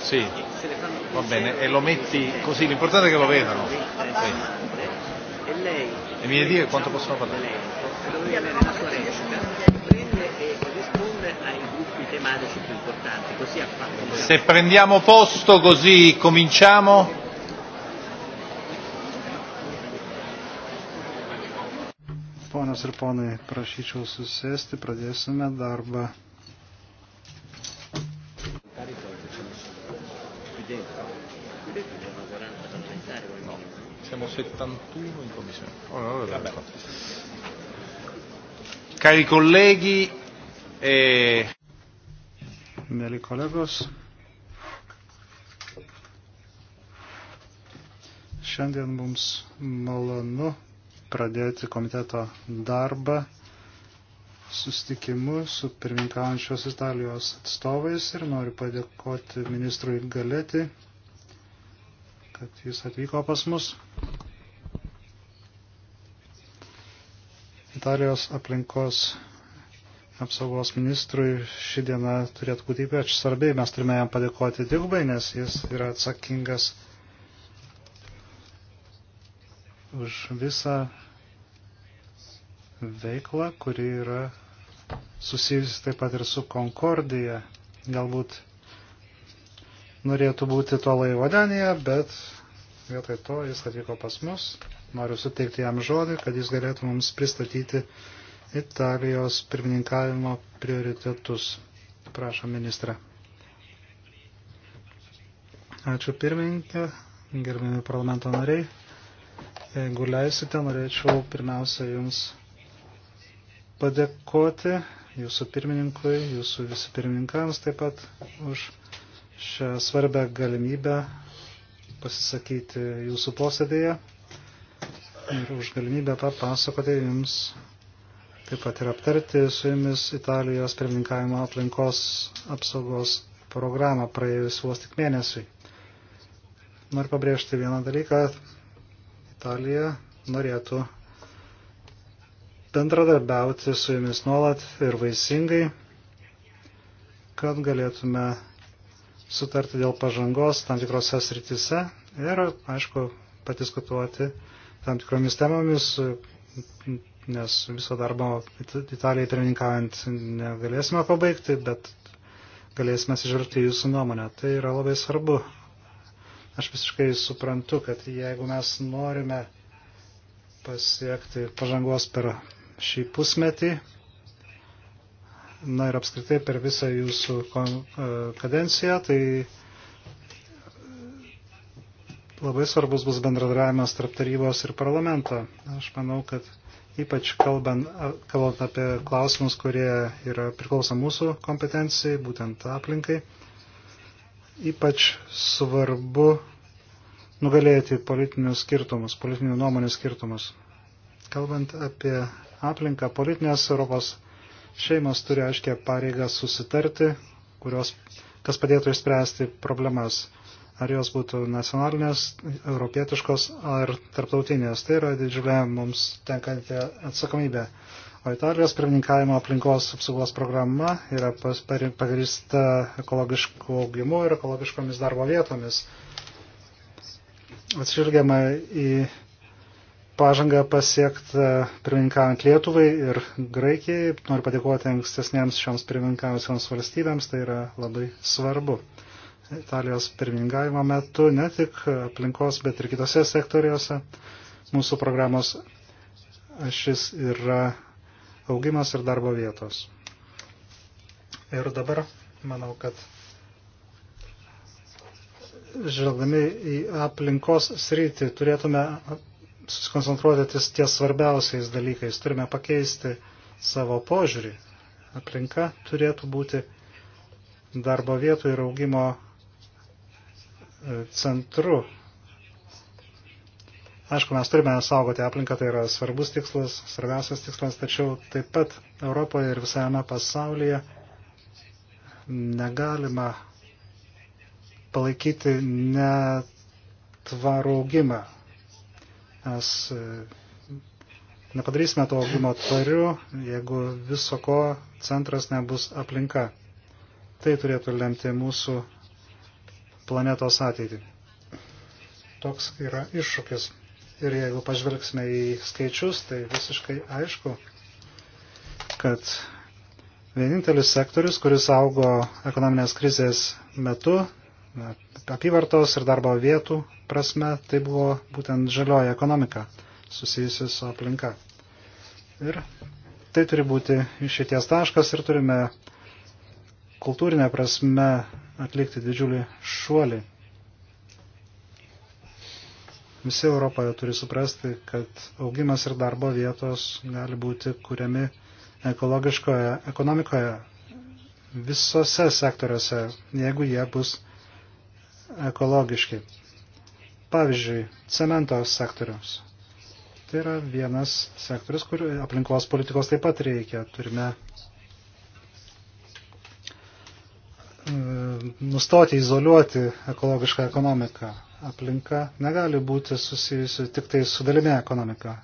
Sì, va bene, e lo metti così, l'importante è che lo vedano. Sì. E, e mi devi dire quanto possono parlare. E Se prendiamo posto così cominciamo. Ponas ir ponai, prašyčiau susėsti, pradėsime darbą. Siamo 71 in commissione. Oh, no, no, no. Cari colleghi, eh... Mėly kolegos, šiandien mums malonu pradėti komiteto darbą sustikimu su pirmininkaujančios Italijos atstovais ir noriu padėkoti ministrui Galeti kad jis atvyko pas mus. Italijos aplinkos apsaugos ministrui ši diena turėtų būti ypač svarbi. Mes turime jam padėkoti dvigubai, nes jis yra atsakingas už visą veiklą, kuri yra susijusi taip pat ir su Konkordija. Galbūt norėtų būti tuo laivodenėje, bet vietoj to jis atvyko pas mus. Noriu suteikti jam žodį, kad jis galėtų mums pristatyti Italijos pirmininkavimo prioritetus. Prašom, ministrą. Ačiū pirmininkė, gerbimi parlamento nariai. Jeigu leisite, norėčiau pirmiausia Jums padėkoti Jūsų pirmininkui, Jūsų visi pirmininkams taip pat už šią svarbę galimybę pasisakyti jūsų posėdėje ir už galimybę papasakoti jums taip pat ir aptarti su jumis Italijos pirmininkavimo aplinkos apsaugos programą praėjus vos tik mėnesiui. Noriu pabrėžti vieną dalyką. Italija norėtų bendradarbiauti su jumis nuolat ir vaisingai, kad galėtume sutarti dėl pažangos tam tikrose srityse ir, aišku, patiskutuoti tam tikromis temomis, nes viso darbo Italijai pirmininkaujant negalėsime pabaigti, bet galėsime sižvelgti jūsų nuomonę. Tai yra labai svarbu. Aš visiškai suprantu, kad jeigu mes norime pasiekti pažangos per šį pusmetį, Na ir apskritai per visą jūsų e, kadenciją, tai labai svarbus bus bendradarbiavimas tarp tarybos ir parlamento. Aš manau, kad ypač kalbant, kalbant apie klausimus, kurie yra priklauso mūsų kompetencijai, būtent aplinkai, ypač svarbu nugalėti politinius skirtumus, politinių nuomonių skirtumus. Kalbant apie aplinką, politinės Europos Šeimos turi aiškę pareigą susitarti, kurios, kas padėtų išspręsti problemas. Ar jos būtų nacionalinės, europietiškos ar tarptautinės. Tai yra didžiulė mums tenkanti atsakomybė. O Italijos pirmininkavimo aplinkos apsaugos programa yra pagrįsta ekologišku augimu ir ekologiškomis darbo vietomis. Atsižvelgiama į pažanga pasiekta pirmininkavant Lietuvai ir Graikijai. Noriu padėkoti ankstesniems šioms pirmininkavusioms valstybėms, tai yra labai svarbu. Italijos pirmininkavimo metu ne tik aplinkos, bet ir kitose sektoriuose mūsų programos ašis yra augimas ir darbo vietos. Ir dabar manau, kad žvelgdami į aplinkos sritį turėtume susikoncentruoti ties, ties svarbiausiais dalykais. Turime pakeisti savo požiūrį. Aplinka turėtų būti darbo vietų ir augimo e, centru. Aišku, mes turime saugoti aplinką, tai yra svarbus tikslas, svarbiausias tikslas, tačiau taip pat Europoje ir visame pasaulyje negalima palaikyti netvarų augimą. Mes e, nepadarysime to augimo tvariu, jeigu viso ko centras nebus aplinka. Tai turėtų lemti mūsų planetos ateitį. Toks yra iššūkis. Ir jeigu pažvelgsime į skaičius, tai visiškai aišku, kad vienintelis sektorius, kuris augo ekonominės krizės metu, apyvartos ir darbo vietų prasme, tai buvo būtent žalioji ekonomika susijusi su aplinka. Ir tai turi būti išėties taškas ir turime kultūrinę prasme atlikti didžiulį šuolį. Visi Europoje turi suprasti, kad augimas ir darbo vietos gali būti kuriami ekologiškoje ekonomikoje visose sektoriuose, jeigu jie bus ekologiški. Pavyzdžiui, cemento sektoriaus. Tai yra vienas sektorius, kur aplinkos politikos taip pat reikia. Turime e, nustoti izoliuoti ekologišką ekonomiką. Aplinka negali būti susijusi tik tai su dalimi ekonomika.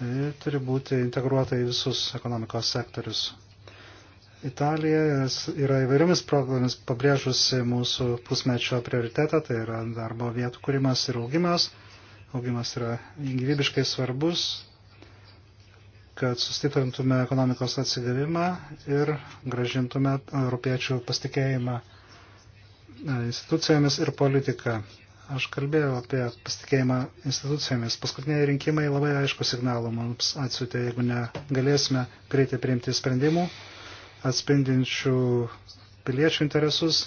Ji e, turi būti integruota į visus ekonomikos sektorius. Italija yra įvairiomis progomis pabrėžusi mūsų pusmečio prioritetą, tai yra darbo vietų kūrimas ir augimas. Augimas yra gyvybiškai svarbus, kad sustiprintume ekonomikos atsigavimą ir gražintume europiečių pasitikėjimą e, institucijomis ir politiką. Aš kalbėjau apie pasitikėjimą institucijomis. Paskutiniai rinkimai labai aišku signalų mums atsiutė, jeigu negalėsime greitai priimti sprendimų atspindinčių piliečių interesus.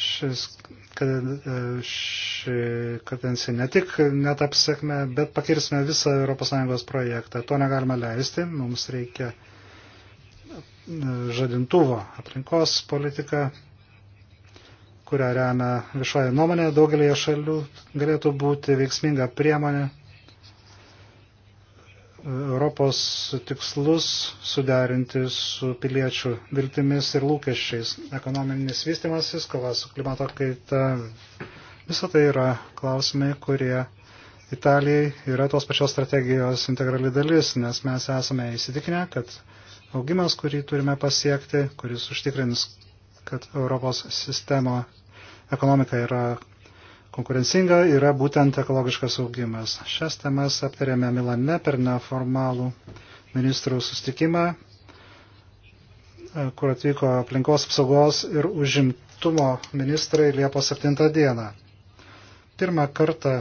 Šis, kad, ši kadencija ne tik netaps sėkme, bet pakirsime visą ES projektą. To negalima leisti, mums reikia e, žadintuvo aplinkos politika, kurią remia viešoje nuomonė daugelėje šalių, galėtų būti veiksminga priemonė Europos tikslus suderinti su piliečių viltimis ir lūkesčiais. Ekonominis vystimasis, kova su klimato kaita, visą tai yra klausimai, kurie Italijai yra tos pačios strategijos integrali dalis, nes mes esame įsitikinę, kad augimas, kurį turime pasiekti, kuris užtikrins, kad Europos sistemo ekonomika yra konkurencinga yra būtent ekologiškas augimas. Šias temas aptarėme Milane per neformalų ministrų sustikimą, kur atvyko aplinkos apsaugos ir užimtumo ministrai Liepos 7 dieną. Pirmą kartą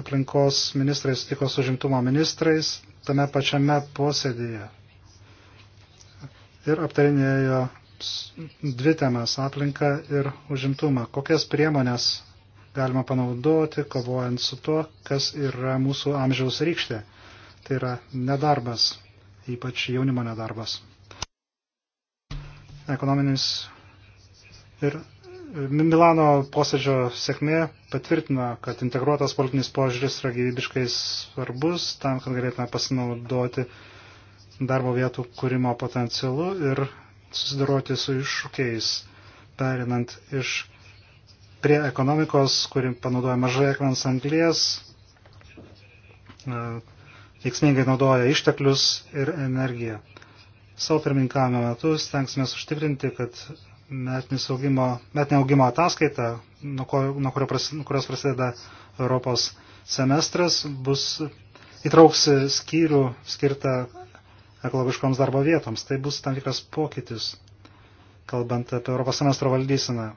aplinkos ministrai sutiko su užimtumo ministrais tame pačiame posėdėje ir aptarinėjo dvi temas - aplinką ir užimtumą. Kokias priemonės galima panaudoti, kovojant su tuo, kas yra mūsų amžiaus rykštė. Tai yra nedarbas, ypač jaunimo nedarbas. Ekonominis ir Milano posėdžio sėkmė patvirtino, kad integruotas politinis požiūris yra gyvybiškai svarbus tam, kad galėtume pasinaudoti darbo vietų kūrimo potencialu ir susidoroti su iššūkiais, perinant iš prie ekonomikos, kuri panaudoja mažai akmens anglės, e, veiksmingai naudoja išteklius ir energiją. Savo pirmininkavimo metu stengsime užtikrinti, kad metinio augimo, augimo ataskaita, nuo, ko, nuo, kurio pras, nuo kurios prasideda Europos semestras, bus įtrauks skyrių skirtą ekologiškoms darbo vietoms. Tai bus tam tikras pokytis, kalbant apie Europos semestro valdyseną.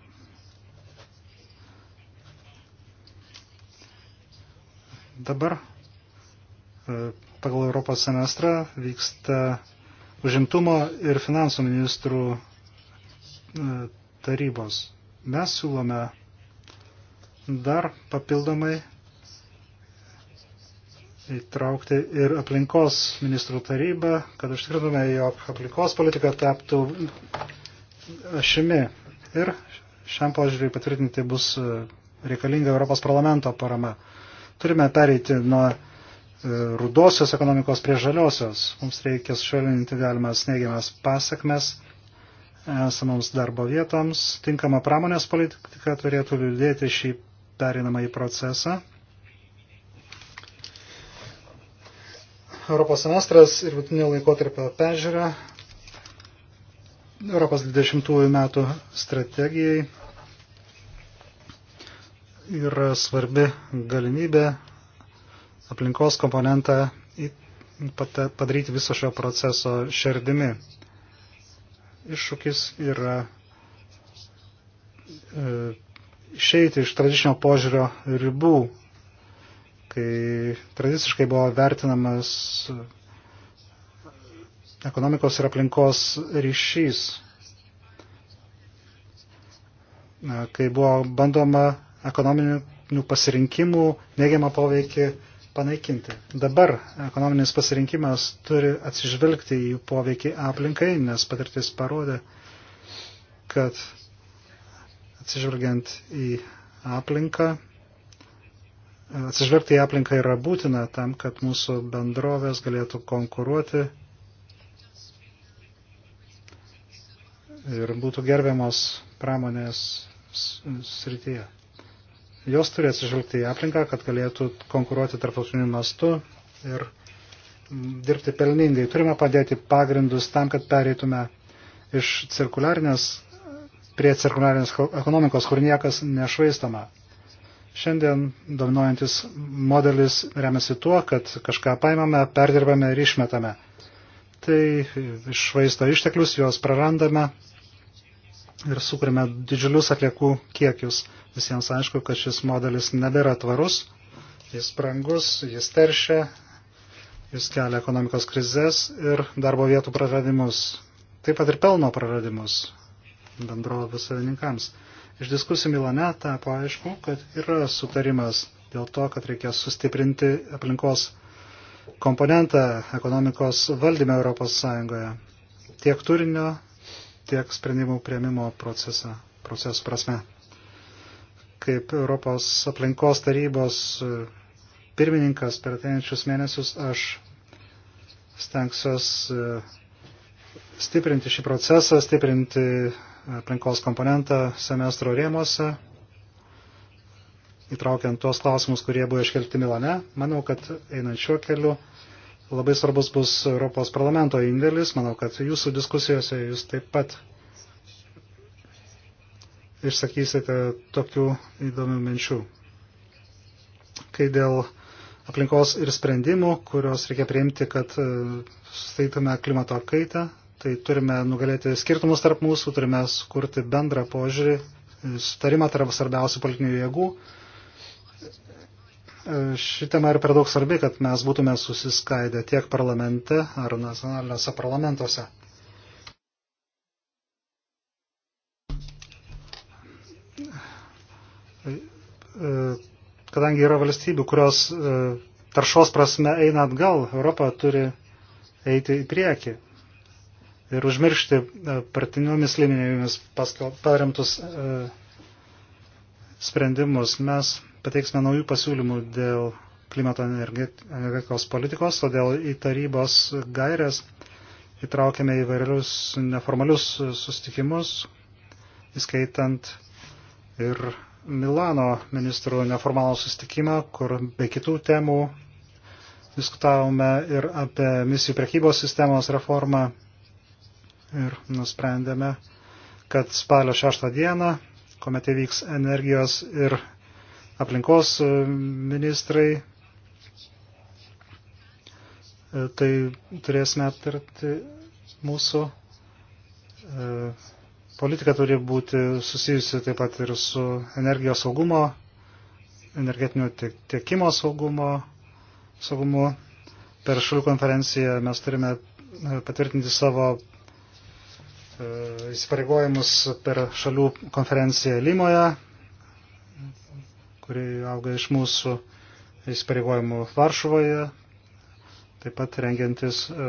Dabar e, pagal Europos semestrą vyksta užimtumo ir finansų ministrų e, tarybos. Mes siūlome dar papildomai įtraukti ir aplinkos ministrų tarybą, kad užtikrintume, jog aplinkos politika taptų ašimi. Ir šiam požiūriui patvirtinti bus e, reikalinga Europos parlamento parama. Turime pereiti nuo e, rudosios ekonomikos prie žaliosios. Mums reikia švelninti galimas neigiamas pasakmes esamoms darbo vietoms. Tinkama pramonės politika turėtų liūdėti šį perinamąjį procesą. Europos semestras ir vidutinio laikotarpio peržiūra Europos 20 metų strategijai yra svarbi galimybė aplinkos komponentą padaryti viso šio proceso šerdimi. Iššūkis yra e, išeiti iš tradicinio požiūrio ribų, kai tradiciškai buvo vertinamas ekonomikos ir aplinkos ryšys, kai buvo bandoma ekonominių pasirinkimų neigiamą poveikį panaikinti. Dabar ekonominis pasirinkimas turi atsižvelgti į poveikį aplinkai, nes patirtis parodė, kad atsižvelgiant į aplinką, atsižvelgti į aplinką yra būtina tam, kad mūsų bendrovės galėtų konkuruoti ir būtų gerbiamos pramonės srityje. Jos turės išvelgti į aplinką, kad galėtų konkuruoti tarptautiniu mastu ir mm, dirbti pelningai. Turime padėti pagrindus tam, kad pereitume iš cirkuliarinės prie cirkuliarinės ekonomikos, kur niekas nešvaistama. Šiandien dominuojantis modelis remiasi tuo, kad kažką paimame, perdirbame ir išmetame. Tai išvaisto išteklius, juos prarandame ir sukūrėme didžiulius atliekų kiekius. Visiems aišku, kad šis modelis nebėra tvarus, jis brangus, jis teršia, jis kelia ekonomikos krizės ir darbo vietų praradimus, taip pat ir pelno praradimus bendrovių savininkams. Iš diskusijų Milane tapo aišku, kad yra sutarimas dėl to, kad reikia sustiprinti aplinkos komponentą ekonomikos valdyme Europos Sąjungoje. Tiek turinio tiek sprendimų prieimimo procesą, procesų prasme. Kaip Europos aplinkos tarybos e, pirmininkas per ateinančius mėnesius aš stengsiuos e, stiprinti šį procesą, stiprinti aplinkos komponentą semestro rėmose, įtraukiant tuos klausimus, kurie buvo iškelti Milane. Manau, kad einant šiuo keliu Labai svarbus bus Europos parlamento indėlis. Manau, kad jūsų diskusijose jūs taip pat išsakysite tokių įdomių minčių. Kai dėl aplinkos ir sprendimų, kuriuos reikia priimti, kad e, staitume klimato kaitą, tai turime nugalėti skirtumus tarp mūsų, turime sukurti bendrą požiūrį, e, sutarimą tarp svarbiausių politinių jėgų ši tema yra per daug svarbi, kad mes būtume susiskaidę tiek parlamente ar nacionaliniuose parlamentuose. Kadangi yra valstybių, kurios e, taršos prasme eina atgal, Europa turi eiti į priekį ir užmiršti e, partiniomis linijėmis paremtus e, sprendimus. Mes pateiksime naujų pasiūlymų dėl klimato energetikos politikos, todėl į tarybos gairias įtraukėme įvairius neformalius susitikimus, įskaitant ir Milano ministrų neformalų susitikimą, kur be kitų temų diskutavome ir apie misijų prekybos sistemos reformą ir nusprendėme, kad spalio 6 dieną, kuomet įvyks energijos ir aplinkos e, ministrai. E, tai turėsime aptarti mūsų e, politika turi būti susijusi taip pat ir su energijos saugumo, energetinio tiekimo saugumo, saugumu. Per šalių konferenciją mes turime patvirtinti savo įsipareigojimus per šalių konferenciją Limoje kuri auga iš mūsų įsipareigojimų Varšuvoje, taip pat rengiantis e,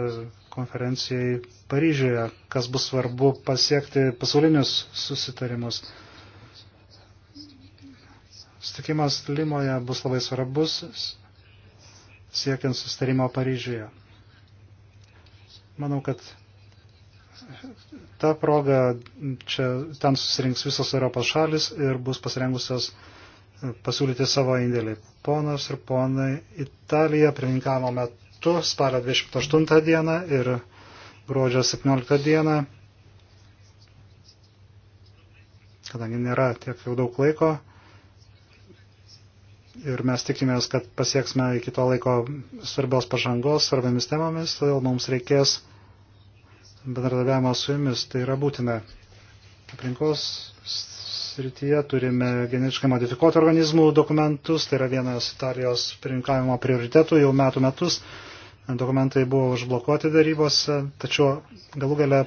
konferencijai Paryžiuje, kas bus svarbu pasiekti pasaulinius susitarimus. Sutikimas Limoje bus labai svarbus siekiant susitarimo Paryžiuje. Manau, kad ta proga čia ten susirinks visos Europos šalis ir bus pasirengusios uh, pasiūlyti savo indėlį. Ponos ir ponai, Italija pirmininkavo metu spalio 28 dieną ir gruodžio 17 dieną, kadangi nėra tiek jau daug laiko ir mes tikimės, kad pasieksime iki to laiko svarbios pažangos, svarbiamis temomis, todėl mums reikės bendradarbiavimo su jumis, tai yra būtina aplinkos srityje turime genetiškai modifikuotų organizmų dokumentus, tai yra vienas Italijos pirinkavimo prioritetų jau metų metus. Dokumentai buvo užblokuoti darybose, tačiau galų gale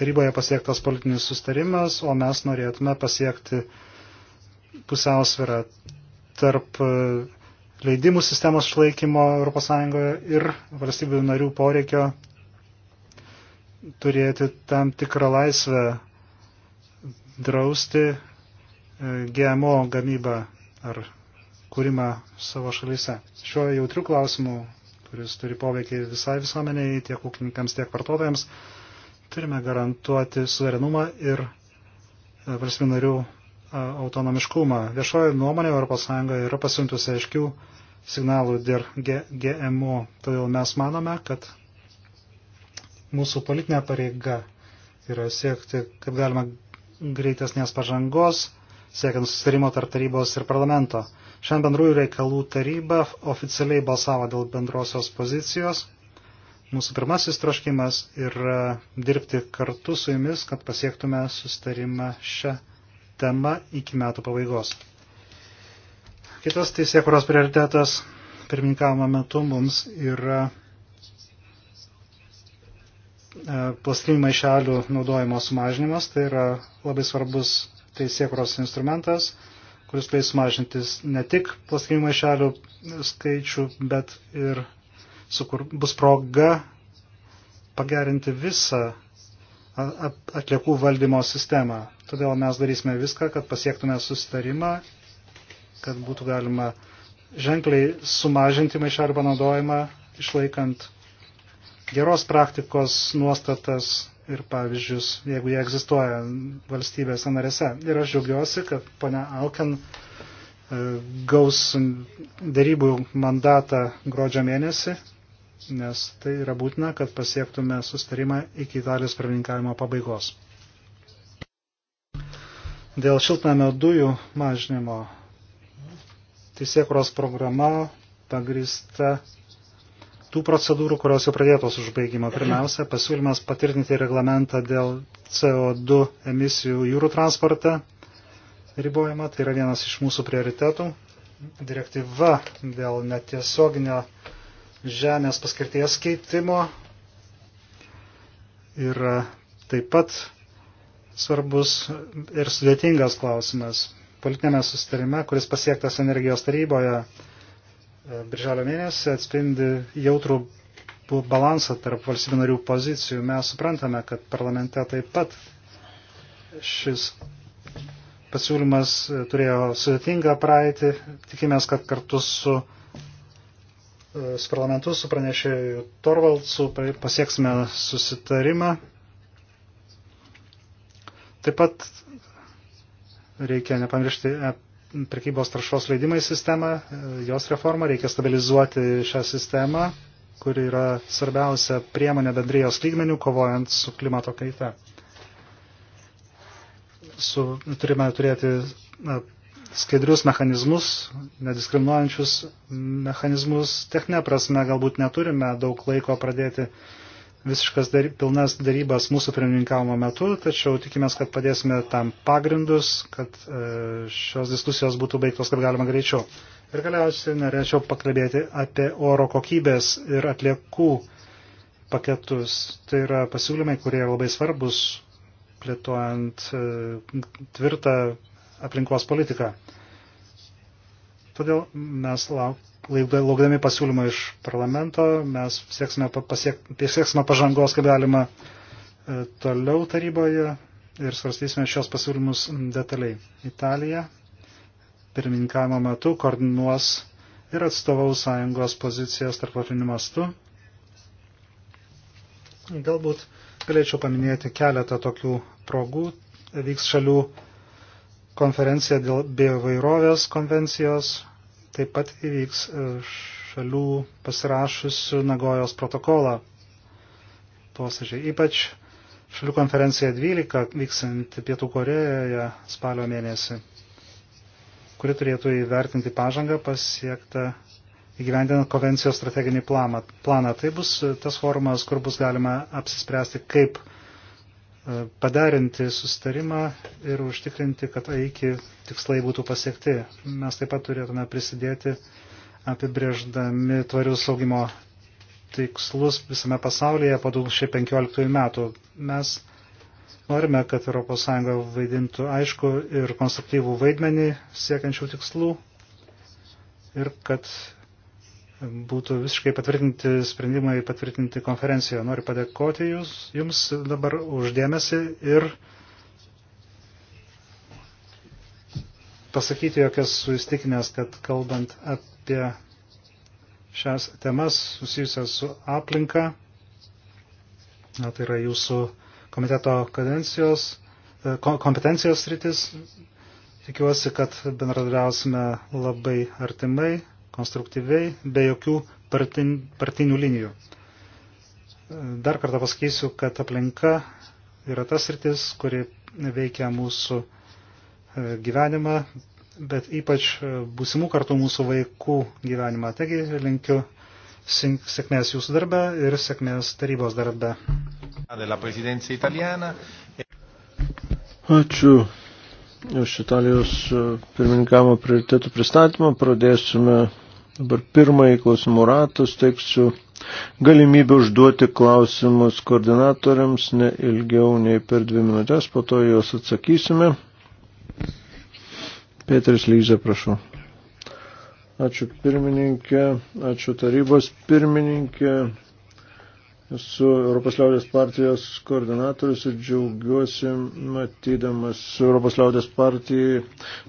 taryboje pasiektas politinis sustarimas, o mes norėtume pasiekti pusiausvirą tarp e, leidimų sistemos išlaikymo ES ir valstybių narių poreikio turėti tam tikrą laisvę drausti E, GMO gamybą ar kūrimą savo šalyse. Šiuo jautriu klausimu, kuris turi poveikį visai visuomeniai, tiek ūkininkams, tiek vartotojams, turime garantuoti suverenumą ir e, valstybių narių e, autonomiškumą. Viešoji nuomonė ES yra pasiuntusi aiškių signalų dėl GMO. Todėl mes manome, kad mūsų politinė pareiga yra siekti, kaip galima, greitesnės pažangos siekiant sustarimo tarp tarybos ir parlamento. Šiandien bendrųjų reikalų taryba oficialiai balsavo dėl bendrosios pozicijos. Mūsų pirmasis troškimas yra dirbti kartu su jumis, kad pasiektume sustarimą šią temą iki metų pabaigos. Kitas teisėkuros prioritetas pirmininkavimo metu mums yra e, plastilinių maišelių naudojimo sumažinimas. Tai yra labai svarbus teisėkuros instrumentas, kuris leis mažintis ne tik plastikinių maišelių skaičių, bet ir sukur, bus proga pagerinti visą atliekų valdymo sistemą. Todėl mes darysime viską, kad pasiektume susitarimą, kad būtų galima ženkliai sumažinti maišelių panaudojimą, išlaikant geros praktikos nuostatas ir pavyzdžius, jeigu jie egzistuoja valstybėse narėse. Ir aš džiaugiuosi, kad ponia Alkan e, gaus darybų mandatą gruodžio mėnesį, nes tai yra būtina, kad pasiektume sustarimą iki Italijos pirmininkavimo pabaigos. Dėl šiltnamio dujų mažinimo teisėkuros programa pagrįsta tų procedūrų, kurios jau pradėtos užbaigimo. Pirmiausia, pasiūlymas patvirtinti reglamentą dėl CO2 emisijų jūrų transporte ribojimą. Tai yra vienas iš mūsų prioritetų. Direktyva dėl netiesioginio žemės paskirties keitimo yra taip pat svarbus ir sudėtingas klausimas. Politinėme susitarime, kuris pasiektas energijos taryboje, E, birželio mėnesį atspindi jautrų balansą tarp valstybių narių pozicijų. Mes suprantame, kad parlamente taip pat šis pasiūlymas e, turėjo sudėtingą praeitį. Tikimės, kad kartu su, e, su parlamentu, su pranešėju Torvaldsu pasieksime susitarimą. Taip pat reikia nepamiršti prekybos taršos leidimai sistemą, e, jos reformą, reikia stabilizuoti šią sistemą, kuri yra svarbiausia priemonė bendrijos lygmenių, kovojant su klimato kaita. Su, turime turėti na, skaidrius mechanizmus, nediskriminuojančius mechanizmus. Techninė prasme galbūt neturime daug laiko pradėti uh, visiškas dar, pilnas darybas mūsų pirmininkavimo metu, tačiau tikimės, kad padėsime tam pagrindus, kad e, šios diskusijos būtų baigtos kaip galima greičiau. Ir galiausiai norėčiau pakalbėti apie oro kokybės ir atliekų paketus. Tai yra pasiūlymai, kurie yra labai svarbus plėtojant e, tvirtą aplinkos politiką. E, Todėl mes laukdami pasiūlymą iš parlamento, mes sieksime, pasiek, sieksime pažangos, kaip galima e, toliau taryboje ir svarstysime šios pasiūlymus detaliai. Italija pirmininkavimo metu koordinuos ir atstovaus sąjungos pozicijas tarptautiniu mastu. Galbūt galėčiau paminėti keletą tokių progų. Vyks šalių konferencija dėl biovairovės konvencijos taip pat įvyks e, šalių pasirašusių Nagojos protokolą posėdžiai. Ypač šalių konferencija 12 vyksanti Pietų Korejoje spalio mėnesį, kuri turėtų įvertinti pažangą pasiektą įgyvendinant konvencijos strateginį planą. Tai bus tas forumas, kur bus galima apsispręsti, kaip E, padarinti sustarimą ir užtikrinti, kad iki tikslai būtų pasiekti. Mes taip pat turėtume prisidėti apibrėždami tvarius augimo tikslus visame pasaulyje po 2015 metų. Mes norime, kad ES vaidintų aišku ir konstruktyvų vaidmenį siekiančių tikslų ir kad būtų visiškai patvirtinti sprendimai, patvirtinti konferencijoje. Noriu padėkoti jūs, jums dabar uždėmesi ir pasakyti, jog esu įstikinęs, kad kalbant apie šias temas susijusias su aplinka, na, tai yra jūsų komiteto kadencijos, e, kompetencijos rytis, tikiuosi, kad bendradarbiausime labai artimai konstruktyviai, be jokių partin, partinių linijų. Dar kartą pasakysiu, kad aplinka yra tas rytis, kuri veikia mūsų e, gyvenimą, bet ypač e, būsimų kartų mūsų vaikų gyvenimą. Taigi linkiu sėkmės jūsų darbe ir sėkmės tarybos darbe. Ačiū iš Italijos e, pirmininkavimo prioritėtų pristatymą. Pradėsime Dabar pirmąjį klausimų ratą steiksiu galimybę užduoti klausimus koordinatoriams ne ilgiau nei per dvi minutės, po to juos atsakysime. Petris Lyze, prašau. Ačiū pirmininkė, ačiū tarybos pirmininkė, su Europos liaudės partijos koordinatorius ir džiaugiuosi matydamas Europos liaudės partijai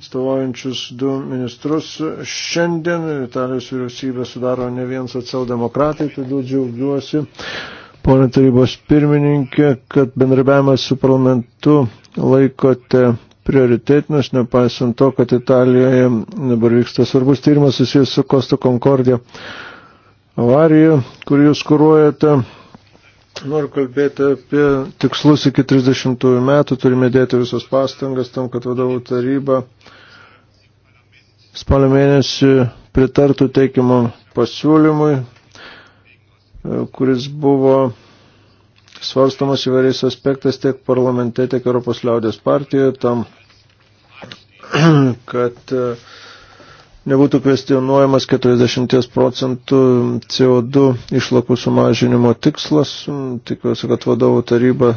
stovaujančius du ministrus. Šiandien Italijos vyriausybė sudaro ne vien socialdemokratai, todėl džiaugiuosi, ponė tarybos pirmininkė, kad bendrabiavimas su parlamentu laikote prioritetinis, nepaisant to, kad Italijoje dabar vyksta svarbus tyrimas susijęs su Kosto Concordia avarija, kurį jūs kuruojate. Noriu kalbėti apie tikslus iki 30 metų. Turime dėti visas pastangas tam, kad vadovų taryba spalio mėnesį pritartų teikimam pasiūlymui, kuris buvo svarstamas įvairiais aspektais tiek parlamente, tiek Europos liaudės partijoje, tam, kad uh, nebūtų kvestionuojamas 40 procentų CO2 išlakų sumažinimo tikslas. Tikiuosi, kad vadovų taryba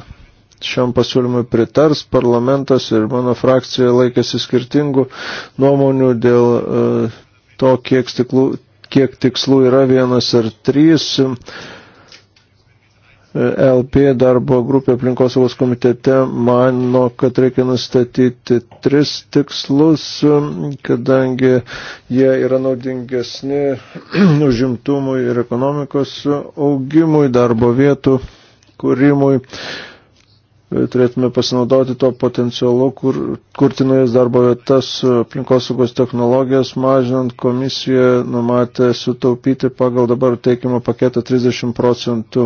šiam pasiūlymui pritars. Parlamentas ir mano frakcija laikėsi skirtingų nuomonių dėl e, to, kiek, stiklų, kiek tikslų yra vienas ar trys. LP darbo grupė aplinkosaugos komitete mano, kad reikia nustatyti tris tikslus, kadangi jie yra naudingesni užimtumui ir ekonomikos augimui, darbo vietų kūrimui E, turėtume pasinaudoti to potencialu, kur, kurti naujas darbo vietas, e, aplinkosaugos technologijas mažinant, komisija numatė sutaupyti pagal dabar teikimo paketą 30 procentų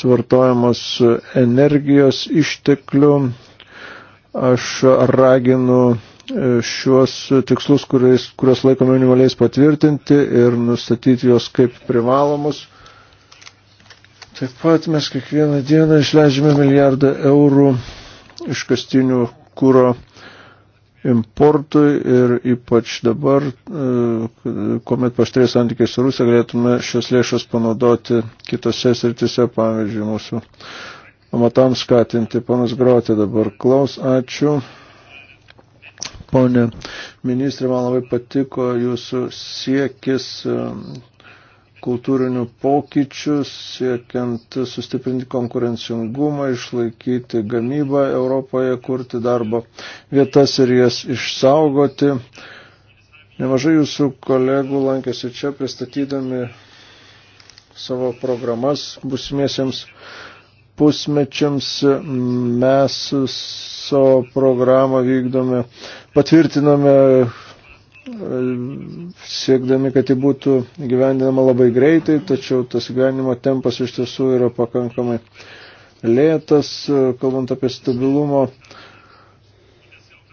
suvartojamos energijos išteklių. Aš raginu e, šiuos tikslus, kuriais, kurios laikome minimaliais patvirtinti ir nustatyti juos kaip privalomus Taip pat mes kiekvieną dieną išleidžiame milijardą eurų iškastinių kūro importui ir ypač dabar, e, kuomet paštrė santykiai su Rusija, galėtume šios lėšos panaudoti kitose sritise, pavyzdžiui, mūsų pamatams skatinti. Panas Grotė dabar klaus, ačiū. Pone ministrė, man labai patiko jūsų siekis e, kultūrinių pokyčių, siekiant sustiprinti konkurencingumą, išlaikyti gamybą Europoje, kurti darbo vietas ir jas išsaugoti. Nemažai jūsų kolegų lankėsi čia pristatydami savo programas busimiesiems pusmečiams. Mes savo programą vykdome, patvirtiname siekdami, kad ji būtų gyvendinama labai greitai, tačiau tas gyvenimo tempas iš tiesų yra pakankamai lėtas, kalbant apie stabilumo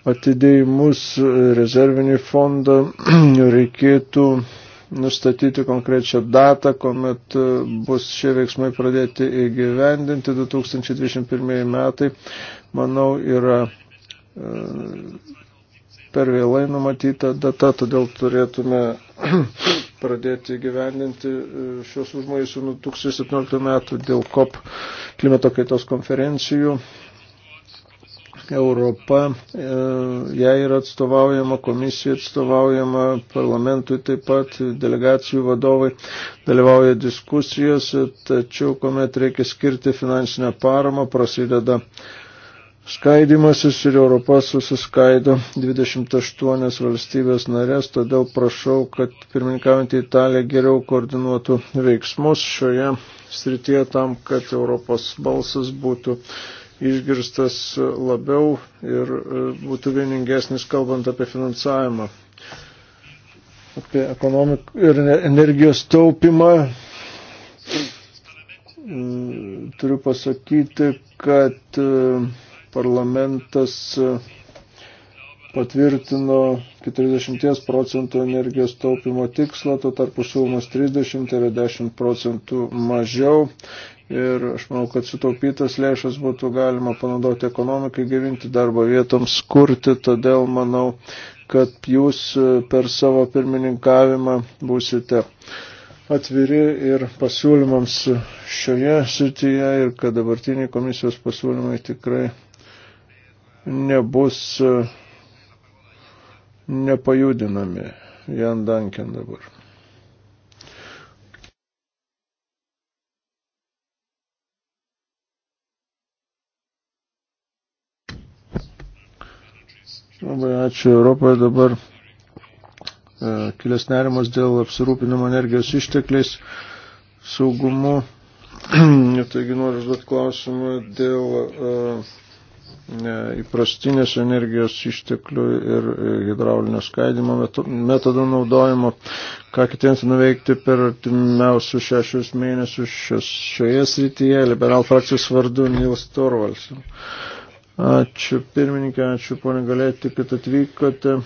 atidėjimus rezervinį fondą, reikėtų nustatyti konkrečią datą, kuomet bus šie veiksmai pradėti įgyvendinti 2021 metai, manau, yra e, per vėlai numatyta data, todėl turėtume pradėti gyvendinti e, šios užmojus nuo 2017 metų dėl COP klimato kaitos konferencijų. Europa, e, jai yra atstovaujama, komisija atstovaujama, parlamentui taip pat, delegacijų vadovai dalyvauja diskusijose, tačiau kuomet reikia skirti finansinę paramą, prasideda uh, skaidimasis ir Europa susiskaido 28 valstybės narės, todėl prašau, kad pirmininkaujant į Italiją geriau koordinuotų veiksmus šioje srityje tam, kad Europos balsas būtų išgirstas labiau ir e, būtų vieningesnis kalbant apie finansavimą, apie ekonomikų ir energijos taupimą. Mm, turiu pasakyti, kad uh, parlamentas e, patvirtino 40 procentų energijos taupimo tikslą, tuo tarpu siūlomas 30 tai yra 10 procentų mažiau. Ir aš manau, kad sutaupytas lėšas būtų galima panaudoti ekonomikai gyvinti, darbo vietoms kurti, todėl manau, kad jūs e, per savo pirmininkavimą būsite atviri ir pasiūlymams šioje srityje ir kad dabartiniai komisijos pasiūlymai tikrai nebus e, nepajudinami. Jan Danken dabar. Labai ačiū Europoje dabar. E, Kilės nerimas dėl apsirūpinimo energijos ištekliais, saugumu. Taigi noriu užduoti klausimą dėl uh, E, įprastinės energijos išteklių ir e, hidraulinio skaidimo metodo naudojimo. Ką kitiems nuveikti per artimiausius šešius mėnesius šios, šioje srityje, liberal frakcijos vardu Nils Torvalds. Ačiū pirmininkė, ačiū ponė Galėti, kad atvykote.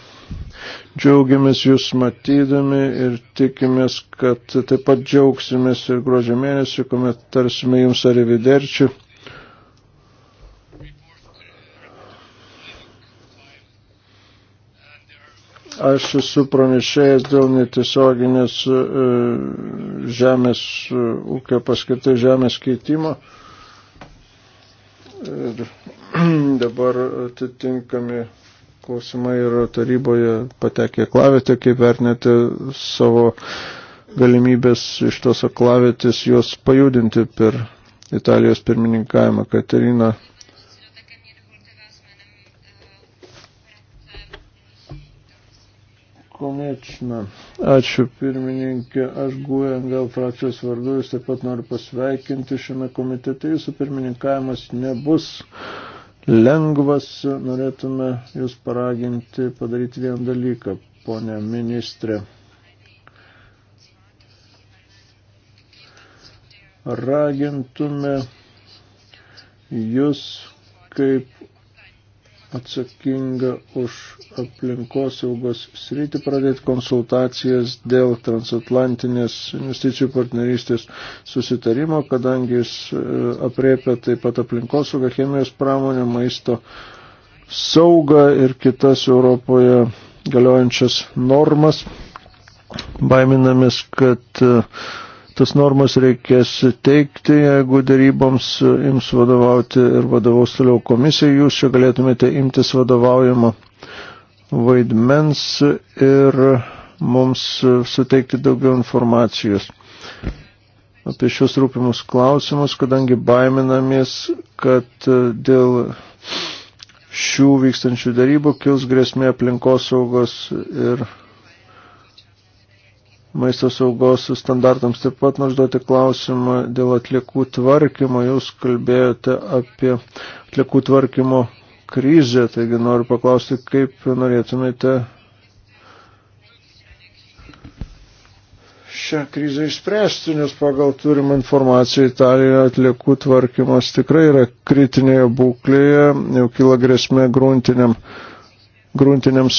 Džiaugiamės jūs matydami ir tikimės, kad taip pat džiaugsimės ir gruodžio mėnesį, kuomet tarsime jums arividerčių. Aš esu pranešėjęs dėl netiesioginės e, žemės e, ūkio paskirtai žemės keitimo. Ir dabar atitinkami klausimai yra taryboje patekę klavėte, kaip vertinate savo galimybės iš tos aklavėtės juos pajudinti per Italijos pirmininkavimą. Katerina Konečna. Ačiū pirmininkė, aš guojam gal frakcijos vardu, jūs taip pat noriu pasveikinti šiame komitete, jūsų pirmininkavimas nebus lengvas, norėtume jūs paraginti padaryti vieną dalyką, ponė ministrė. Ragintume jūs kaip atsakinga už aplinkosaugos sritį pradėti konsultacijas dėl transatlantinės investicijų partnerystės susitarimo, kadangi jis e, apriepia taip pat aplinkosaugą, chemijos pramonę, maisto saugą ir kitas Europoje galiojančias normas. Baiminamės, kad uh, tas normas reikės teikti, jeigu daryboms e, ims vadovauti ir vadovaus toliau komisija, jūs čia galėtumėte imtis vadovaujamo vaidmens ir mums suteikti daugiau informacijos apie šios rūpimus klausimus, kadangi baiminamės, kad e, dėl šių vykstančių darybų kils grėsmė aplinkosaugos ir maisto saugos standartams. Taip pat noriu duoti klausimą dėl atliekų tvarkymo. Jūs kalbėjote apie atliekų tvarkymo krizę, taigi noriu paklausti, kaip norėtumėte šią krizę išspręsti, nes pagal turimą informaciją Italijoje atliekų tvarkymas tikrai yra kritinėje būklėje, jau kyla grėsmė gruntiniam gruntiniams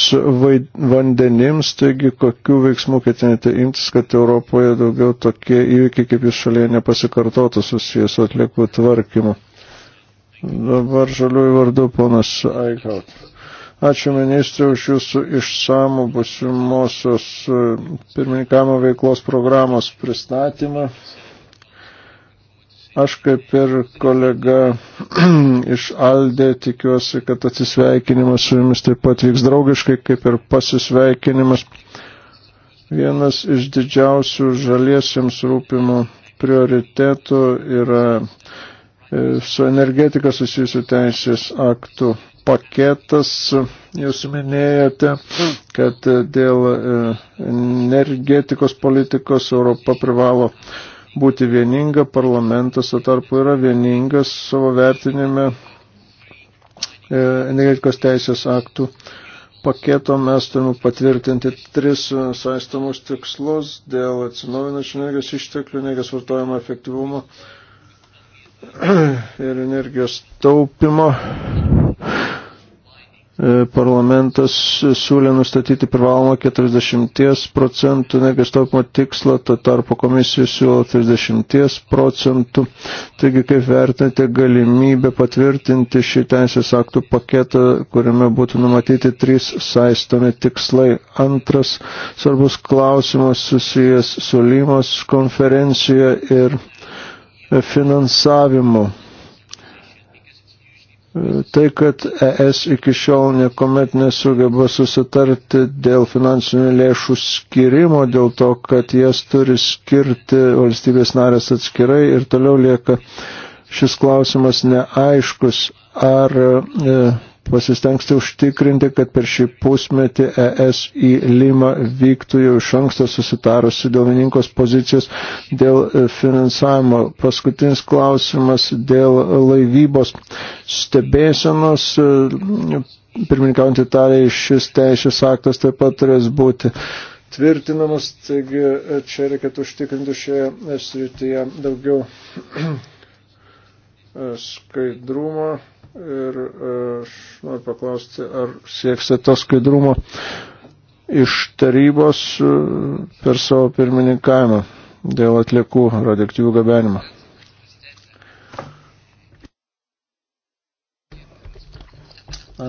vandenims, taigi kokių veiksmų ketinate imtis, kad Europoje daugiau tokie įvykiai kaip jūs šalyje nepasikartotų susijęs su atliekų tvarkymu. Dabar žaliųjų vardu ponas Aikaut. Ačiū ministrė už jūsų išsamų busimosios e, pirmininkamo veiklos programos pristatymą. Aš kaip ir kolega iš Aldė tikiuosi, kad atsisveikinimas su jumis taip pat vyks draugiškai, kaip ir pasisveikinimas. Vienas iš didžiausių žaliesiems rūpimų prioritetų yra e, su energetika susijusių teisės aktų paketas. Jūs minėjote, kad dėl e, energetikos politikos Europa privalo būti vieninga, parlamentas o tarpu yra vieningas savo vertinime e, energetikos teisės aktų paketo mes turime patvirtinti tris saistamus tikslus dėl atsinaujinančių energijos išteklių, energijos vartojimo efektyvumo ir energijos taupimo. E, parlamentas siūlė nustatyti privalomą 40 procentų energijos taupimo tikslą, to tarpo komisija siūlo 30 procentų. Taigi, kaip vertinate galimybę patvirtinti šį teisės aktų paketą, kuriame būtų numatyti trys saistomi tikslai. Antras svarbus klausimas susijęs su Lymos konferencija ir finansavimu Tai, kad ES iki šiol niekuomet nesugeba susitarti dėl finansinių lėšų skirimo, dėl to, kad jas turi skirti valstybės narės atskirai ir toliau lieka šis klausimas neaiškus, ar e, pasistengsite užtikrinti, kad per šį pusmetį ES į Limą vyktų jau iš anksto susitarusi dėl vieningos pozicijos dėl e, finansavimo. Paskutinis klausimas dėl laivybos stebėsenos. E, pirmininkaujant Italijai šis teisės aktas taip pat turės būti tvirtinamas, taigi e, čia reikėtų užtikrinti šioje srityje daugiau skaidrumo. Ir e, aš noriu paklausti, ar sieksite to skaidrumo iš tarybos e, per savo pirmininkavimą dėl atliekų radioaktyvių gabenimo.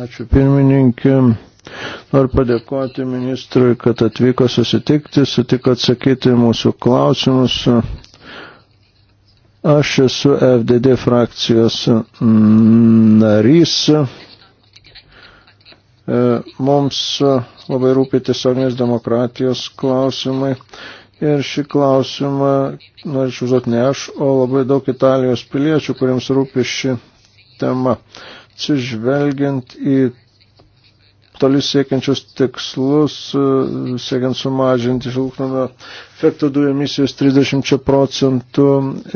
Ačiū pirmininkė. Noriu padėkoti ministrui, kad atvyko susitikti, sutiko atsakyti mūsų klausimus. Aš esu FDD frakcijos narys. E, mums labai rūpi tiesioginės demokratijos klausimai. Ir šį klausimą norėčiau užduoti ne aš, o labai daug Italijos piliečių, kuriems rūpi ši tema. Atsižvelgiant į toli siekiančius tikslus, e, siekiant sumažinti šiltnamio efekto dujų emisijas 30 procentų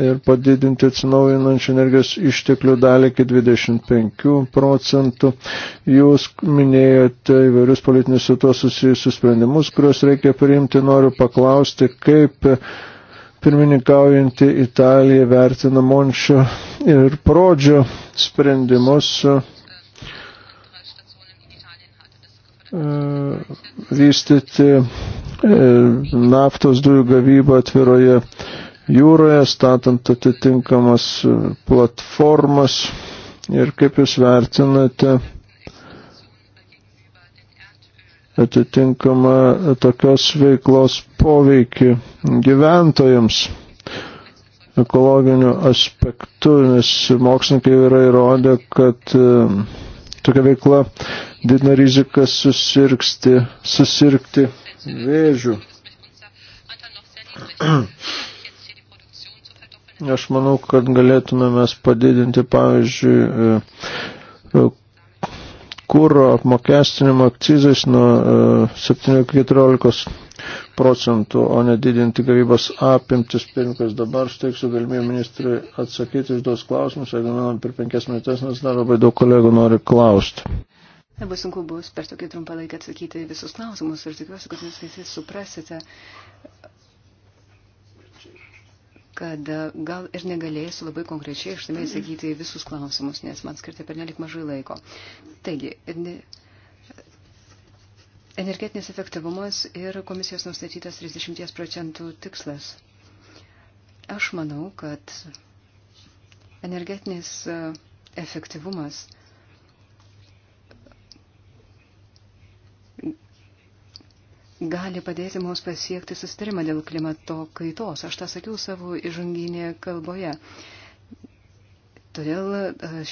ir padidinti atsinaujinančių energijos išteklių dalį iki 25 procentų. Jūs minėjote įvairius politinius su tuo susijusius sprendimus, kuriuos reikia priimti. Noriu paklausti, kaip pirmininkaujantį Italiją vertina Mončio ir Prodžio sprendimus E, vystyti e, naftos dujų gavybą atviroje jūroje, statant atitinkamas platformas. Ir kaip jūs vertinate atitinkamą tokios veiklos poveikį gyventojams ekologiniu aspektu, nes mokslininkai yra įrodę, kad e, tokia veikla didina riziką susirgti, susirgti vėžių. Aš manau, kad galėtume mes padidinti, pavyzdžiui, e, e, kūro apmokestinimo akcizais nuo 17-14 e, procentų, o nedidinti gavybos apimtis. Pirmkas dabar steiksiu galimybę ministrui atsakyti iš dos klausimus, jeigu manam per penkias minutės, nes dar labai daug kolegų nori klausti. Labai sunku bus per tokį trumpą laiką atsakyti visus klausimus ir tikiuosi, kad jūs visi suprasite, kad e, gal ir negalėsiu labai konkrečiai išsamei atsakyti visus klausimus, nes man skirti per nelik mažai laiko. Taigi, energetinis efektyvumas ir komisijos nustatytas 30 procentų tikslas. Aš manau, kad energetinis e, efektyvumas gali padėti mums pasiekti sustarimą dėl klimato kaitos. Aš tą sakiau savo įžanginėje kalboje. Todėl e,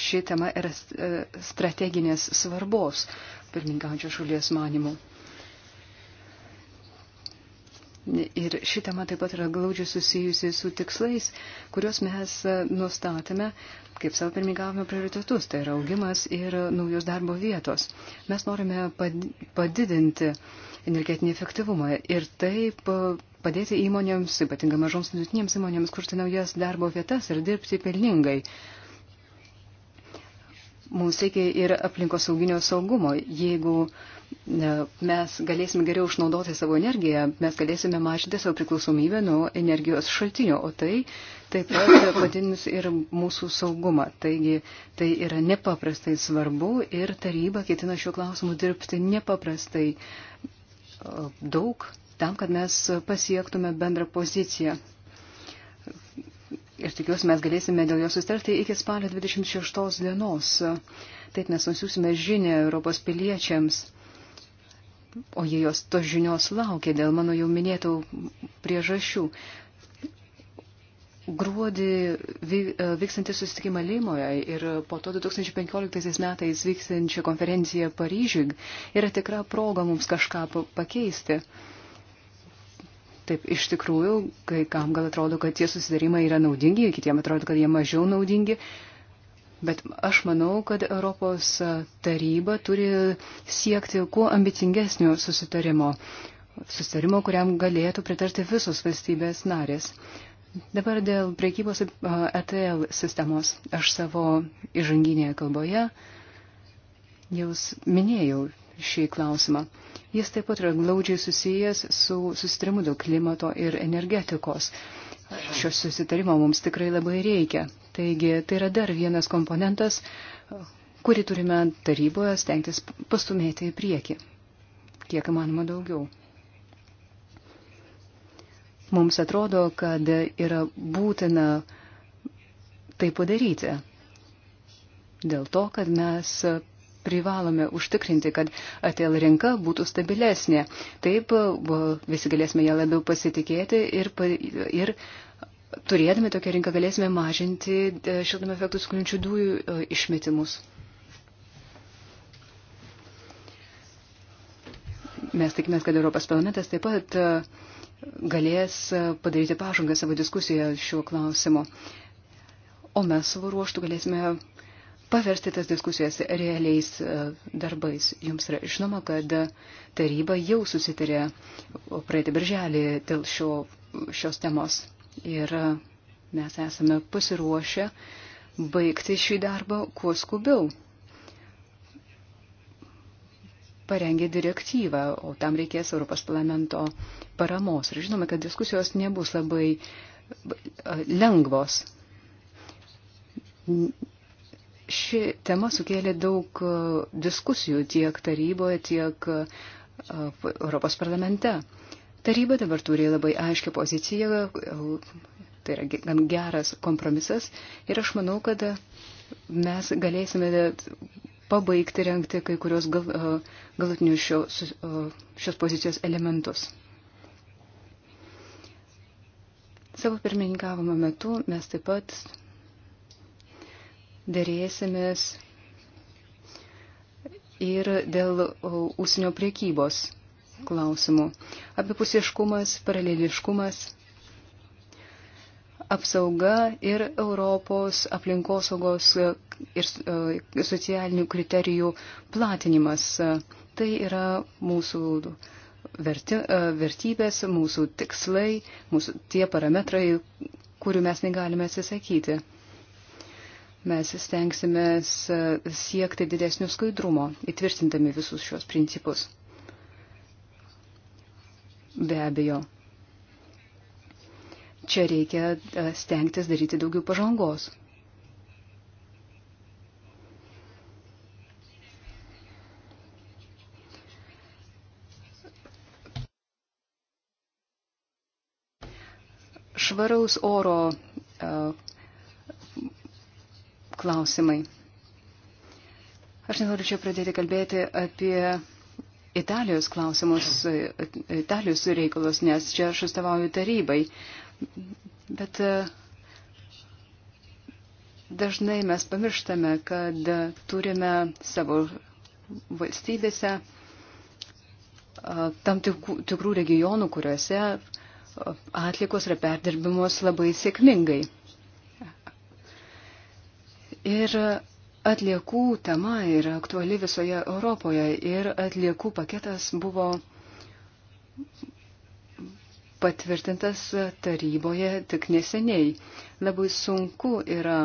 ši tema yra e, strateginės svarbos pirmininkaujančio šalies manimų. Ir ši tema taip pat yra glaudžiai susijusi su tikslais, kuriuos mes e, nustatėme, kaip savo pirmigavome prioritetus, tai yra augimas ir naujos darbo vietos. Mes norime padidinti energetinį efektyvumą ir taip e, padėti įmonėms, ypatingai mažoms vidutinėms įmonėms, kurti naujas darbo vietas ir dirbti pelningai. Mums reikia ir aplinkosauginio saugumo. Jeigu uh, mes galėsime geriau išnaudoti savo energiją, mes galėsime mažinti savo priklausomybę nuo energijos šaltinio, o tai taip pat padidins ir mūsų saugumą. Taigi tai yra nepaprastai svarbu ir taryba ketina šiuo klausimu dirbti nepaprastai daug tam, kad mes pasiektume bendrą poziciją. Ir tikiuosi, mes galėsime dėl jo sustarti iki spalio 26 dienos. Taip mes nusiusime žinę Europos piliečiams o jie jos tos žinios laukia dėl mano jau minėtų priežasčių. Gruodį e, vykstantį susitikimą Limoje ir po to 2015 metais vykstančią konferenciją Paryžiui yra tikra proga mums kažką pakeisti. Taip, iš tikrųjų, kai kam gal atrodo, kad tie susidarimai yra naudingi, kitiem atrodo, kad jie mažiau naudingi, Bet aš manau, kad Europos taryba turi siekti kuo ambicingesnio susitarimo. Susitarimo, kuriam galėtų pritarti visos valstybės narės. Dabar dėl priekybos ETL sistemos. Aš savo įžanginėje kalboje jau minėjau šį klausimą. Jis taip pat yra glaudžiai susijęs su susitarimu dėl klimato ir energetikos. Šios susitarimo mums tikrai labai reikia. Taigi tai yra dar vienas komponentas, kurį turime taryboje stengtis pastumėti į priekį, kiek įmanoma daugiau. Mums atrodo, kad yra būtina tai padaryti. Dėl to, kad mes privalome užtikrinti, kad atėl rinka būtų stabilesnė. Taip visi galėsime ją labiau pasitikėti ir, ir turėdami tokią rinką galėsime mažinti e, šiltnamio efektų sukeliančių dujų e, išmetimus. Mes tikimės, kad Europos parlamentas taip pat e, galės padaryti pažangą savo diskusiją šiuo klausimu. O mes savo ruoštų galėsime paversti tas diskusijas realiais darbais. Jums yra žinoma, kad taryba jau susitarė praeitį birželį dėl šio, šios temos. Ir mes esame pasiruošę baigti šį darbą kuo skubiau. Parengė direktyvą, o tam reikės Europos parlamento paramos. Ir žinome, kad diskusijos nebus labai lengvos. Ši tema sukėlė daug diskusijų tiek taryboje, tiek Europos parlamente. Taryba dabar turi labai aiškę poziciją, tai yra gan geras kompromisas ir aš manau, kad mes galėsime pabaigti renkti kai kurios gal, galutinius šio, šios pozicijos elementus. Savo pirmininkavimo metu mes taip pat dėrėsimės ir dėl užsienio priekybos klausimų. Abipusiškumas, paraleliškumas, apsauga ir Europos aplinkosaugos ir e, socialinių kriterijų platinimas. Tai yra mūsų verti, e, vertybės, mūsų tikslai, mūsų tie parametrai, kurių mes negalime atsisakyti. Mes stengsime siekti didesnio skaidrumo, įtvirtindami visus šios principus be abejo. Čia reikia e, stengtis daryti daugiau pažangos. švaraus oro e, klausimai. Aš nenoriu čia pradėti kalbėti apie Italijos klausimus, Italijos reikalus, nes čia aš atstovauju tarybai. Bet e, dažnai mes pamirštame, kad turime savo valstybėse e, tam tikrų regionų, kuriuose atlikos yra perdirbimos labai sėkmingai. Ir Atliekų tema yra aktuali visoje Europoje ir atliekų paketas buvo patvirtintas taryboje tik neseniai. Labai sunku yra.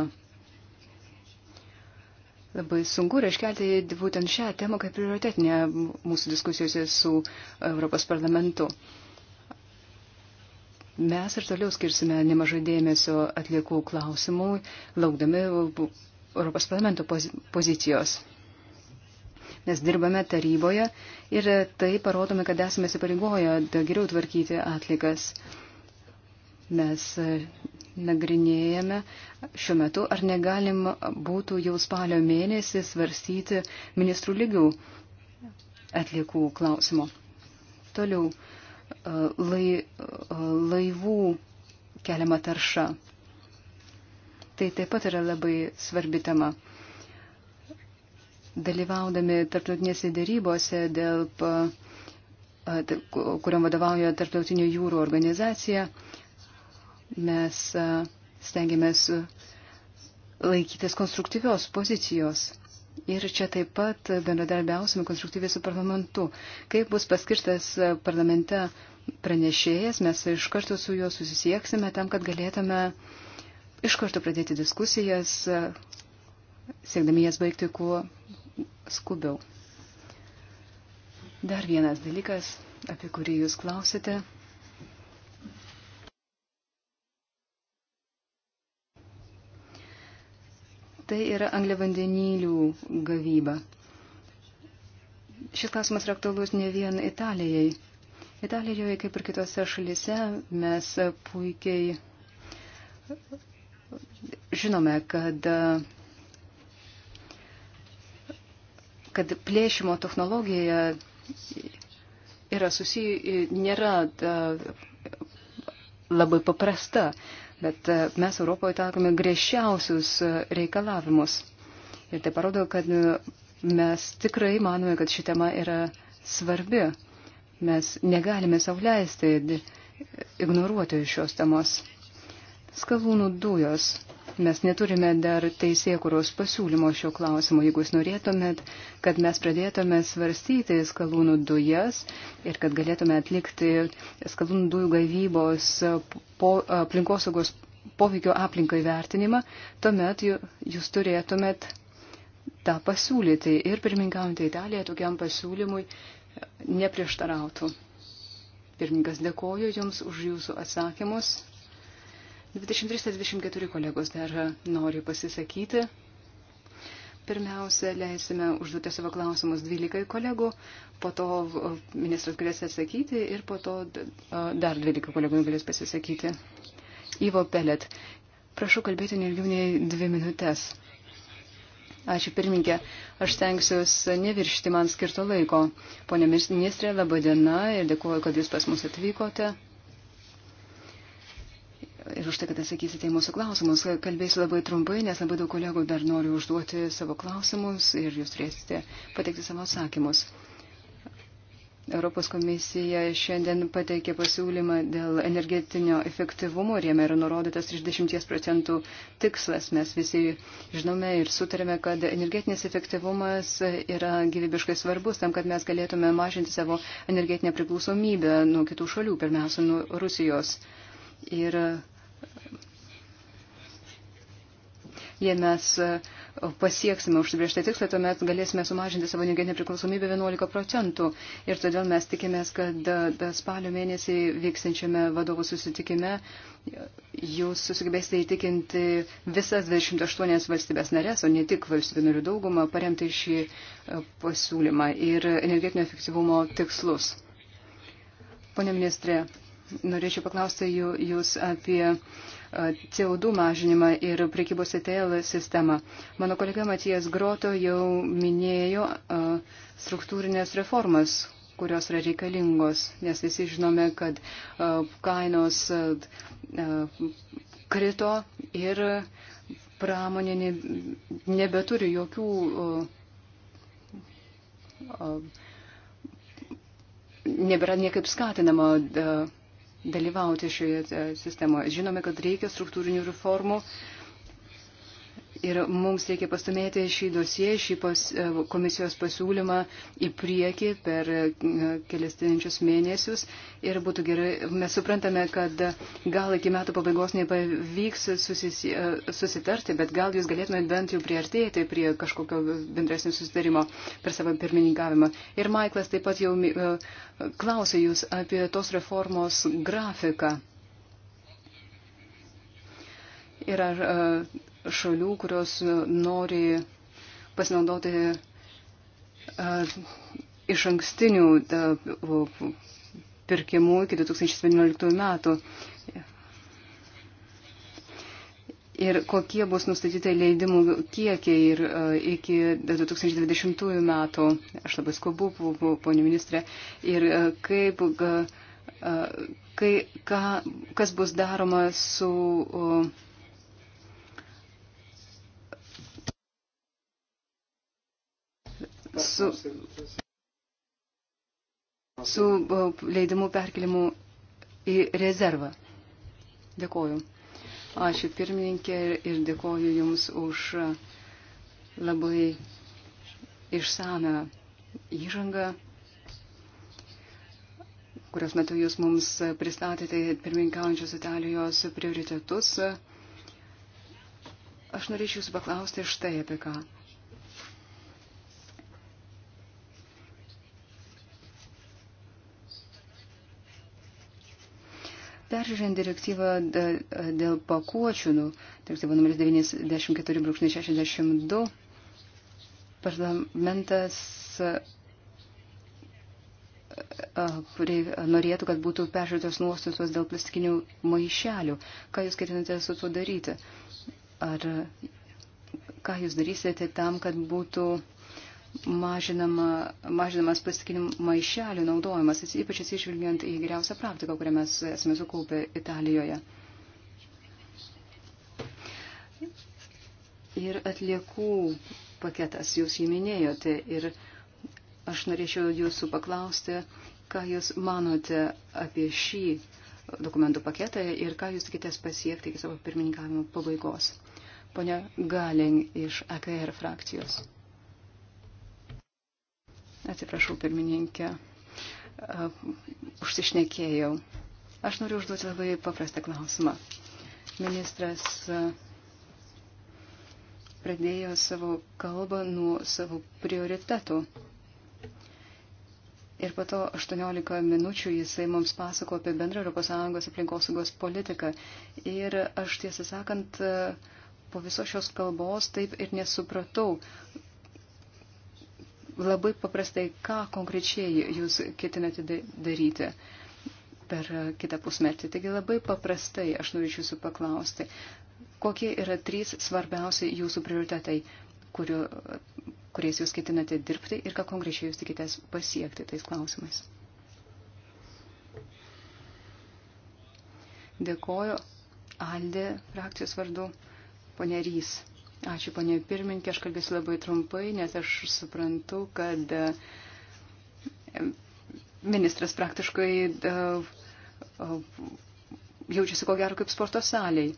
Labai sunku yra iškelti būtent šią temą kaip prioritetinę mūsų diskusijose su Europos parlamentu. Mes ir toliau skirsime nemažai dėmesio atliekų klausimui, laukdami Europos parlamento pozicijos. Mes dirbame taryboje ir tai parodome, kad esame įsipareigoję geriau tvarkyti atlikas. Mes e, nagrinėjame šiuo metu, ar negalim būtų jau spalio mėnesį svarstyti ministrų lygių atliekų klausimo. Toliau e, lai, e, laivų keliama tarša. Tai taip pat yra labai svarbi tema. Dalyvaudami tarptautinėse dėrybose dėl kuriam vadovauja tarptautinio jūrų organizacija, mes stengiamės laikytis konstruktyvios pozicijos. Ir čia taip pat bendradarbiausime konstruktyviai su parlamentu. Kaip bus paskirtas parlamente pranešėjas, mes iš karto su juo susisieksime tam, kad galėtume uh, iš karto pradėti diskusijas, siekdami jas baigti kuo skubiau. Dar vienas dalykas, apie kurį jūs klausėte. Tai yra angliavandenylių gavyba. Šis klausimas yra aktualus ne vien Italijai. Italijoje, kaip ir kitose šalise, mes puikiai žinome, kad, kad plėšimo technologija yra susiję, nėra da, labai paprasta, bet e, mes Europoje taikome griežčiausius e, reikalavimus. Ir tai parodo, kad mes tikrai manome, kad ši tema yra svarbi. Mes negalime sauliaisti ignoruoti šios temos. Skalūnų dujos. Mes neturime dar teisėkuros pasiūlymo šio klausimo. Jeigu jūs norėtumėt, kad mes pradėtume svarstyti skalūnų dujas ir kad galėtume atlikti skalūnų dujų gavybos po, aplinkosaugos poveikio aplinkai vertinimą, tuomet jūs turėtumėt tą pasiūlyti ir pirmininkaujantį Italiją tokiam pasiūlymui neprieštarautų. Pirmininkas dėkoju Jums už Jūsų atsakymus. 23-24 kolegos dar nori pasisakyti. Pirmiausia, leisime užduoti savo klausimus 12 kolegų, po to ministras galės atsakyti ir po to dar 12 kolegų galės pasisakyti. Ivo Pelet, prašau kalbėti neilgiau nei dvi minutės. Ačiū pirminkė, aš stengsiuos neviršti man skirto laiko. Pone ministrė, laba diena ir dėkuoju, kad jūs pas mus atvykote ir už tai, kad atsakysite į mūsų klausimus. Kalbėsiu labai trumpai, nes labai daug kolegų dar nori užduoti savo klausimus ir jūs turėsite pateikti savo atsakymus. Europos komisija šiandien pateikė pasiūlymą dėl energetinio efektyvumo ir jame yra nurodytas 30 procentų tikslas. Mes visi žinome ir sutarėme, kad energetinis efektyvumas yra gyvybiškai svarbus tam, kad mes galėtume mažinti savo energetinę priklausomybę nuo kitų šalių, pirmiausia, nuo Rusijos. Ir Jei mes e, pasieksime užsibriežtą tikslą, tuomet galėsime sumažinti savo energetinę priklausomybę 11 procentų. Ir todėl mes tikimės, kad e, spalio mėnesį vyksinčiame vadovų susitikime jūs sugebėsite įtikinti visas 28 valstybės narės, o ne tik valstybių narių daugumą, paremti šį e, pasiūlymą ir energetinio efektyvumo tikslus. Pone ministrė, norėčiau paklausti jūs apie CO2 mažinimą ir prekybos ETL sistemą. Mano kolega Matijas Groto jau minėjo struktūrinės reformas, kurios yra reikalingos, nes visi žinome, kad kainos krito ir pramonė nebeturi jokių nebėra niekaip skatinama dalyvauti šioje e, sistemoje. Žinome, kad reikia struktūrinių reformų, Ir mums reikia pastumėti šį dosiją, šį pas, e, komisijos pasiūlymą į priekį per e, kelias tenčius mėnesius. Ir būtų gerai, mes suprantame, kad gal iki metų pabaigos nepavyks susis, e, susitarti, bet gal jūs galėtumėte bent jau priartėti prie kažkokio bendresnio susitarimo per savo pirmininkavimą. Ir Maiklas taip pat jau klausė jūs apie tos reformos grafiką. Ir ar. Uh, šalių, kurios nori pasinaudoti iš ankstinių pirkimų iki 2017 metų. Ir kokie bus nustatyti leidimų kiekiai ir iki 2020 metų, aš labai skubu, ponė ministrė, ir kaip, kai, ką, kas bus daroma su uh, su, su e, leidimu perkelimu į rezervą. Dėkoju. Ačiū pirmininkė ir dėkoju Jums už labai išsame įžangą, kurios metu Jūs mums pristatėte pirmininkaujančios Italijos prioritetus. Aš norėčiau Jūsų paklausti štai apie ką. Peržiūrint direktyvą e, dėl pakuočių, nu, direktyva numeris 94.62, parlamentas e, norėtų, kad būtų peržiūrėtos nuostatos dėl plastikinių maišelių. Ką jūs ketinate su tuo daryti? Ar ką jūs darysite tam, kad būtų mažinama, mažinamas plastikinių maišelių naudojimas, ypač atsižvelgiant į geriausią praktiką, kurią mes esame sukaupę Italijoje. Ir atliekų paketas, jūs jį minėjote, ir aš norėčiau jūsų paklausti, ką jūs manote apie šį dokumentų paketą ir ką jūs tikitės pasiekti iki savo pirmininkavimo pabaigos. Pone Galing iš AKR frakcijos. Atsiprašau, pirmininkė, užsišnekėjau. Aš noriu užduoti labai paprastą klausimą. Ministras pradėjo savo kalbą nuo savo prioritetų. Ir po to 18 minučių jisai mums pasako apie bendrą ES aplinkosaugos politiką. Ir aš tiesą sakant, po visos šios kalbos taip ir nesupratau, labai paprastai, ką konkrečiai jūs ketinate daryti per kitą pusmetį. Taigi labai paprastai aš norėčiau jūsų paklausti, kokie yra trys svarbiausi jūsų prioritetai, kuriu, kuriais jūs ketinate dirbti ir ką konkrečiai jūs tikitės pasiekti tais klausimais. Dėkoju Aldė frakcijos vardu, ponė Rys. Ačiū, ponė pirmininkė, aš kalbėsiu labai trumpai, nes aš suprantu, kad e, ministras praktiškai e, e, jaučiasi ko gero kaip sporto saliai.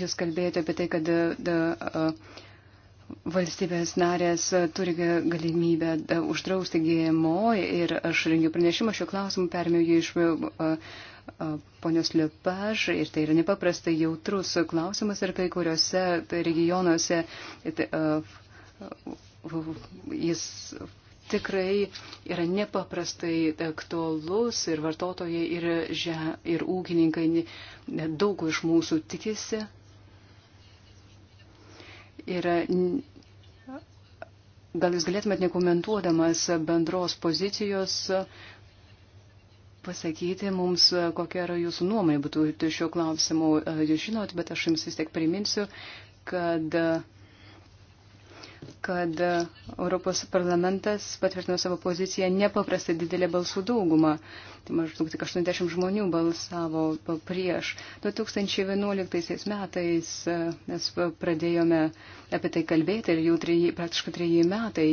Jūs kalbėjote apie tai, kad da, a, valstybės narės turi galimybę da, uždrausti GMO ir aš rengiu pranešimą šiuo klausimu, permėjau jį iš. A, ponios Liupaž ir tai yra nepaprastai jautrus klausimas ir kai kuriuose tai regionuose tai, uh, jis tikrai yra nepaprastai aktualus ir vartotojai ir, že, ir ūkininkai daug iš mūsų tikisi. Ir gal jūs galėtumėt nekomentuodamas bendros pozicijos uh, pasakyti mums, e, kokia yra jūsų nuomonė būtų šiuo klausimu. E, jūs žinot, bet aš jums vis tiek priminsiu, kad uh, kad e, Europos parlamentas patvirtino savo poziciją nepaprastai didelę balsų daugumą. Tai maždaug tik 80 žmonių balsavo prieš. 2011 metais e, mes pradėjome apie tai kalbėti ir jau treji, praktiškai treji metai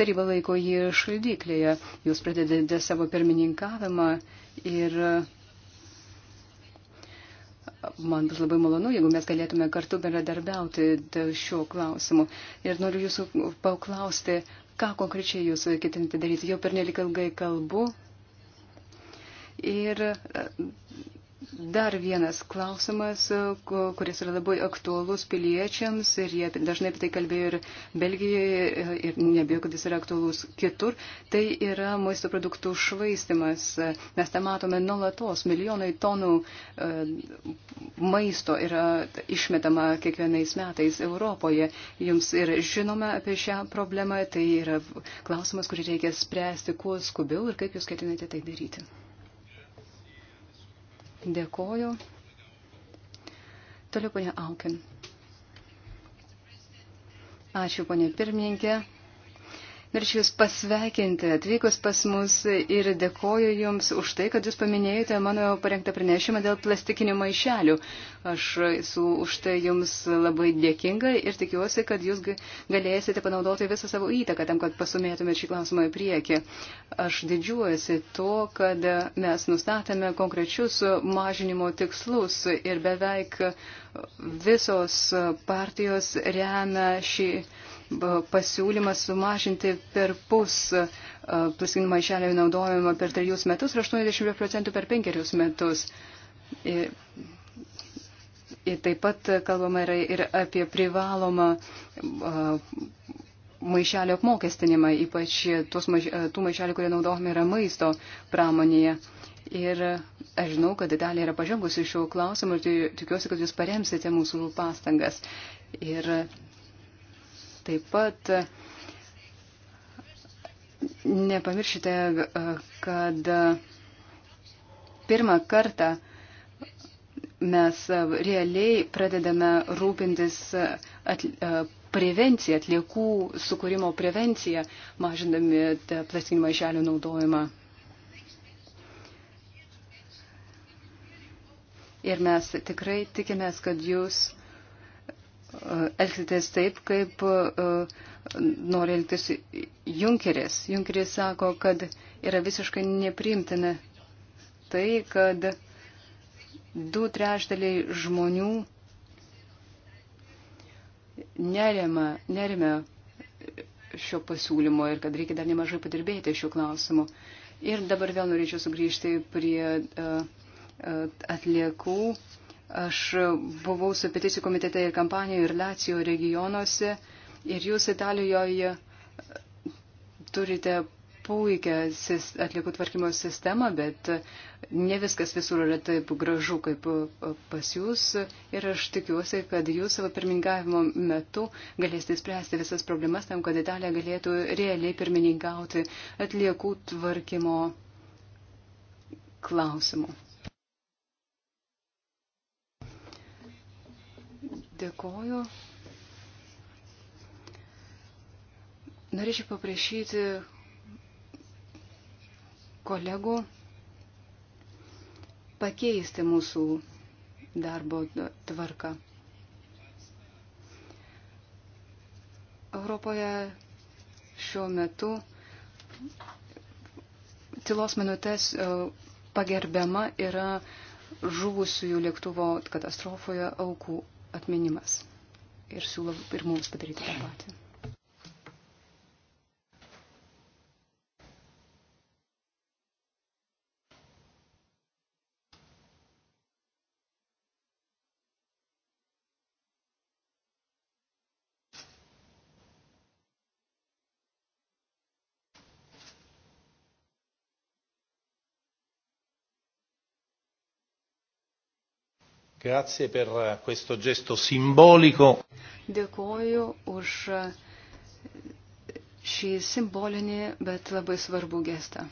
taryba laiko jį šaldyklėje. Jūs pradedate savo pirmininkavimą ir man bus labai malonu, jeigu mes galėtume kartu bendradarbiauti šiuo klausimu. Ir noriu jūsų paklausti, ką konkrečiai jūs ketinate daryti. Jau per nelik ilgai kalbu. Ir dar vienas klausimas, kuris yra labai aktuolus piliečiams ir jie dažnai apie tai kalbėjo ir Belgijoje ir nebijau, kad jis yra aktuolus kitur, tai yra maisto produktų švaistimas. Mes tą matome nuolatos, milijonai tonų e, maisto yra išmetama kiekvienais metais Europoje. Jums ir žinome apie šią problemą, tai yra klausimas, kurį reikia spręsti kuo skubiau ir kaip jūs ketinate tai daryti. Dėkoju. Toliau, ponia Aukin. Ačiū, ponia pirmininkė. Norėčiau Jūs pasveikinti atvykus pas mus ir dėkoju Jums už tai, kad Jūs paminėjote mano parengtą pranešimą dėl plastikinių maišelių. Aš esu už tai Jums labai dėkinga ir tikiuosi, kad Jūs galėsite panaudoti visą savo įtaką tam, kad pasumėtumėte šį klausimą į priekį. Aš didžiuojasi to, kad mes nustatėme konkrečius mažinimo tikslus ir beveik visos partijos remia šį pasiūlymas sumažinti per pus plastikinių maišelių naudojimą per trejus metus ir 80 procentų per penkerius metus. Ir, ir taip pat kalbama yra ir apie privalomą maišelio apmokestinimą, ypač tos, tų maišelių, kurie naudojami yra maisto pramonėje. Ir aš žinau, kad Italija yra pažengusi šiuo klausimu ir tikiuosi, kad jūs paremsite mūsų pastangas. Ir Taip pat nepamiršite, kad pirmą kartą mes realiai pradedame rūpintis atl prevenciją, atliekų sukūrimo prevenciją, mažindami plastikinių maišelių naudojimą. Ir mes tikrai tikimės, kad jūs elgsitės taip, kaip e, nori elgtis Junkeris. Junkeris sako, kad yra visiškai nepriimtina tai, kad du trešdaliai žmonių nerima, nerima šio pasiūlymo ir kad reikia dar nemažai padirbėti šiuo klausimu. Ir dabar vėl norėčiau sugrįžti prie uh, atliekų uh, Aš buvau su peticijų komitete ir kampanijoje, ir Lacijo regionuose. Ir jūs Italijoje e, turite puikią atliekų tvarkymo sistemą, bet ne viskas visur yra taip gražu kaip e, pas jūs. Ir aš tikiuosi, kad jūs savo pirmininkavimo metu galėsite spręsti visas problemas tam, kad Italija galėtų realiai pirmininkauti atliekų tvarkymo klausimu. Dėkoju. Norėčiau paprašyti kolegų pakeisti mūsų darbo tvarką. Europoje šiuo metu tylos minutės e, pagerbiama yra žuvusiųjų lėktuvo katastrofoje aukų atminimas ir siūlo ir mums padaryti tą patį. Grazie per eh, questo gesto simbolico. Dėkoju už eh, šį simbolinį, bet labai svarbų gestą.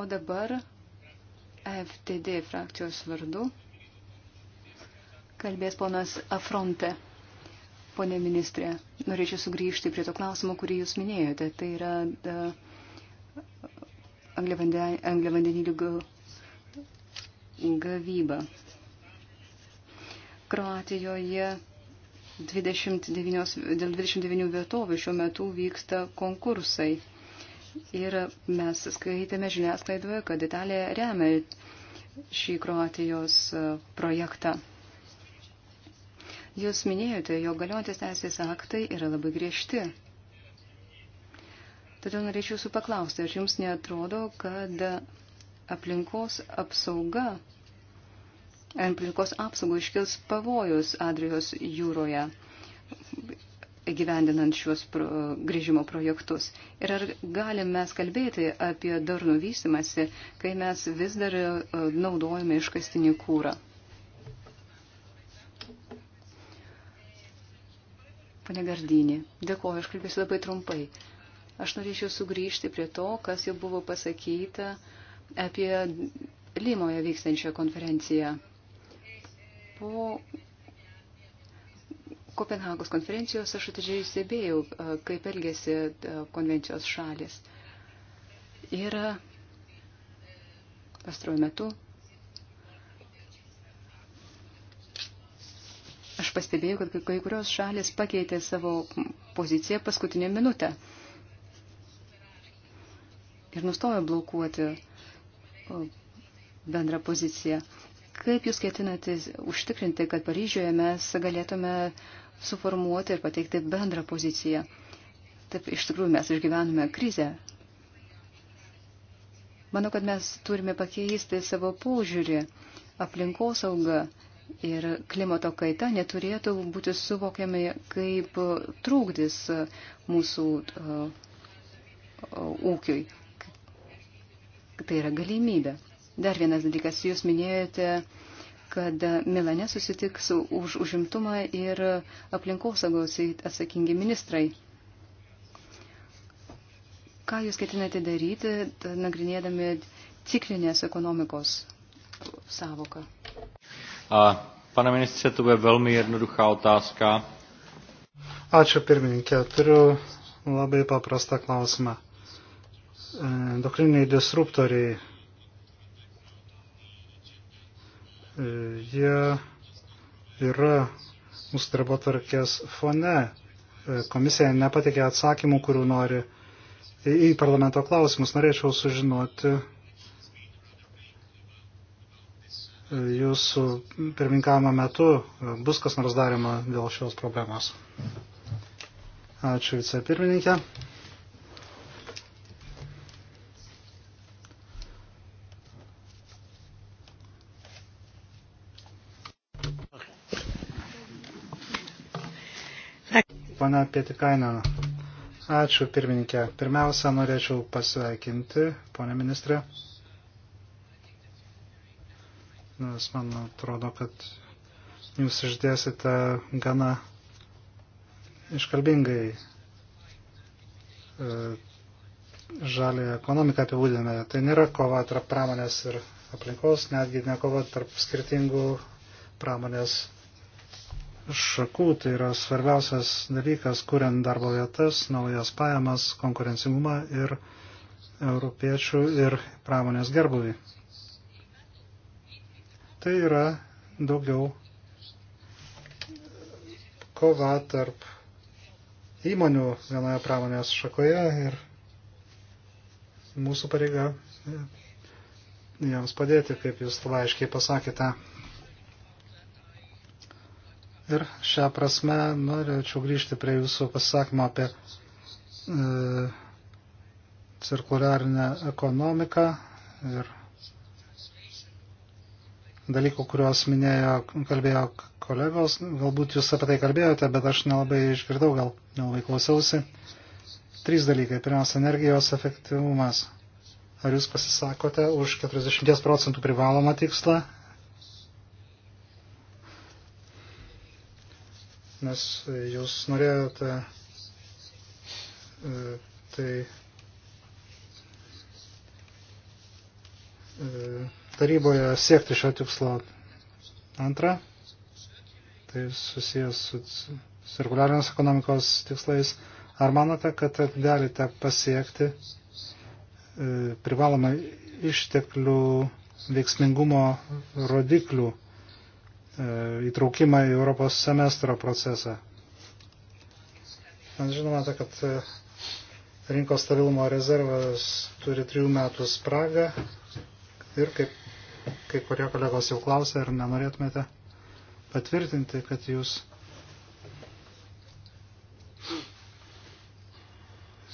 O dabar FTD frakcijos vardu kalbės ponas Afronte. Pone ministrė, norėčiau sugrįžti prie to klausimo, kurį jūs minėjote. Tai yra angliavandenilių gavybą. Kroatijoje 29, dėl 29 vietovių šiuo metu vyksta konkursai. Ir mes skaitėme žiniasklaidoje, kad Italija remia šį Kroatijos e, projektą. Jūs minėjote, jo galiojantis teisės aktai yra labai griežti. Todėl norėčiau jūsų paklausti, ar jums netrodo, kad aplinkos apsauga, aplinkos apsaugų iškils pavojus Adrijos jūroje gyvendinant šiuos pro, grįžimo projektus. Ir ar galim mes kalbėti apie darnų vystimąsi, kai mes vis dar e, naudojame iškastinį kūrą? Pane Gardinį, dėkoju, aš kalbėsiu labai trumpai. Aš norėčiau sugrįžti prie to, kas jau buvo pasakyta uh, apie Limoje vykstančią konferenciją. Po Kopenhagos konferencijos aš atidžiai stebėjau, kaip elgėsi konvencijos šalis. Ir pastaruoju metu aš pastebėjau, kad kai kurios šalis pakeitė savo poziciją paskutinę minutę ir nustojo blokuoti bendrą poziciją. Kaip Jūs ketinate užtikrinti, kad Paryžioje mes galėtume suformuoti ir pateikti bendrą poziciją? Taip, iš tikrųjų mes išgyvenome krizę. Manau, kad mes turime pakeisti savo požiūrį. Aplinkosauga ir klimato kaita neturėtų būti suvokiami kaip trūkdis mūsų uh, uh, ūkiui tai yra galimybė. Dar vienas dalykas, jūs minėjote, kad Milane susitiks už užimtumą ir aplinkosaugos atsakingi ministrai. Ką jūs ketinate daryti, nagrinėdami ciklinės ekonomikos savoką? Pane ministře, to je velmi jednoduchá otázka. Ačiū pirmininkė, turiu labai paprastą klausimą endokrininiai disruptoriai. E, jie yra mūsų darbo tarkės fone. E, komisija nepatikė atsakymų, kurių nori į parlamento klausimus. Norėčiau sužinoti e, jūsų pirminkavimo metu bus kas nors darima dėl šios problemos. Ačiū vicepirmininkė. pana Pietikaina. Ačiū, pirmininkė. Pirmiausia, norėčiau pasveikinti, ponė ministrė. Nes man atrodo, kad jūs išdėsite gana iškalbingai e, žalį ekonomiką apibūdinę. Tai nėra kova tarp pramonės ir aplinkos, netgi ne kova tarp skirtingų pramonės šakų, tai yra svarbiausias dalykas, kuriant darbo vietas, naujas pajamas, konkurencingumą ir europiečių ir pramonės gerbuvį. Tai yra daugiau kova tarp įmonių vienoje pramonės šakoje ir mūsų pareiga jiems padėti, kaip jūs labai aiškiai pasakėte. Ir šią prasme norėčiau grįžti prie jūsų pasakymo apie e, cirkuliarinę ekonomiką ir dalykų, kuriuos minėjo, kalbėjo kolegos. Galbūt jūs apie tai kalbėjote, bet aš nelabai išgirdau, gal nelabai klausiausi. Trys dalykai. Pirmiausia, energijos efektyvumas. Ar jūs pasisakote už 40 procentų privalomą tikslą nes jūs norėjote e, tai e, taryboje siekti šio tikslo. Antra, tai susijęs su cirkuliarinės ekonomikos tikslais. Ar manote, kad galite pasiekti e, privalomą išteklių veiksmingumo rodiklių E, įtraukimą į Europos semestro procesą. Mes žinome, kad e, rinkos stabilumo rezervas turi trijų metų spragą ir kaip kai kurie kolegos jau klausė, ar nenorėtumėte patvirtinti, kad jūs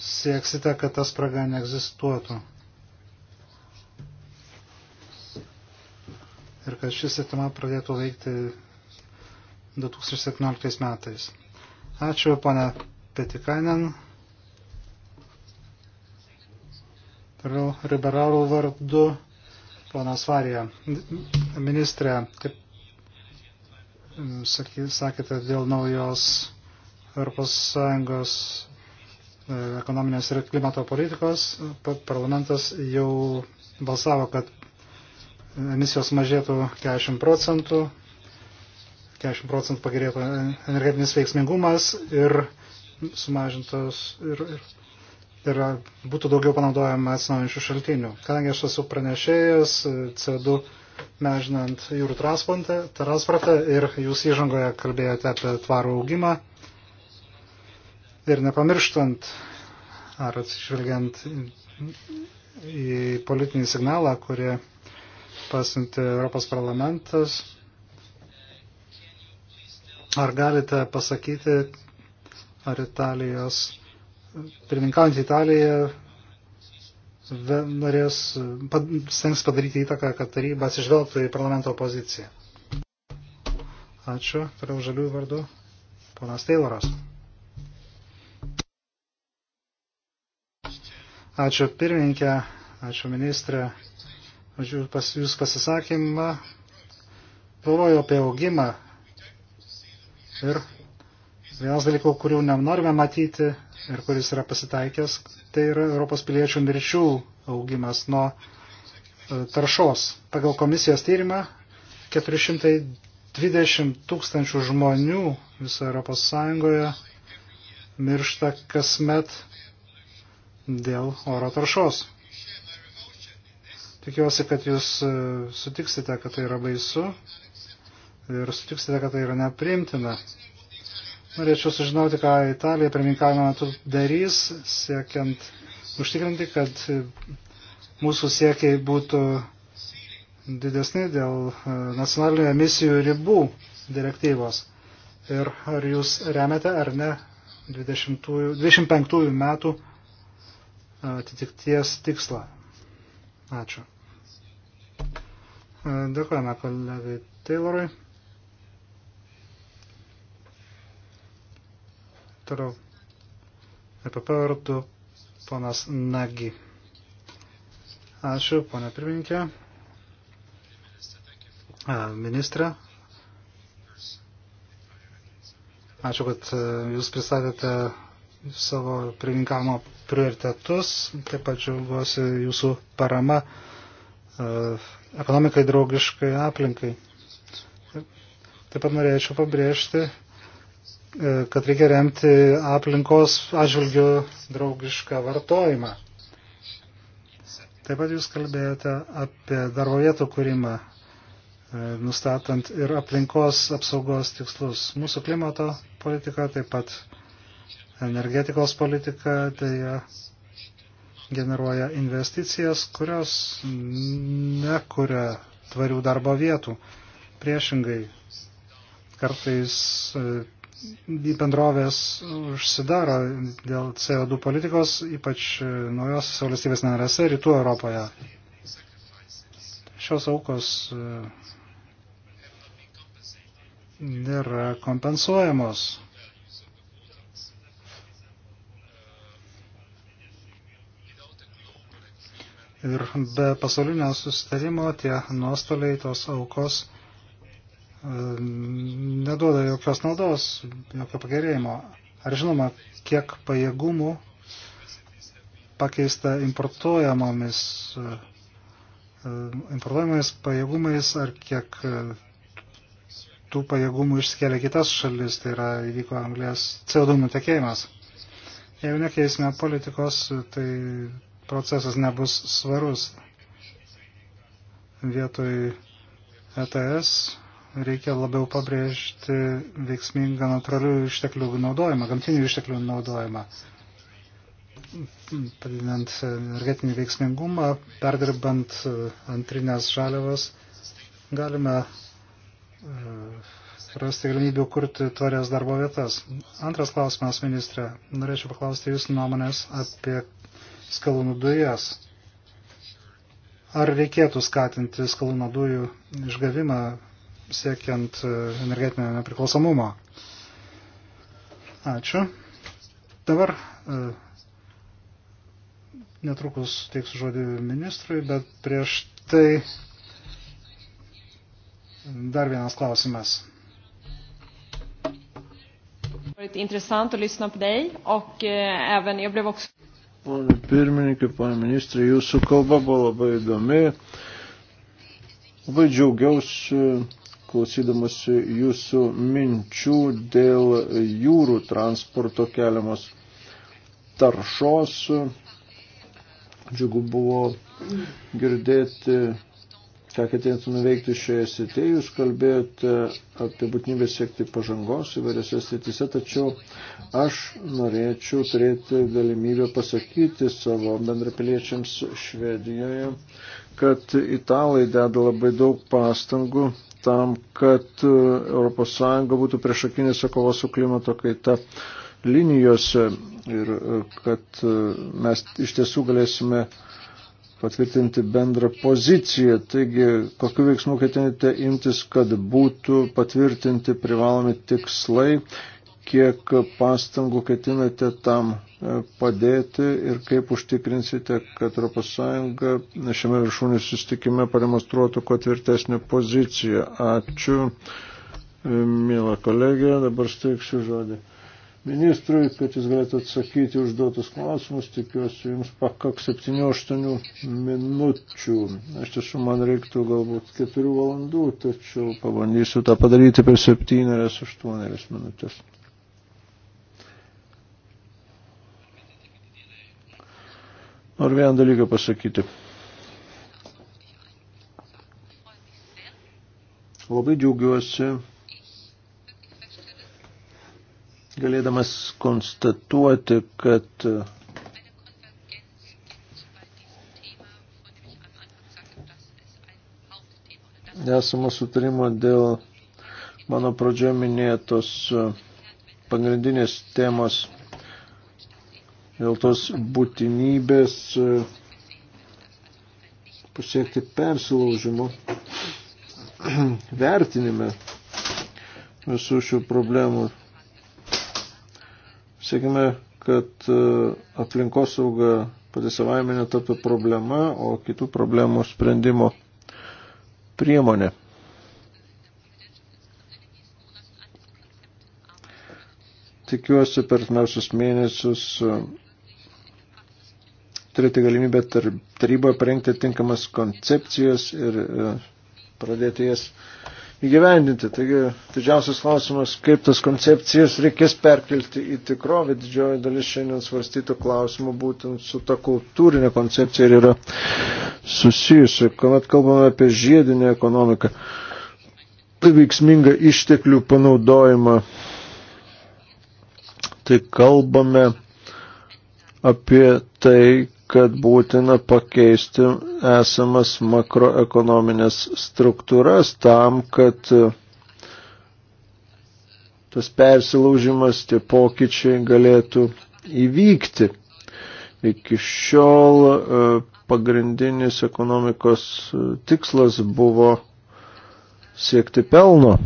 sieksite, kad ta spraga neegzistuotų. ir kad ši sistema pradėtų veikti 2017 metais. Ačiū, ponia Petikainen. Toliau liberalų vardu, ponas Varija. Ministrė, kaip mm, sakėte, dėl naujos ES e, ekonominės ir klimato politikos parlamentas jau balsavo, kad emisijos mažėtų 40 procentų, 40 procentų pagerėtų energetinis veiksmingumas ir sumažintos ir, ir, ir būtų daugiau panaudojama atsinaujančių šaltinių. Kadangi aš esu pranešėjas CO2 mežinant jūrų transportą ir jūs įžangoje kalbėjote apie tvarų augimą ir nepamirštant ar atsižvelgiant į politinį signalą, kurie pasinti Europos parlamentas. Ar galite pasakyti, ar Italijos, pirmininkaujant Italiją, norės, stengs padaryti įtaką, kad taryba atsižvelgtų į parlamento poziciją. Ačiū. Toliau žaliųjų vardu. Ponas Tayloras. Ačiū pirmininkė, ačiū ministrė. Aš jūs, pas, jūs pasisakymą galvoju apie augimą ir vienas dalykų, kurių nenorime matyti ir kuris yra pasitaikęs, tai yra Europos piliečių mirčių augimas nuo e, taršos. Pagal komisijos tyrimą 420 tūkstančių žmonių visoje Europos Sąjungoje miršta kasmet dėl oro taršos. Tikiuosi, kad jūs e, sutiksite, kad tai yra baisu ir sutiksite, kad tai yra nepriimtina. Norėčiau sužinoti, ką Italija pirmininkavimo metu darys, siekiant užtikrinti, kad mūsų siekiai būtų didesni dėl e, nacionalinių emisijų ribų direktyvos. Ir ar jūs remiate ar ne 20, 25 metų e, atitikties tikslą. Ačiū. Dėkojame kolegai Taylorui. Toliau. Apie pavartų ponas Nagi. Ačiū, ponė pirmininkė. Ministrė. Ačiū, kad e, jūs pristatėte savo pirmininkamo prioritetus. Taip pat džiaugiuosi jūsų parama e, ekonomikai draugiškai aplinkai. Taip pat norėčiau pabrėžti, e, kad reikia remti aplinkos atžvilgių draugišką vartojimą. Taip pat jūs kalbėjote apie darbo vietų kūrimą, e, nustatant ir aplinkos apsaugos tikslus. Mūsų klimato politika, taip pat energetikos politika, tai generuoja investicijas, kurios nekuria tvarių darbo vietų. Priešingai, kartais e, bendrovės užsidaro dėl CO2 politikos, ypač e, naujosios valstybės narėse rytų Europoje. Šios aukos e, nėra kompensuojamos. Ir be pasaulinio susitarimo tie nuostoliai, tos aukos e, neduoda jokios naudos, jokio pagerėjimo. Ar žinoma, kiek pajėgumų pakeista importuojamomis, e, e, importuojamais pajėgumais, ar kiek tų pajėgumų išskėlė kitas šalis, tai yra įvyko anglės CO2 nutekėjimas. Jeigu nekeisime politikos, tai procesas nebus svarus. Vietoj ETS reikia labiau pabrėžti veiksmingą natūralių išteklių naudojimą, gamtinių išteklių naudojimą. Padidinant energetinį veiksmingumą, perdirbant antrinės žaliavas, galime e, rasti galimybių kurti tvarias darbo vietas. Antras klausimas, ministrė. Norėčiau paklausti Jūsų nuomonės apie skalūnų dujas. Ar reikėtų skatinti skalūnų dujų išgavimą siekiant e, energetinio nepriklausomumo? Ačiū. Dabar e, netrukus teiksiu žodį ministrui, bet prieš tai dar vienas klausimas. varit intressant att lyssna på dig och eh, även jag blev också Pone pirmininkai, pone ministrai, jūsų kalba buvo labai įdomi. Labai džiaugiausi klausydamas jūsų minčių dėl jūrų transporto keliamos taršos. Džiugu buvo girdėti ką ketintų nuveikti šioje srityje. Jūs kalbėjote apie būtinybę siekti pažangos įvairiose srityse, tačiau aš norėčiau turėti galimybę pasakyti savo bendrapiliečiams Švedijoje, kad italai deda labai daug pastangų tam, kad ES būtų priešakinėse kovos su klimato kaita linijose ir kad mes iš tiesų galėsime patvirtinti bendrą poziciją. Taigi, kokiu veiksmu ketinite imtis, kad būtų patvirtinti privalomi tikslai, kiek pastangų ketinate tam e, padėti ir kaip užtikrinsite, kad ES šiame viršūnė sustikime pademonstruotų kuo tvirtesnę poziciją. Ačiū, e, mėla kolegė, dabar steiksiu žodį ministrui, kad jis galėtų atsakyti užduotus klausimus. Tikiuosi, jums pakaks 7-8 minučių. Aš tiesų man reiktų galbūt 4 valandų, tačiau pabandysiu tą padaryti per 7-8 minutės. Noriu vieną dalyką pasakyti. Labai džiaugiuosi galėdamas konstatuoti, kad nesamo sutarimo dėl mano pradžio minėtos pagrindinės temos, dėl tos būtinybės pasiekti persilaužimo vertinime visų šių problemų Siekime, kad e, aplinkosauga pati savaime netaptų problema, o kitų problemų sprendimo priemonė. Tikiuosi per artimiausius mėnesius e, turėti galimybę taryboje parengti tinkamas koncepcijas ir e, pradėti jas įgyvendinti. Taigi didžiausias klausimas, kaip tas koncepcijas reikės perkelti į tikrovę. Didžioji dalis šiandien svarstytų klausimų būtent su ta kultūrinė koncepcija ir yra susijusi. Kuomet kalbame apie žiedinę ekonomiką, tai veiksmingą išteklių panaudojimą, tai kalbame apie tai, kad būtina pakeisti esamas makroekonominės struktūras tam, kad e, tas persilaužimas, tie pokyčiai galėtų įvykti. Iki šiol e, pagrindinis ekonomikos e, tikslas buvo siekti pelno.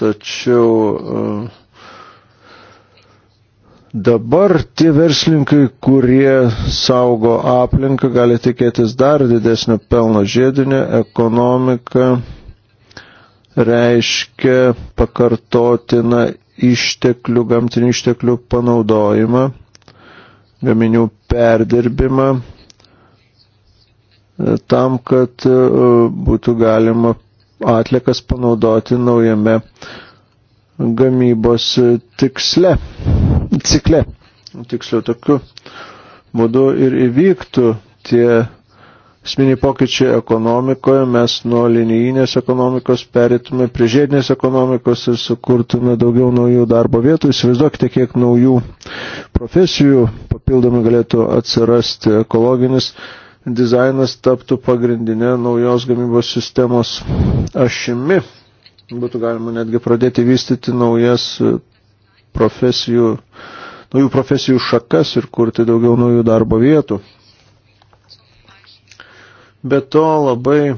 Tačiau uh, Dabar tie verslininkai, kurie saugo aplinką, gali tikėtis dar didesnio pelno žiedinė ekonomika reiškia pakartotiną išteklių, gamtinių išteklių panaudojimą, gaminių perdirbimą, e, tam, kad e, būtų galima atlikas panaudoti naujame gamybos e, tiksle cikle. Tiksliau, tokiu būdu ir įvyktų tie esminiai pokyčiai ekonomikoje, mes nuo linijinės ekonomikos perėtume prie žiedinės ekonomikos ir sukurtume daugiau naujų darbo vietų. Įsivaizduokite, kiek naujų profesijų papildomai galėtų atsirasti. Ekologinis dizainas taptų pagrindinė naujos gamybos sistemos ašimi. Būtų galima netgi pradėti vystyti naujas profesijų, naujų profesijų šakas ir kurti daugiau naujų darbo vietų. Be to labai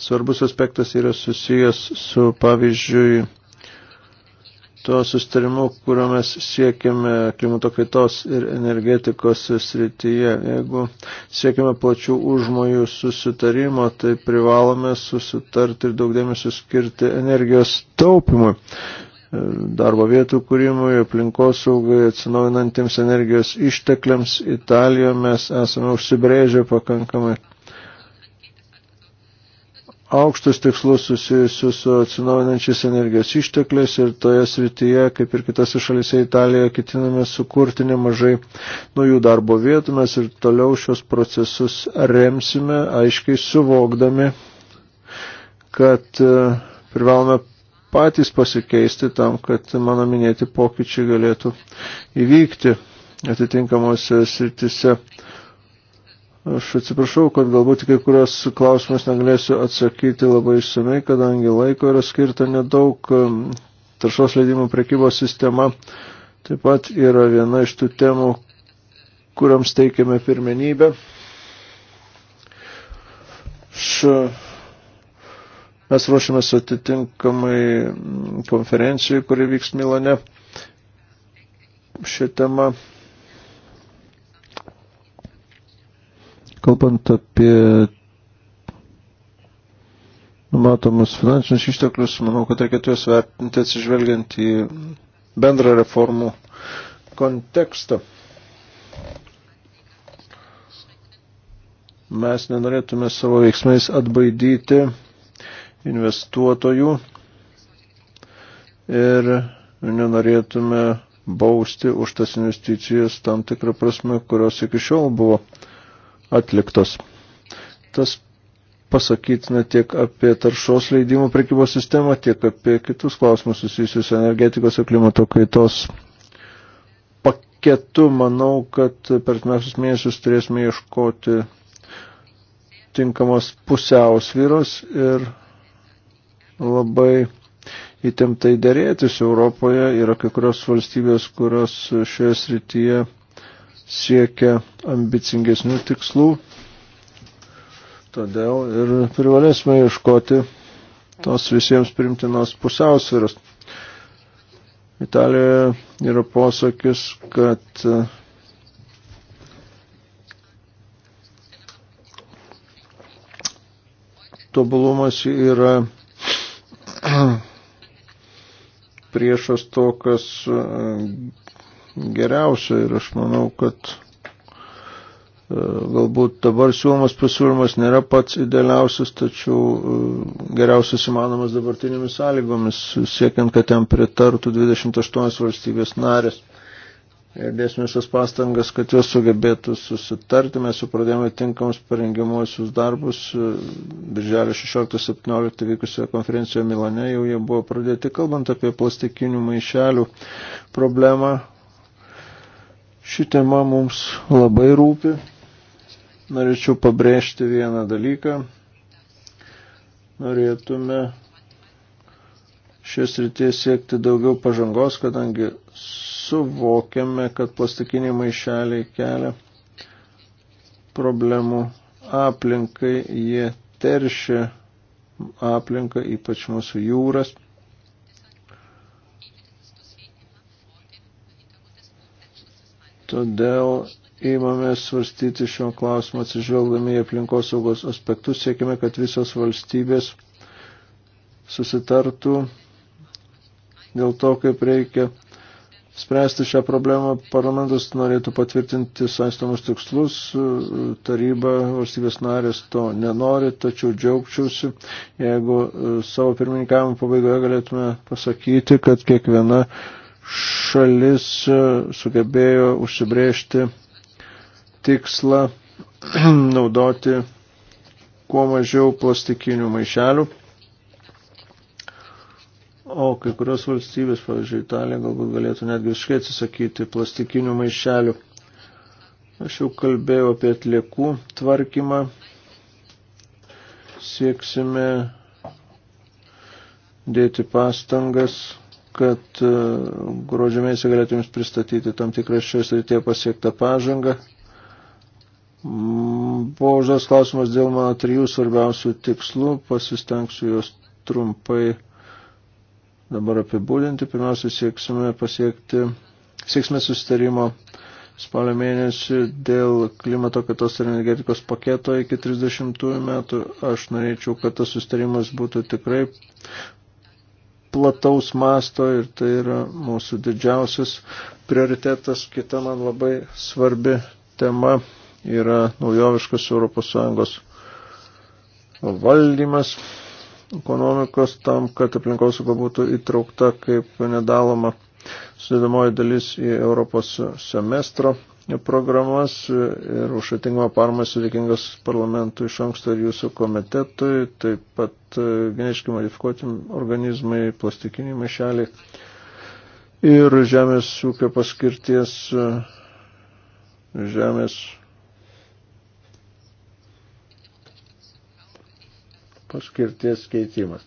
svarbus aspektas yra susijęs su, pavyzdžiui, tuo sustarimu, kuriuo mes siekiame klimato kaitos ir energetikos srityje. Jeigu siekiame plačių užmojų susitarimo, tai privalome susitarti ir daug dėmesio skirti energijos taupimui. E, darbo vietų kūrimui, aplinkosaugai, atsinaujinantiems energijos ištekliams. Italijoje mes esame užsibrėžę pakankamai aukštus tikslus susijusius su atsinaujinančiais energijos ištekliais ir toje srityje, kaip ir kitose šalise Italijoje, ketiname sukurti nemažai naujų darbo vietų. Mes ir toliau šios procesus remsime, aiškiai suvokdami, kad e, privalome patys pasikeisti tam, kad mano minėti pokyčiai galėtų įvykti atitinkamuose sritise. Aš atsiprašau, kad galbūt kai kurios klausimus negalėsiu atsakyti labai išsamei, kadangi laiko yra skirta nedaug. Taršos leidimų prekybos sistema taip pat yra viena iš tų temų, kuriams teikiame pirmenybę. Aš Mes ruošiamės atitinkamai mm, konferencijai, kuri vyks Milane. Šią temą, kalbant apie numatomus finansinius išteklius, manau, kad reikėtų juos vertinti atsižvelgiant į bendrą reformų kontekstą. Mes nenorėtume savo veiksmais atbaidyti investuotojų ir nenorėtume bausti už tas investicijas tam tikrą prasme, kurios iki šiol buvo atliktos. Tas pasakytina tiek apie taršos leidimų prekybos sistemą, tiek apie kitus klausimus susijusius energetikos ir klimato kaitos paketu. Manau, kad per atmesus mėnesius turėsime ieškoti tinkamos pusiausvyros ir labai įtemptai dėrėtis Europoje. Yra kai kurios valstybės, kurios šioje srityje siekia ambicingesnių tikslų. Todėl ir privalėsime ieškoti tos visiems primtinos pusiausvėros. Italijoje yra posakis, kad tobulumas yra priešas to, kas e, geriausia ir aš manau, kad e, galbūt dabar siūlomas pasiūlymas nėra pats idealiausias, tačiau e, geriausias įmanomas dabartinėmis sąlygomis, siekiant, kad ten pritartų 28 valstybės narės ir dėsime visas pastangas, kad jos sugebėtų susitarti. Mes jau pradėjome tinkamus parengiamuosius darbus. E, birželio 16-17 vykusioje konferencijoje Milane jau jie buvo pradėti, kalbant apie plastikinių maišelių problemą. Ši tema mums labai rūpi. Norėčiau pabrėžti vieną dalyką. Norėtume šios ryties siekti daugiau pažangos, kadangi suvokiame, kad plastikiniai maišeliai kelia problemų aplinkai, jie teršia aplinką, ypač mūsų jūras. Todėl įmamės svarstyti šio klausimo atsižvelgdami į aplinkos saugos aspektus, siekime, kad visos valstybės susitartų dėl to, kaip reikia spręsti šią problemą. Parlamentas norėtų patvirtinti saistomus tikslus, taryba valstybės narės to nenori, tačiau džiaugčiausi, jeigu e, savo pirmininkavimo pabaigoje galėtume pasakyti, kad kiekviena šalis e, sugebėjo užsibrėžti tikslą naudoti kuo mažiau plastikinių maišelių o kai kurios valstybės, pavyzdžiui, Italija galbūt galėtų netgi visiškai atsisakyti plastikinių maišelių. Aš jau kalbėjau apie atliekų tvarkymą. Sieksime dėti pastangas, kad e, gruodžio mėnesį galėtų jums pristatyti tam tikrą šioje srityje pasiektą pažangą. Mm, buvo užduotas klausimas dėl mano trijų svarbiausių tikslų, pasistengsiu juos trumpai dabar apibūdinti. Pirmiausia, sieksime pasiekti, sieksime sustarimo spalio mėnesį dėl klimato kaitos ir energetikos paketo iki 30 metų. Aš norėčiau, kad tas sustarimas būtų tikrai plataus masto ir tai yra mūsų didžiausias prioritetas. Kita man labai svarbi tema yra naujoviškas ES valdymas ekonomikos tam, kad aplinkosauga būtų įtraukta kaip nedaloma sudėdamoji dalis į Europos semestro programas ir už atingimą paramą sudėkingas parlamentui iš anksto ir jūsų komitetui, taip pat e, geniškai modifikuoti organizmai, plastikiniai maišeliai ir žemės ūkio paskirties, e, žemės paskirties keitimas.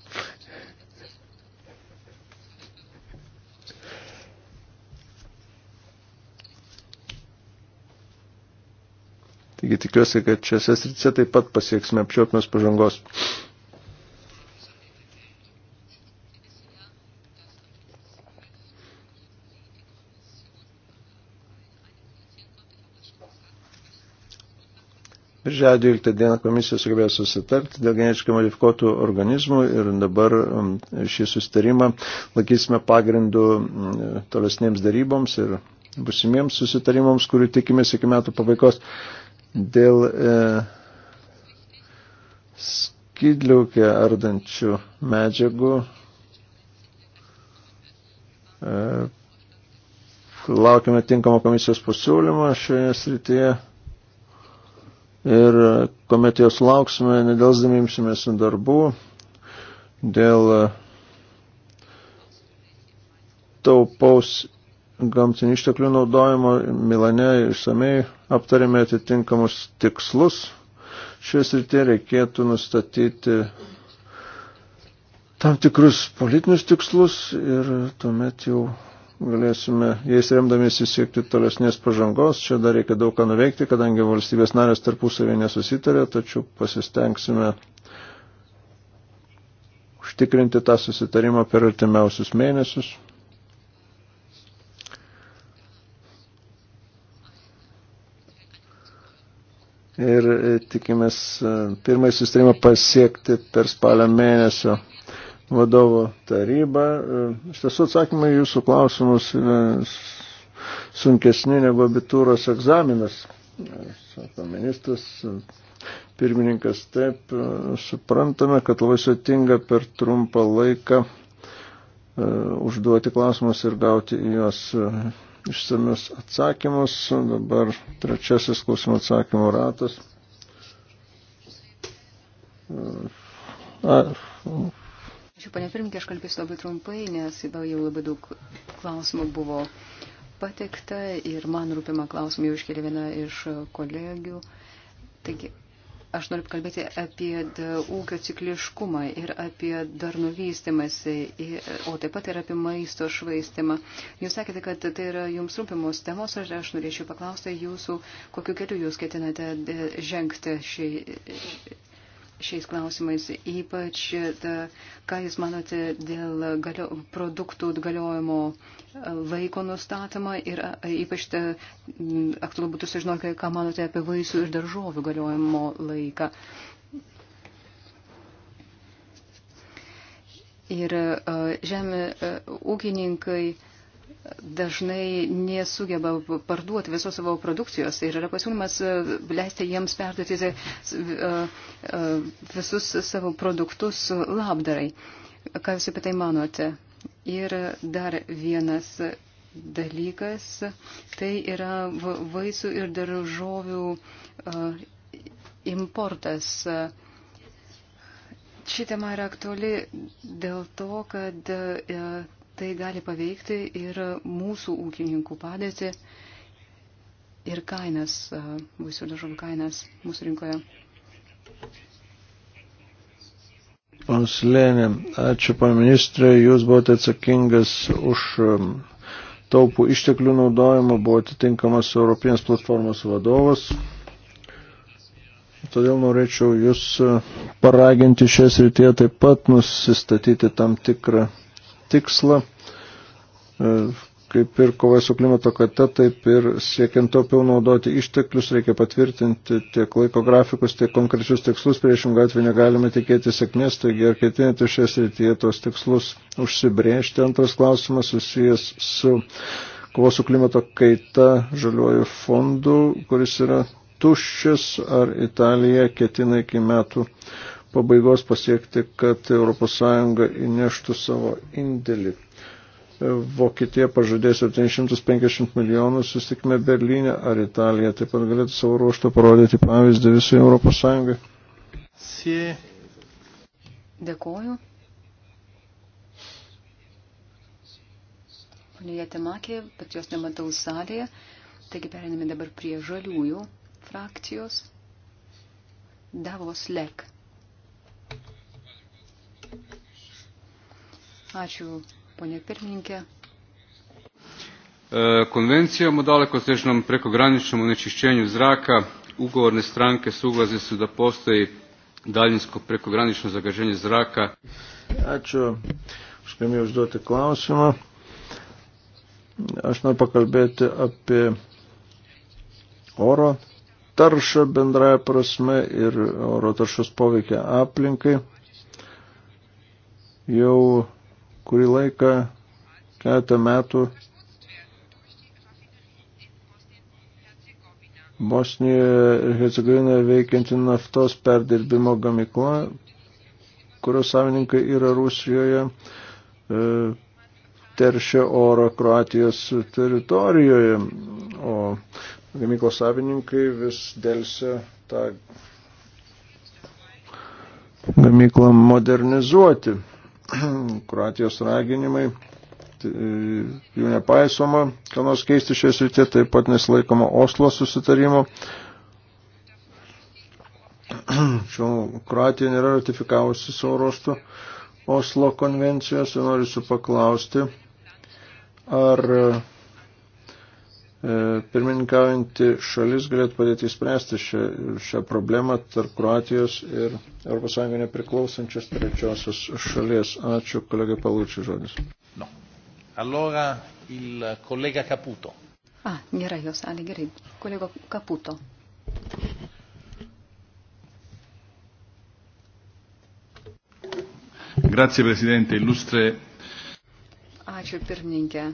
Taigi tikiuosi, kad šiose srityse taip pat pasieksime apčiopimas pažangos. Birželio 12 dieną komisija sugebėjo susitarti dėl geniškai modifikuotų organizmų ir dabar um, šį susitarimą laikysime pagrindu mm, tolesnėms daryboms ir busimiems susitarimams, kurių tikimės iki metų pabaigos dėl e, skydliaukę ardančių medžiagų. E, Laukime tinkamo komisijos pasiūlymo šioje srityje ir kuomet jos lauksime, nedelsdami imsimės darbų dėl taupaus gamtinių išteklių naudojimo Milane išsamei aptarėme atitinkamus tikslus. Šioje srityje reikėtų nustatyti tam tikrus politinius tikslus ir tuomet jau galėsime jais remdamiesi siekti tolesnės pažangos. Čia dar reikia daug ką nuveikti, kadangi valstybės narės tarpusavėje nesusitarė, tačiau pasistengsime užtikrinti tą susitarimą per artimiausius mėnesius. Ir tikimės e, pirmąjį susitarimą pasiekti per spalio mėnesio vadovo taryba. E, iš tiesų atsakymai jūsų klausimus yra sunkesni negu abitūros egzaminas. E, sako ministras, e, pirmininkas, taip, suprantame, kad labai sutinga per trumpą laiką užduoti klausimus ir gauti juos išsamius atsakymus. Dabar trečiasis klausimų atsakymų ratas. A, Ačiū, panė pirmininkė, aš kalbėsiu labai trumpai, nes jau labai daug klausimų buvo patekta ir man rūpimą klausimą jau iškėlė viena iš kolegių. Taigi, aš noriu kalbėti apie ūkio cikliškumą ir apie darnų vystimąsi, o taip pat ir apie maisto švaistimą. Jūs sakėte, kad tai yra jums rūpimos temos, ir aš norėčiau paklausti jūsų, kokiu keliu jūs ketinate žengti šį, šiais klausimais, ypač ta, ką Jūs manote dėl galio, produktų galiojimo e, laiko nustatymą ir ypač ta, aktualu būtų sužinoti, ką manote apie vaisių ir daržovių galiojimo laiką. Ir žemė ūkininkai. Uh, dažnai nesugeba parduoti visos savo produkcijos ir yra pasiūlymas e, leisti jiems perduoti e, e, visus savo produktus labdarai. Ką Jūs apie tai manote? Ir dar vienas dalykas, tai yra vaisių ir daržovių importas. Ši tema yra aktuali dėl to, kad tai gali paveikti ir mūsų ūkininkų padėtį ir kainas, būsių daržovių kainas mūsų rinkoje. Pons Lėnė, ačiū paministrė, jūs buvote atsakingas už um, taupų išteklių naudojimą, buvo atitinkamas Europinės platformos vadovas. Todėl norėčiau jūs paraginti šią srityje taip pat nusistatyti tam tikrą tikslą, e, kaip ir kova su klimato kaita, taip ir siekiant taupiau naudoti išteklius, reikia patvirtinti tiek laiko grafikus, tiek konkrečius tikslus, priešingą atveju negalime tikėti sėkmės, taigi ar ketinėti šią srityje tos tikslus užsibrėžti. Antras klausimas susijęs su kovos su klimato kaita žaliuoju fondu, kuris yra tuščias, ar Italija ketina iki metų pabaigos pasiekti, kad ES įneštų savo indėlį. E, Vokietija pažadės 750 milijonų susitikime Berlyne, ar Italija taip pat galėtų savo ruoštą parodyti pavyzdį visai Europos Sąjungai. Dėkoju. Pane Jatemakė, bet jos nematau salėje, taigi periname dabar prie žaliųjų frakcijos. Davos Lek. Ačiū, ponė pirmininkė. E, konvencijom o dalekosežnom prekograničnom onečišćenju zraka ugovorne stranke suglasne su da postoji daljinsko prekogranično zagađenje zraka. Ačiū. Aš galiu užduoti klausimą. Aš noriu pakalbėti apie oro taršą bendraja prasme ir oro taršos poveikia aplinkai. Jau kurį laiką, keletą metų Bosnijoje ir Hercegovinoje veikianti naftos perdirbimo gamykla, kurios savininkai yra Rusijoje, e, teršia orą Kroatijos teritorijoje, o gamyklos savininkai vis dėlse tą gamyklą modernizuoti. Kroatijos raginimai, tai, e, jų nepaisoma, ką nors keisti šioje srityje, taip pat nesilaikoma Oslo susitarimo. Šiuo Kroatija nėra ratifikavusi savo ruoštų Oslo konvencijos ir noriu su paklausti, ar E, pirmininkaujanti šalis galėtų padėti įspręsti šią, šią problemą tarp Kroatijos ir ES nepriklausančios trečiosios šalies. Ačiū, kolega Palūčiai žodis. No. Allora, il kolega Caputo. A, gerai, jos, Ali, gerai. Kolego Caputo. Grazie, Presidente. Illustre. Ačiū, pirmininkė.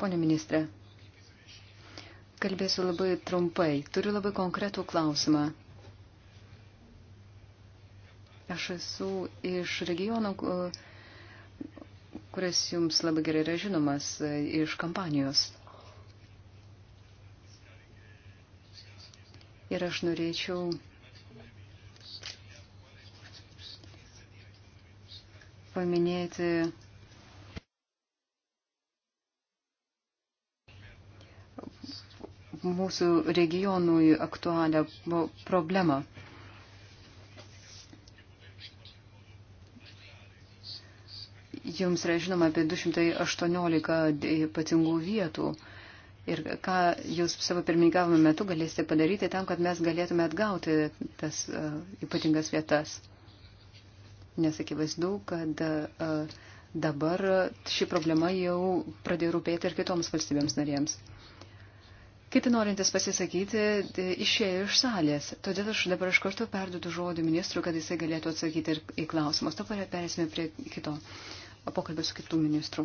Pone ministrė, kalbėsiu labai trumpai. Turiu labai konkretų klausimą. Aš esu iš regiono, kuris jums labai gerai yra žinomas, iš kampanijos. Ir aš norėčiau paminėti mūsų regionui aktualią problemą. Jums yra žinoma apie 218 ypatingų vietų. Ir ką jūs savo pirmininkavimo metu galėsite padaryti tam, kad mes galėtume atgauti tas uh, ypatingas vietas. Nes akivaizdu, kad uh, dabar ši problema jau pradėjo rūpėti ir kitoms valstybėms narėms. Kiti norintys pasisakyti tai išėjo iš salės, todėl aš dabar iš karto perduodu žodį ministrui, kad jisai galėtų atsakyti ir į klausimus. Dabar perėsime prie kito pokalbio su kitų ministrų.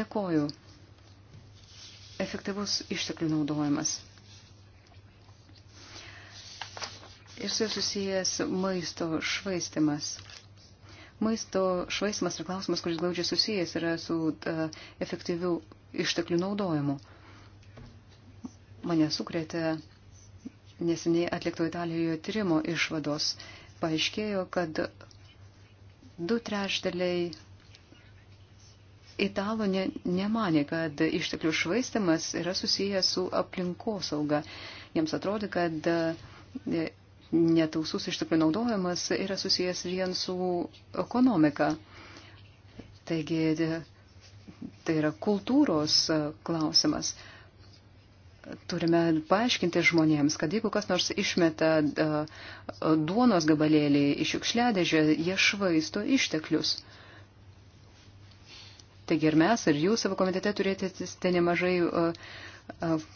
Dėkoju. Efektyvus išteklių naudojimas. Ir su susijęs maisto švaistimas. Maisto švaistimas yra klausimas, kuris glaudžiai susijęs yra su uh, efektyviu išteklių naudojimu. Uh, mane sukrėtė neseniai atlikto Italijoje tyrimo išvados. Paaiškėjo, kad du trešdaliai italų ne, nemanė, kad išteklių švaistimas yra susijęs su aplinkosauga. Jiems atrodo, kad e, netausus išteklių naudojimas yra susijęs vien su ekonomika. Taigi e, tai yra kultūros e, klausimas turime paaiškinti žmonėms, kad jeigu kas nors išmeta e, e, duonos gabalėlį iš šiukšliadežę, jie švaisto išteklius. Taigi ir mes, ir jūs savo komitete turėtite nemažai e,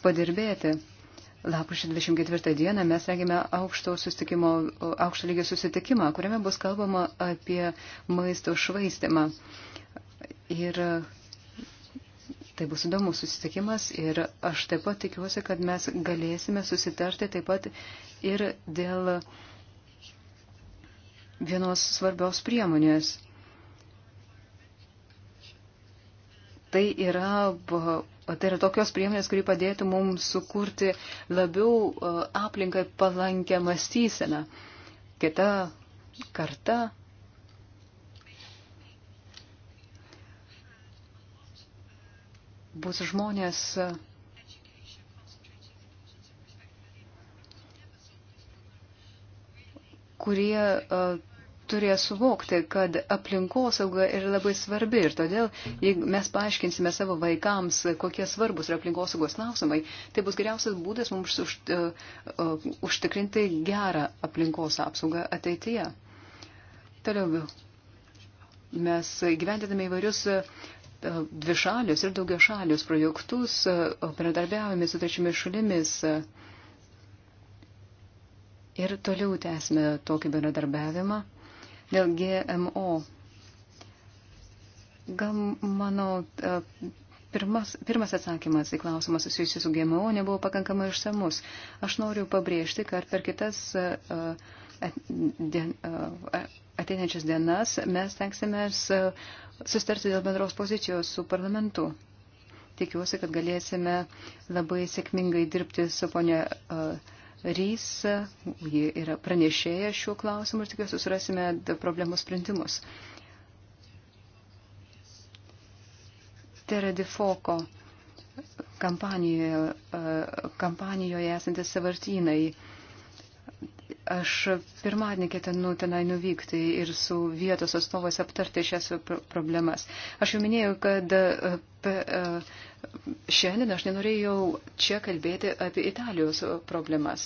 padirbėti. Lapkričio 24 dieną mes regime aukšto, aukšto lygio susitikimą, kuriame bus kalbama apie maisto švaistimą. Ir Tai bus įdomus susitikimas ir aš taip pat tikiuosi, kad mes galėsime susitarti taip pat ir dėl vienos svarbios priemonės. Tai yra, tai yra tokios priemonės, kuri padėtų mums sukurti labiau aplinkai palankę mąstyseną. Kita karta bus žmonės kurie uh, turės suvokti, kad aplinkosauga yra labai svarbi ir todėl, jeigu mes paaiškinsime savo vaikams, kokie svarbus yra aplinkosaugos klausimai, tai bus geriausias būdas mums už, uh, uh, užtikrinti gerą aplinkos apsaugą ateityje. Toliau mes gyventydami įvairius E, dvišalius ir daugiašalius projektus, e, bendradarbiavame su trečiomis šalimis. E, ir toliau tęsime tokį bendradarbiavimą dėl GMO. Gal mano pirmas, pirmas atsakymas į klausimą susijusiu su GMO nebuvo pakankamai išsamus. Aš noriu pabrėžti, kad per kitas uh, ateinančias dienas mes tenksimės e, sustarti dėl bendros pozicijos su parlamentu. Tikiuosi, kad galėsime labai sėkmingai dirbti su ponė e, Rys, ji yra pranešėja šiuo klausimu ir tikiuosi surasime problemų sprendimus. Tere Difoko kampanijoje, e, kampanijoje esantis savartynai Aš pirmadienį ketinu tenai nuvykti ir su vietos atstovais aptarti šias problemas. Aš jau minėjau, kad e, e, šiandien aš nenorėjau čia kalbėti apie Italijos problemas.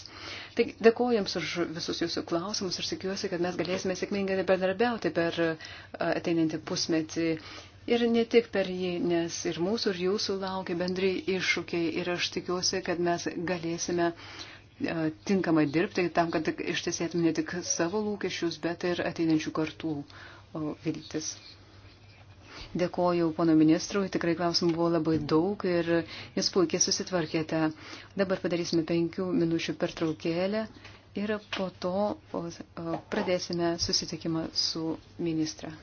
Taigi dėkoju Jums už visus Jūsų klausimus ir tikiuosi, kad mes galėsime sėkmingai bendradarbiauti per e, ateinantį pusmetį. Ir ne tik per jį, nes ir mūsų, ir jūsų laukia bendri iššūkiai ir aš tikiuosi, kad mes galėsime uh, tinkamai dirbti tam, kad ištesėtume ne tik savo lūkesčius, bet ir ateinančių kartų viltis. Dėkoju pono ministrui, tikrai klausimų buvo labai daug ir jūs puikiai susitvarkėte. Dabar padarysime penkių minučių pertraukėlę ir po to pradėsime susitikimą su ministra.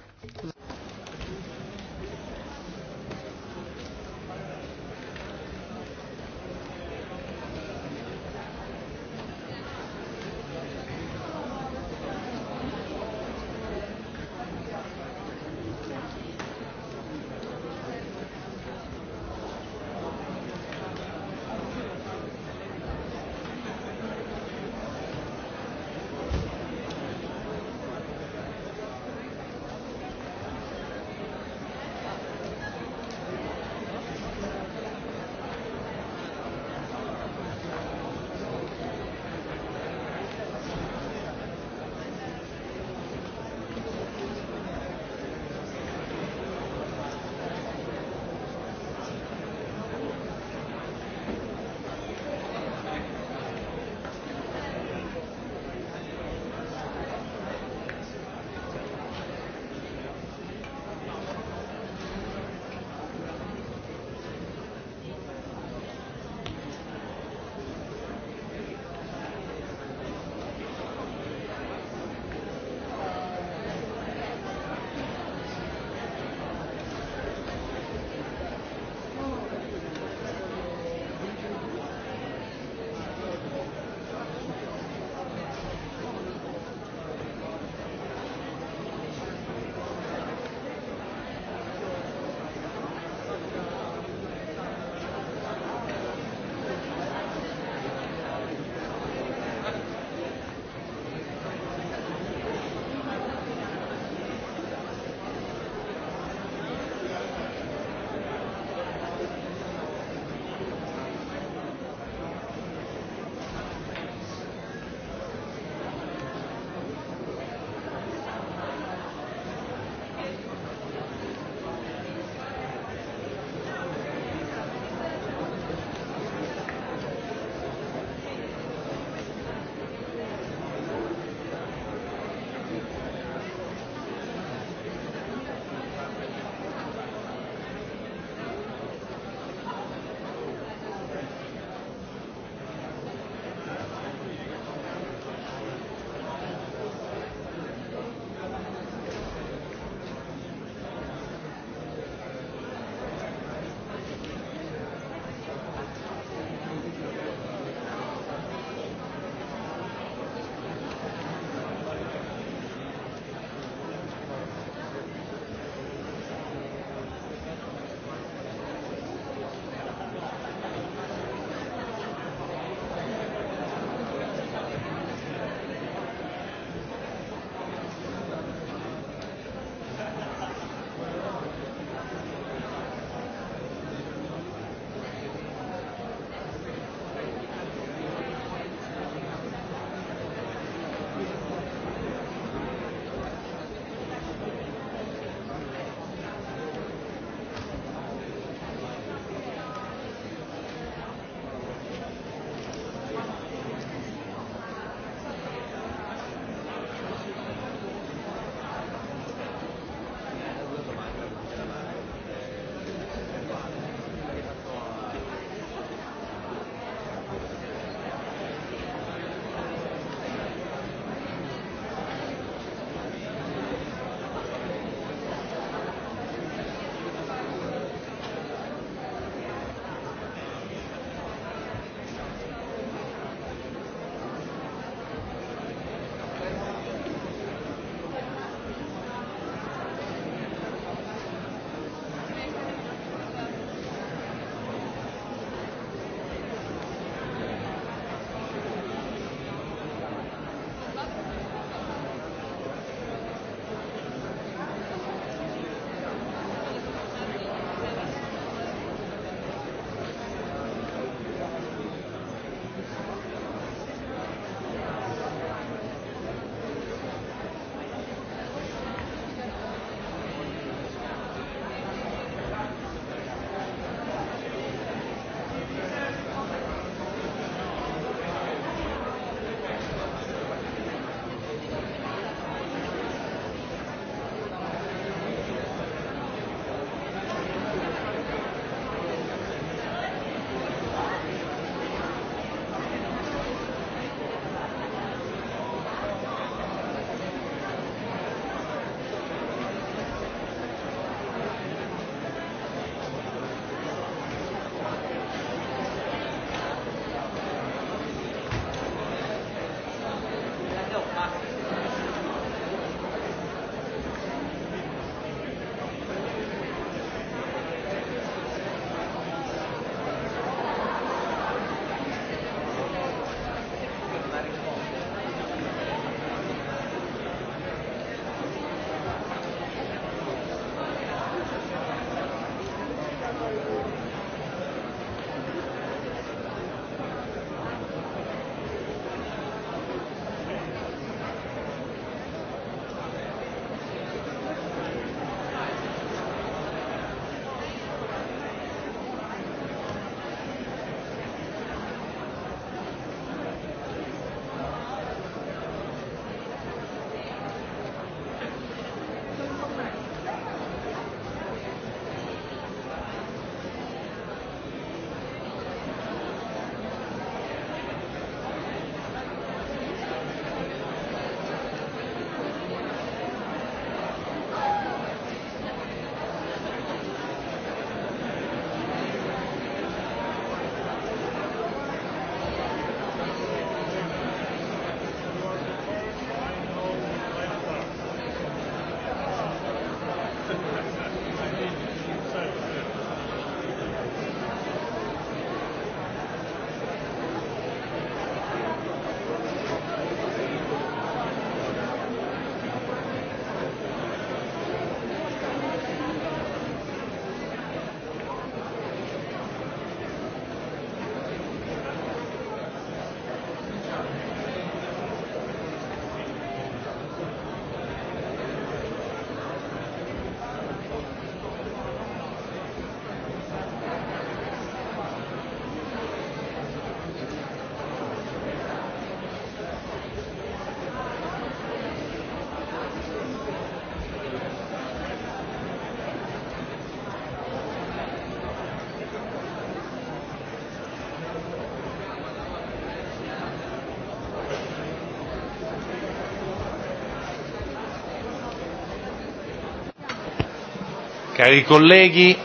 Cari colleghi,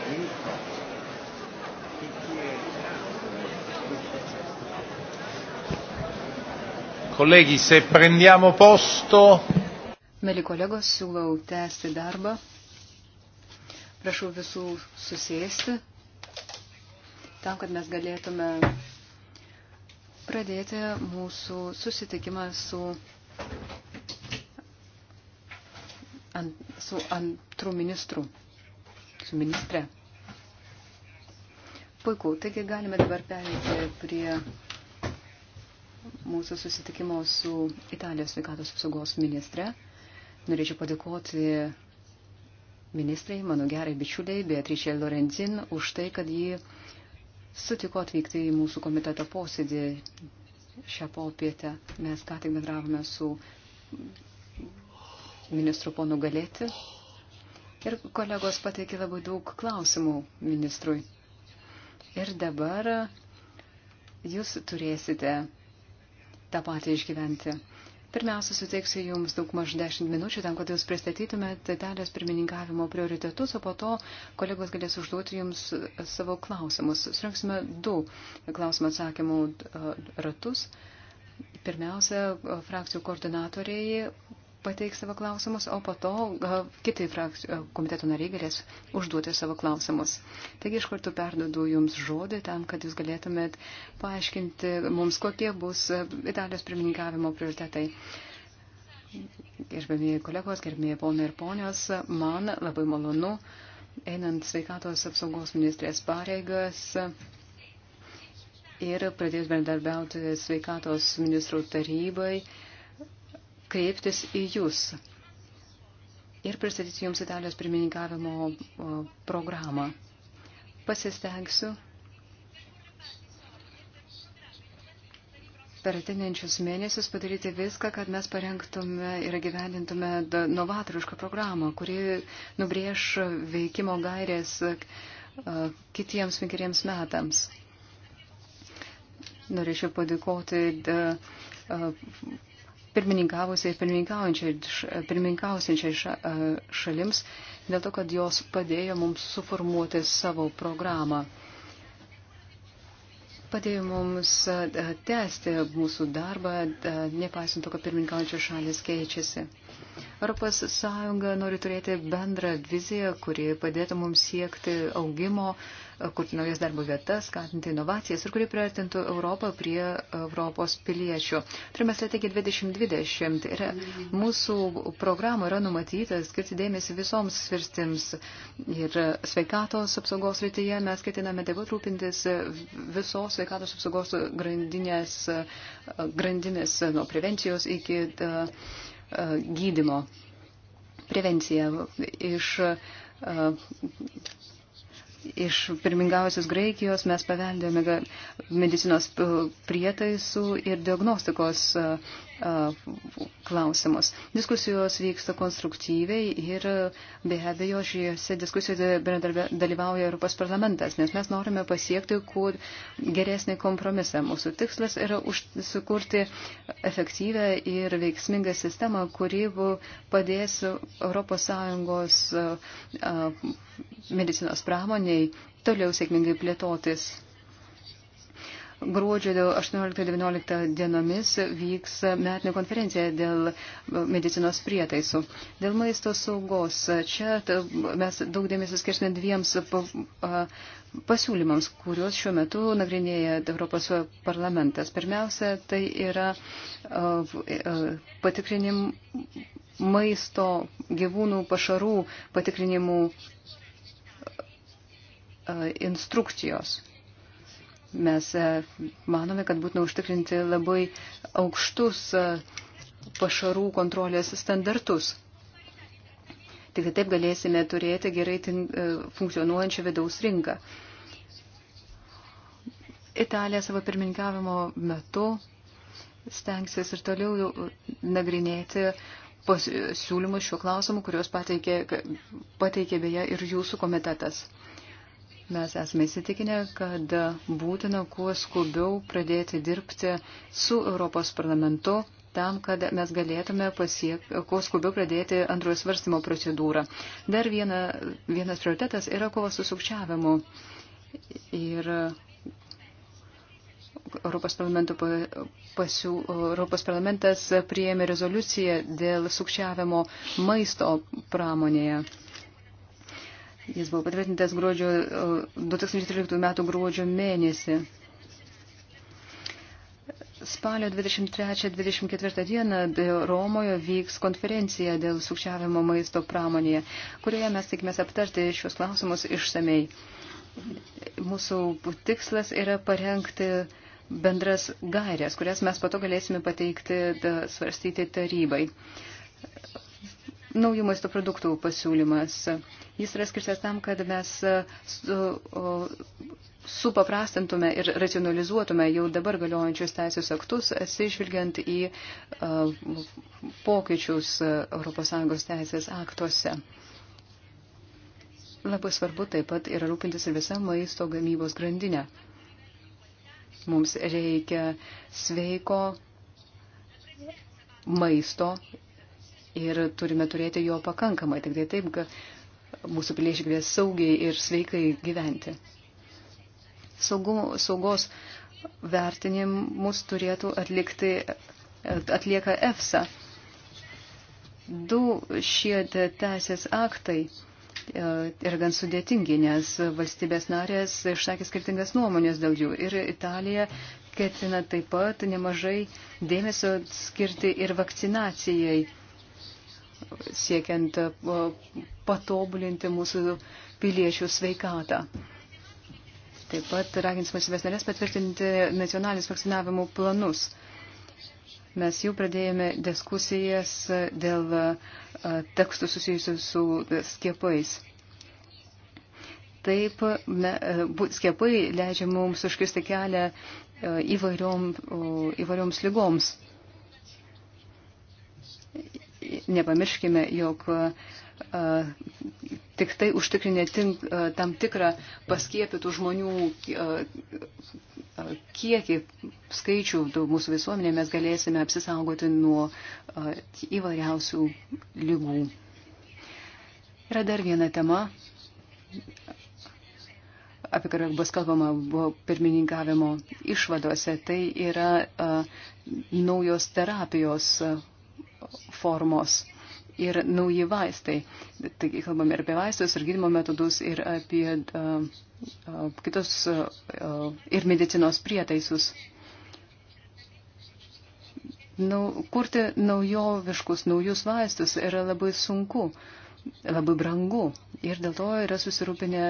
colleghi, se prendiamo posto. Mėly kolegos, siūlau tęsti darbą. Prašau visų susėsti, tam, kad mes galėtume pradėti mūsų susitikimą su ant, su antrų ministrų ministre. Puiku, taigi galime dabar perėti prie mūsų susitikimo su Italijos sveikatos apsaugos ministre. Norėčiau padėkoti ministrai, mano gerai bičiuliai, Beatričė Lorenzin, už tai, kad ji sutiko atvykti į mūsų komiteto posėdį šią popietę. Mes ką tik bendravome su ministru ponu Galėti. Ir kolegos pateikė labai daug klausimų ministrui. Ir dabar jūs turėsite tą patį išgyventi. Pirmiausia, suteiksiu Jums daug maž 10 minučių tam, kad Jūs pristatytumėte Italijos pirmininkavimo prioritetus, o po to kolegos galės užduoti Jums savo klausimus. Surinksime du klausimų atsakymų e, ratus. Pirmiausia, frakcijų koordinatoriai pateiks savo klausimus, o po to kiti komiteto nariai galės užduoti savo klausimus. Taigi iš karto perdodu Jums žodį tam, kad Jūs galėtumėt paaiškinti mums, kokie bus Italijos pirmininkavimo prioritetai. Gerbėmėjai kolegos, gerbėmėjai ponai ir ponios, man labai malonu, einant sveikatos apsaugos ministrės pareigas, ir pradės bendarbiauti sveikatos ministrų tarybai kreiptis į Jūs ir pristatyti Jums Italijos pirmininkavimo programą. Pasistengsiu per atinančius mėnesius padaryti viską, kad mes parengtume ir gyvenintume novatorišką programą, kuri nubrėž veikimo gairės kitiems penkeriems metams. Norėčiau padėkoti pirmininkavusiai ir pirmininkausiančiai šalims, dėl to, kad jos padėjo mums suformuoti savo programą, padėjo mums tęsti mūsų darbą, nepaisant to, kad pirmininkaujančios šalis keičiasi. ES nori turėti bendrą viziją, kuri padėtų mums siekti augimo, kurti naujas darbo vietas, skatinti inovacijas ir kuri priartintų Europą prie Europos piliečių. Turime strategiją 2020 ir mūsų programų yra numatyta skirti dėmesį visoms svirstims ir sveikatos apsaugos rytyje mes ketiname taip pat rūpintis visos sveikatos apsaugos grandinės, grandinės nuo prevencijos iki. Uh, gydimo, prevencija iš, e, iš pirmingiausios Graikijos mes paveldėjome medicinos prietaisų ir diagnostikos e, klausimus. Diskusijos vyksta konstruktyviai ir be abejo šiose diskusijose dalyvauja Europos parlamentas, nes mes norime pasiekti kuo geresnį kompromisą. Mūsų tikslas yra už, sukurti efektyvę ir veiksmingą sistemą, kuri padės ES medicinos pramoniai toliau sėkmingai plėtotis. Gruodžio 18-19 dienomis vyks metinė konferencija dėl medicinos prietaisų. Dėl maisto saugos čia mes daug dėmesio skirsime dviems pasiūlymams, kuriuos šiuo metu nagrinėja Europos parlamentas. Pirmiausia, tai yra patikrinim maisto gyvūnų pašarų patikrinimų instrukcijos. Mes e, manome, kad būtina užtikrinti labai aukštus e, pašarų kontrolės standartus. Tik tai taip galėsime turėti gerai e, funkcionuojančią vidaus rinką. Italija savo pirmininkavimo metu stengsis ir toliau nagrinėti pasiūlymus šiuo klausimu, kuriuos pateikė, pateikė beje ir jūsų komitetas. Mes esame įsitikinę, kad būtina kuo skubiau pradėti dirbti su Europos parlamentu tam, kad mes galėtume pasiek, kuo skubiau pradėti antrojo svarstymo procedūrą. Dar viena, vienas prioritetas yra kova su sukčiavimu. Ir Europos, pasiū, Europos parlamentas priėmė rezoliuciją dėl sukčiavimo maisto pramonėje. Jis buvo patvirtintas gruodžio, 2013 e, m. gruodžio mėnesį. Spalio 23-24 dieną e, Romoje vyks konferencija dėl sukčiavimo maisto pramonėje, kurioje mes tikimės aptarti šios klausimus išsamei. Mūsų tikslas yra parengti bendras gairias, kurias mes pato galėsime pateikti e, svarstyti tarybai naujų maisto produktų pasiūlymas. Jis yra skirtas tam, kad mes supaprastintume ir racionalizuotume jau dabar galiojančius teisės aktus, atsižvelgiant į pokyčius ES teisės aktuose. Labai svarbu taip pat yra rūpintis ir visą maisto gamybos grandinę. Mums reikia sveiko maisto ir turime turėti jo pakankamai, tik tai taip, kad mūsų piliečiai galės saugiai ir sveikai gyventi. Saugu, saugos vertinimus turėtų atlikti, atlieka EFSA. Du šie teisės aktai e, yra gan sudėtingi, nes valstybės narės išsakė skirtingas nuomonės dėl jų. Ir Italija ketina taip pat nemažai dėmesio skirti ir vakcinacijai siekiant patobulinti mūsų piliečių sveikatą. Taip pat raginsime svesnelės patvirtinti nacionalinius vakcinavimo planus. Mes jau pradėjome diskusijas dėl tekstų susijusių su skiepais. Taip, me, skiepai leidžia mums užkirsti kelią įvairiom, įvairioms lygoms nepamirškime, jog tik tai užtikrinė tink, tam tikrą paskiepytų žmonių kiekį skaičių mūsų visuomenė mes galėsime apsisaugoti nuo įvairiausių lygų. Yra dar viena tema, apie kurią bus kalbama buvo pirmininkavimo išvadose. Tai yra naujos terapijos formos ir nauji vaistai. Taigi kalbame ir apie vaistus, ir gydimo metodus, ir apie uh, uh, kitus uh, ir medicinos prietaisus. Nau, kurti naujoviškus, naujus vaistus yra labai sunku, labai brangu ir dėl to yra susirūpinę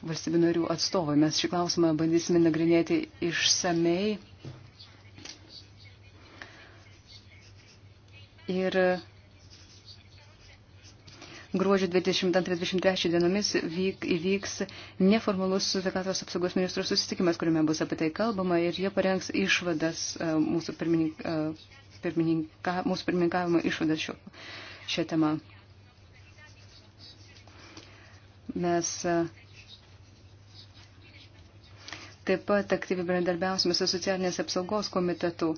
valstybių narių atstovai. Mes šį klausimą bandysime nagrinėti išsamei Ir gruodžio 22-23 dienomis vyk, įvyks neformalus sveikatos apsaugos ministrų susitikimas, kuriame bus apie tai kalbama ir jie parengs išvadas e, mūsų, pirmininka, e, pirmininka, mūsų pirmininkavimo išvadas šio, šią temą. Mes e, taip pat aktyviai bendradarbiausime su socialinės apsaugos komitetu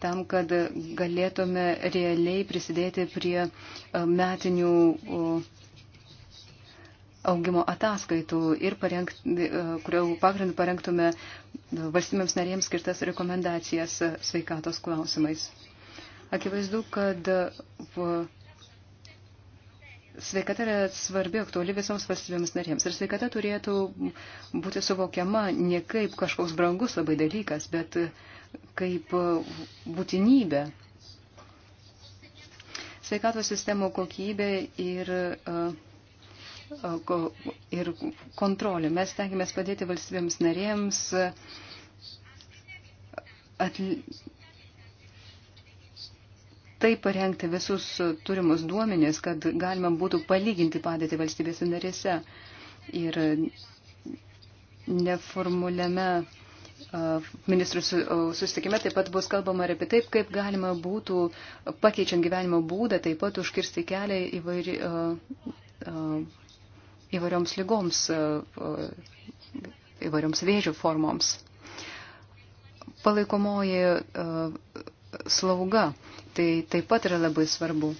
tam, kad galėtume realiai prisidėti prie e, metinių augimo ataskaitų ir parengt, e, kurio pagrindų parengtume valstybėms narėms skirtas rekomendacijas sveikatos klausimais. Akivaizdu, kad e, sveikata yra svarbi, aktuali visoms valstybėms narėms. Ir sveikata turėtų būti suvokiama ne kaip kažkoks brangus labai dalykas, bet uh, kaip e, būtinybę. Sveikatos sistemų kokybė ir, e, e, ir kontrolė. Mes tengiamės padėti valstybėms narėms atli... taip parengti visus turimus duomenis, kad galima būtų palyginti padėti valstybėse narėse. Ir neformuliame ministrų susitikime taip pat bus kalbama ir apie taip, kaip galima būtų, pakeičiant gyvenimo būdą, taip pat užkirsti kelią įvairi, įvairioms lygoms, įvairioms vėžių formoms. Palaikomoji slauga, tai taip pat yra labai svarbu.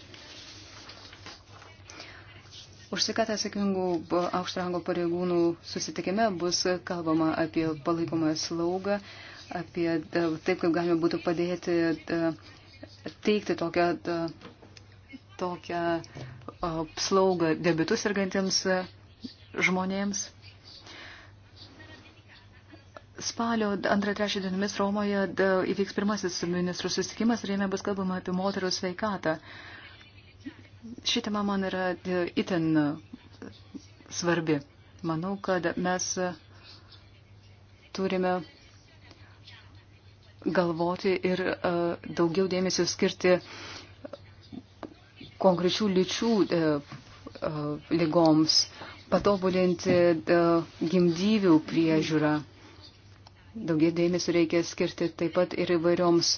Už sveikatą tai, atsakingų aukšto rango pareigūnų susitikime bus kalbama apie palaikomąją slaugą, apie e, taip, kaip galima būtų padėti e, teikti tokią, e, tokią slaugą debitus irgantiems žmonėms. Spalio 2-3 dienomis Romoje įvyks pirmasis ministrų susitikimas ir jame bus kalbama apie moterų sveikatą. Uh, Ši tema man yra e, itin e, svarbi. Manau, kad mes e, turime galvoti ir uh, daugiau dėmesio skirti konkrečių lyčių uh, uh, lygoms, patobulinti uh, gimdyvių priežiūrą. Uh, Daugiai dėmesio reikia skirti taip pat ir įvairioms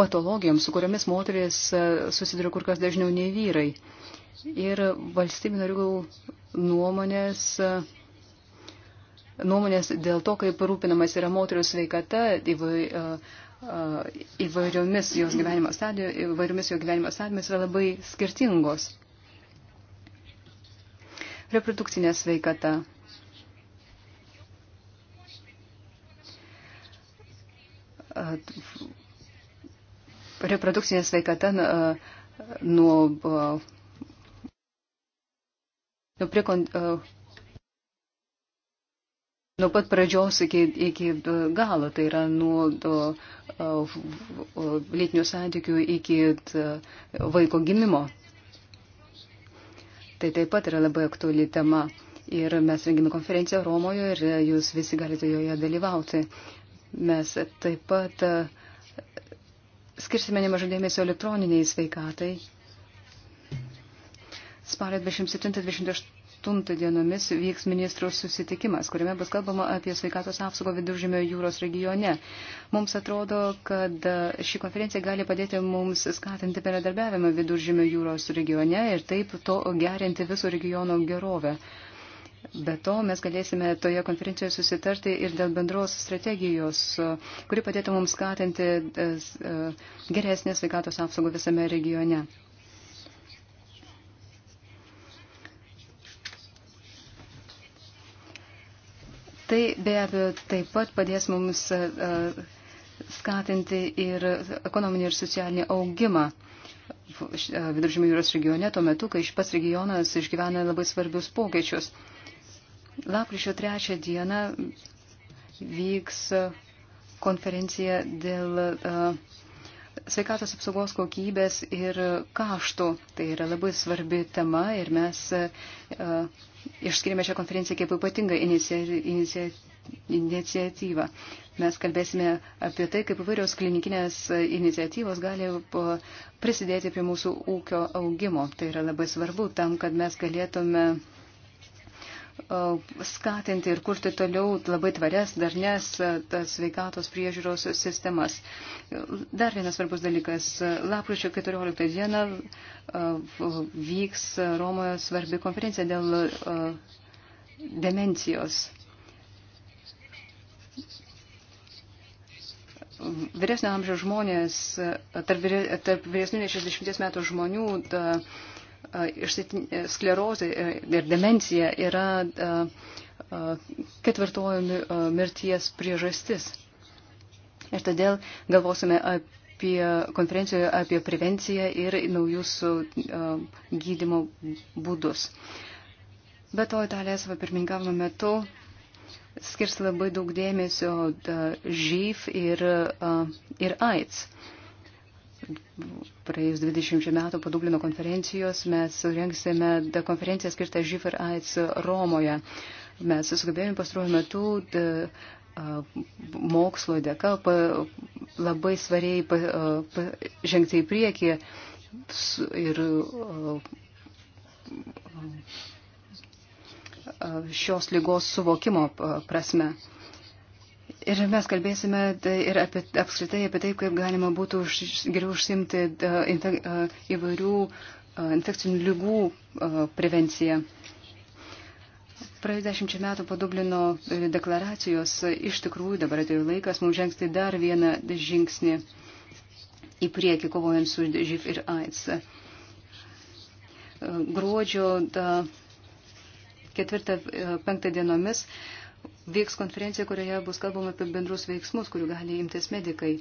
patologijoms, su kuriomis moteris susiduria kur kas dažniau nei vyrai. Ir valstybių narių nuomonės, nuomonės dėl to, kaip rūpinamas yra moterio sveikata įvairiomis jos gyvenimo stadijomis, įvairiomis jo gyvenimo stadijomis yra labai skirtingos. Reprodukcinė sveikata. reprodukcinė sveikata nuo, nuo prie Nuo pat pradžios iki, iki galo, tai yra nuo do, lytinių santykių iki vaiko gimimo. Tai taip pat yra labai aktuali tema. Ir mes rengime konferenciją Romoje ir jūs visi galite joje dalyvauti. Mes taip pat e, skirsime nemažai dėmesio elektroniniai sveikatai. Spalio 27-28 dienomis vyks ministrų susitikimas, kuriame bus kalbama apie sveikatos apsaugą viduržėmio jūros regione. Mums atrodo, kad e, ši konferencija gali padėti mums skatinti bendradarbiavimą viduržėmio jūros regione ir taip to gerinti viso regiono gerovę. Be to, mes galėsime toje konferencijoje susitarti ir dėl bendros strategijos, kuri padėtų mums skatinti e, e, geresnę sveikatos apsaugą visame regione. Tai be abejo taip pat padės mums e, skatinti ir ekonominį ir socialinį augimą viduržymio jūros regione tuo metu, kai šis regionas išgyvena labai svarbius pokyčius. Lapkričio trečią dieną vyks konferencija dėl e, sveikatos apsaugos kokybės ir kaštų. Tai yra labai svarbi tema ir mes e, išskiriame šią konferenciją kaip ypatingą iniciatyvą. Mes kalbėsime apie tai, kaip įvairios klinikinės iniciatyvos gali prisidėti prie mūsų ūkio augimo. Tai yra labai svarbu tam, kad mes galėtume Uh, skatinti ir kurti toliau labai tvarias, darnes uh, sveikatos priežiūros sistemas. Dar vienas svarbus dalykas. Lapkričio 14 dieną uh, vyks Romoje svarbi konferencija dėl demencijos. Vyresnio amžiaus žmonės, tarp, vyre, tarp vyresnių nei 60 metų žmonių, ta, uh, E, sklerozė e, ir demencija yra ketvirtojų mirties priežastis. Ir todėl galvosime apie konferencijoje apie prevenciją ir naujus gydimo būdus. Be to, Italija savo pirmininkavimo metu skirs labai daug dėmesio da, živ ir, ir AIDS praėjus 20 metų po Dublino konferencijos mes surinksime konferenciją skirtą živ ir AIDS Romoje. Mes sugebėjome pastaruoju metu de, mokslo dėka pa, labai svariai pa, pa, žengti į priekį ir šios lygos suvokimo prasme. Ir mes kalbėsime tai ir apie, apskritai apie tai, kaip galima būtų už, geriau užsimti e, infek, e, įvairių e, infekcinių lygų prevenciją. Praėjus dešimčia metų po Dublino deklaracijos iš tikrųjų dabar atėjo laikas mums žengti dar vieną žingsnį į priekį kovojant su živ ir AIDS. Gruodžio da, ketvirtą, penktą dienomis vyks konferencija, kurioje bus kalbama apie bendrus veiksmus, kurių gali imtis medikai.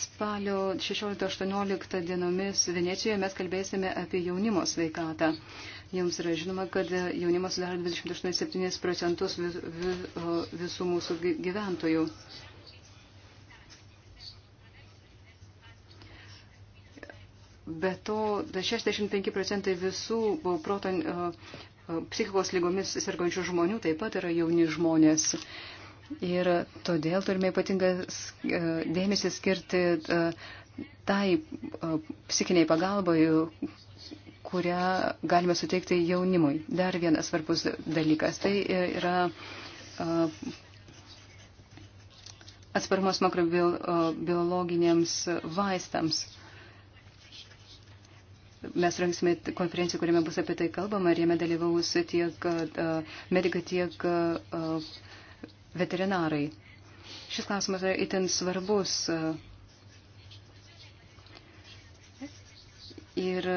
Spalio 16-18 dienomis Venecijoje mes kalbėsime apie jaunimo sveikatą. Jums yra žinoma, kad jaunimas sudaro 28,7 procentus vis, vis, visų mūsų gyventojų. Be to, 65 procentai visų proto psichikos lygomis sirgančių žmonių taip pat yra jauni žmonės. Ir todėl turime ypatingą dėmesį skirti e, tai e, psichiniai pagalbai, kurią galime suteikti jaunimui. Dar vienas svarbus dalykas tai e, yra atsparumas makrobiologinėms vaistams. Mes rengsime konferenciją, kuriame bus apie tai kalbama ir jame dalyvaus tiek medikai, tiek veterinarai. Šis klausimas yra itin svarbus. Ir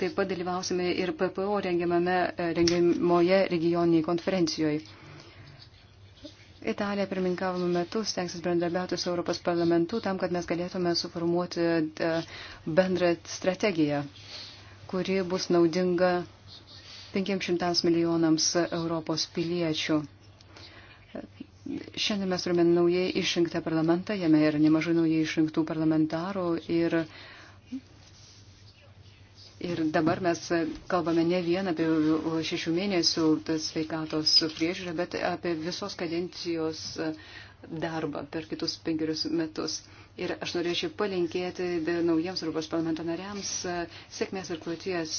taip pat dalyvausime ir PPO rengiamame, rengiamoje regioniniai konferencijoje. Italija pirmininkavimo metu stengsis bendradarbiauti su Europos parlamentu tam, kad mes galėtume suformuoti e, bendrą strategiją, kuri bus naudinga 500 milijonams Europos piliečių. Šiandien mes turime naujai išrinktą parlamentą, jame yra nemažai naujai išrinktų parlamentarų ir uh, Ir dabar mes kalbame ne vien apie šešių mėnesių sveikatos priežiūrą, bet apie visos kadencijos darbą per kitus penkerius metus. Ir aš norėčiau palinkėti naujiems Europos parlamento nariams sėkmės ir kloties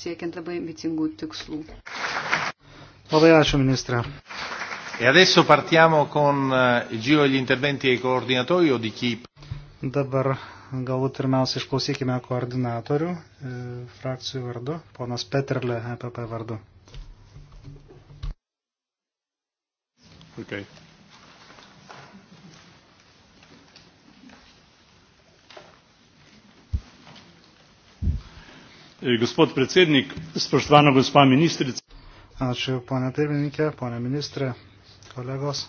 siekiant labai ambicingų tikslų. Labai ačiū, ministra. E adesso partiamo con eh, il giro degli interventi ai coordinatori o di chi. Dabar galbūt pirmiausia išklausykime koordinatorių e, frakcijų vardu, ponas Peterle EPP vardu. Okay. E, gospod predsednik, spoštovana gospa ministrica. Ačiū, ponė pirmininkė, ponė ministrė, kolegos.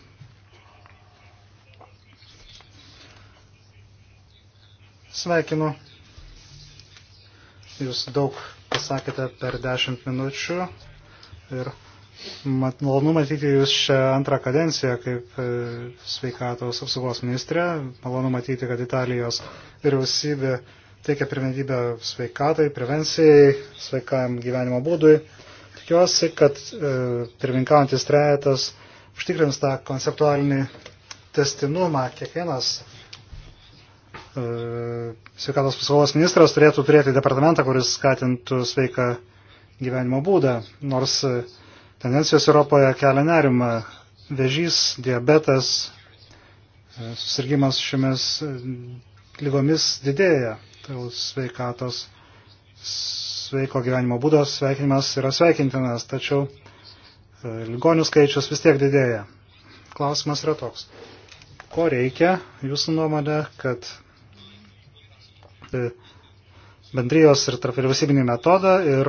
Sveikinu. Jūs daug pasakėte per 10 minučių ir mat, malonu matyti Jūs šią antrą kadenciją kaip e, sveikatos apsaugos ministrė. Malonu matyti, kad Italijos vyriausybė teikia pirmenybę sveikatai, prevencijai, sveikam gyvenimo būdui. Tikiuosi, kad e, pirminkaujantis trejetas užtikrins tą konceptualinį testinumą. Kiekvienas E, sveikatos apsaugos ministras turėtų turėti departamentą, kuris skatintų sveiką gyvenimo būdą, nors e, tendencijos Europoje kelia nerimą. Vežys, diabetas, e, susirgymas šiomis lygomis didėja. Tai sveikatos, sveiko gyvenimo būdo sveikinimas yra sveikintinas, tačiau ligonių skaičius vis tiek didėja. Klausimas yra toks. Ko reikia, jūsų nuomonė, kad E, bendrijos ir tarpvyriausybinį metodą ir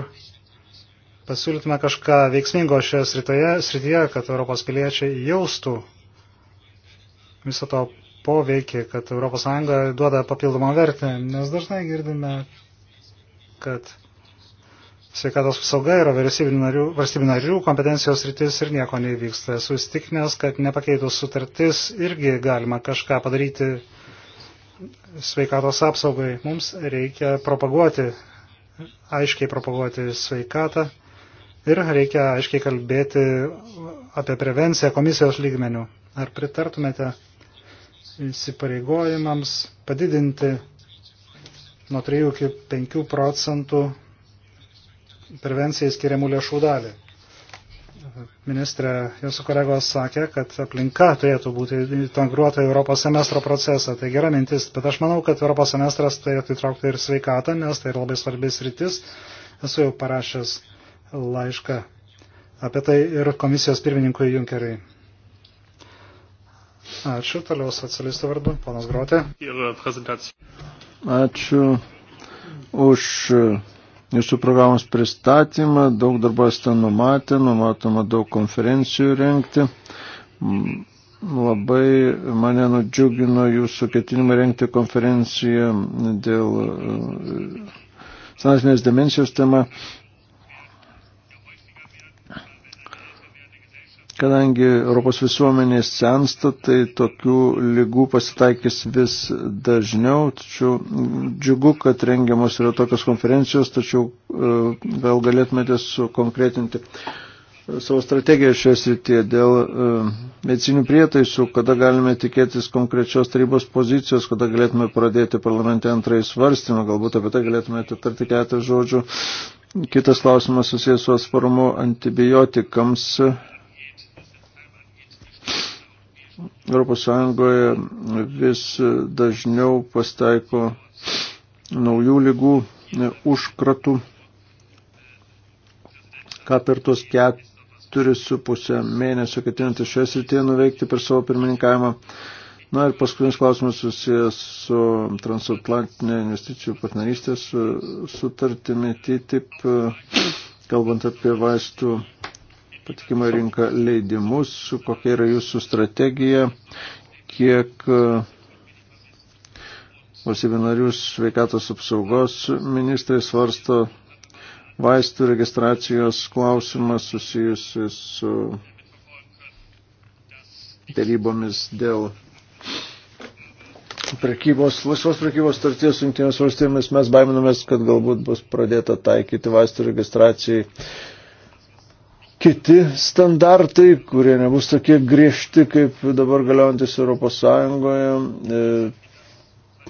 pasiūlytume kažką veiksmingo šioje srityje, srityje, kad Europos piliečiai jaustų viso to poveikį, kad ES duoda papildomą vertę, nes dažnai girdime, kad sveikatos apsauga yra valstybių narių kompetencijos rytis ir nieko nevyksta. Esu įstikinęs, kad nepakeitus sutartis irgi galima kažką padaryti sveikatos apsaugai. Mums reikia propaguoti, aiškiai propaguoti sveikatą ir reikia aiškiai kalbėti apie prevenciją komisijos lygmenių. Ar pritartumėte įsipareigojimams padidinti nuo 3 iki 5 procentų prevencijai skiriamų lėšų dalį? ministrė, jūsų kolegos sakė, kad aplinka turėtų būti integruota į Europos semestro procesą. Tai gera mintis, bet aš manau, kad Europos semestras turėtų įtraukti ir sveikatą, nes tai yra labai svarbis rytis. Esu jau parašęs laišką apie tai ir komisijos pirmininkui Junkeriai. Ačiū, toliau socialistų vardu, ponas Grotė. Ačiū už jūsų programos pristatymą, daug darbas ten numatė, numatoma daug konferencijų renkti. Mm, labai mane nudžiugino jūsų ketinimą renkti konferenciją dėl senasinės demencijos tema. Kadangi Europos visuomenė sensta, tai tokių lygų pasitaikys vis dažniau, tačiau džiugu, kad rengiamos yra tokios konferencijos, tačiau e, gal galėtumėte sukonkretinti e, savo strategiją šioje srityje dėl e, medicinių prietaisų, kada galime tikėtis konkrečios tarybos pozicijos, kada galėtume pradėti parlamente antrąjį svarstymą, galbūt apie tai galėtume atitarti keletą žodžių. Kitas klausimas susijęs su atsparumu antibiotikams ES vis dažniau pastaiko naujų lygų e, užkratų, ką per tuos keturis su pusę mėnesio ketinantį šioje srityje nuveikti per savo pirmininkavimą. Na ir paskutinis klausimas susijęs su transatlantinė investicijų partnerystės e, sutartimi TTIP, e, kalbant apie vaistų patikimą rinką leidimus, kokia yra jūsų strategija, kiek e, valstybių narių sveikatos apsaugos ministrai svarsto vaistų registracijos klausimą susijusi su dėrybomis dėl prekybos, laisvos prekybos starties su jungtinėmis valstybėmis. Mes baiminamės, kad galbūt bus pradėta taikyti vaistų registracijai kiti standartai, kurie nebus tokie griežti, kaip dabar galiojantis Europos Sąjungoje. E,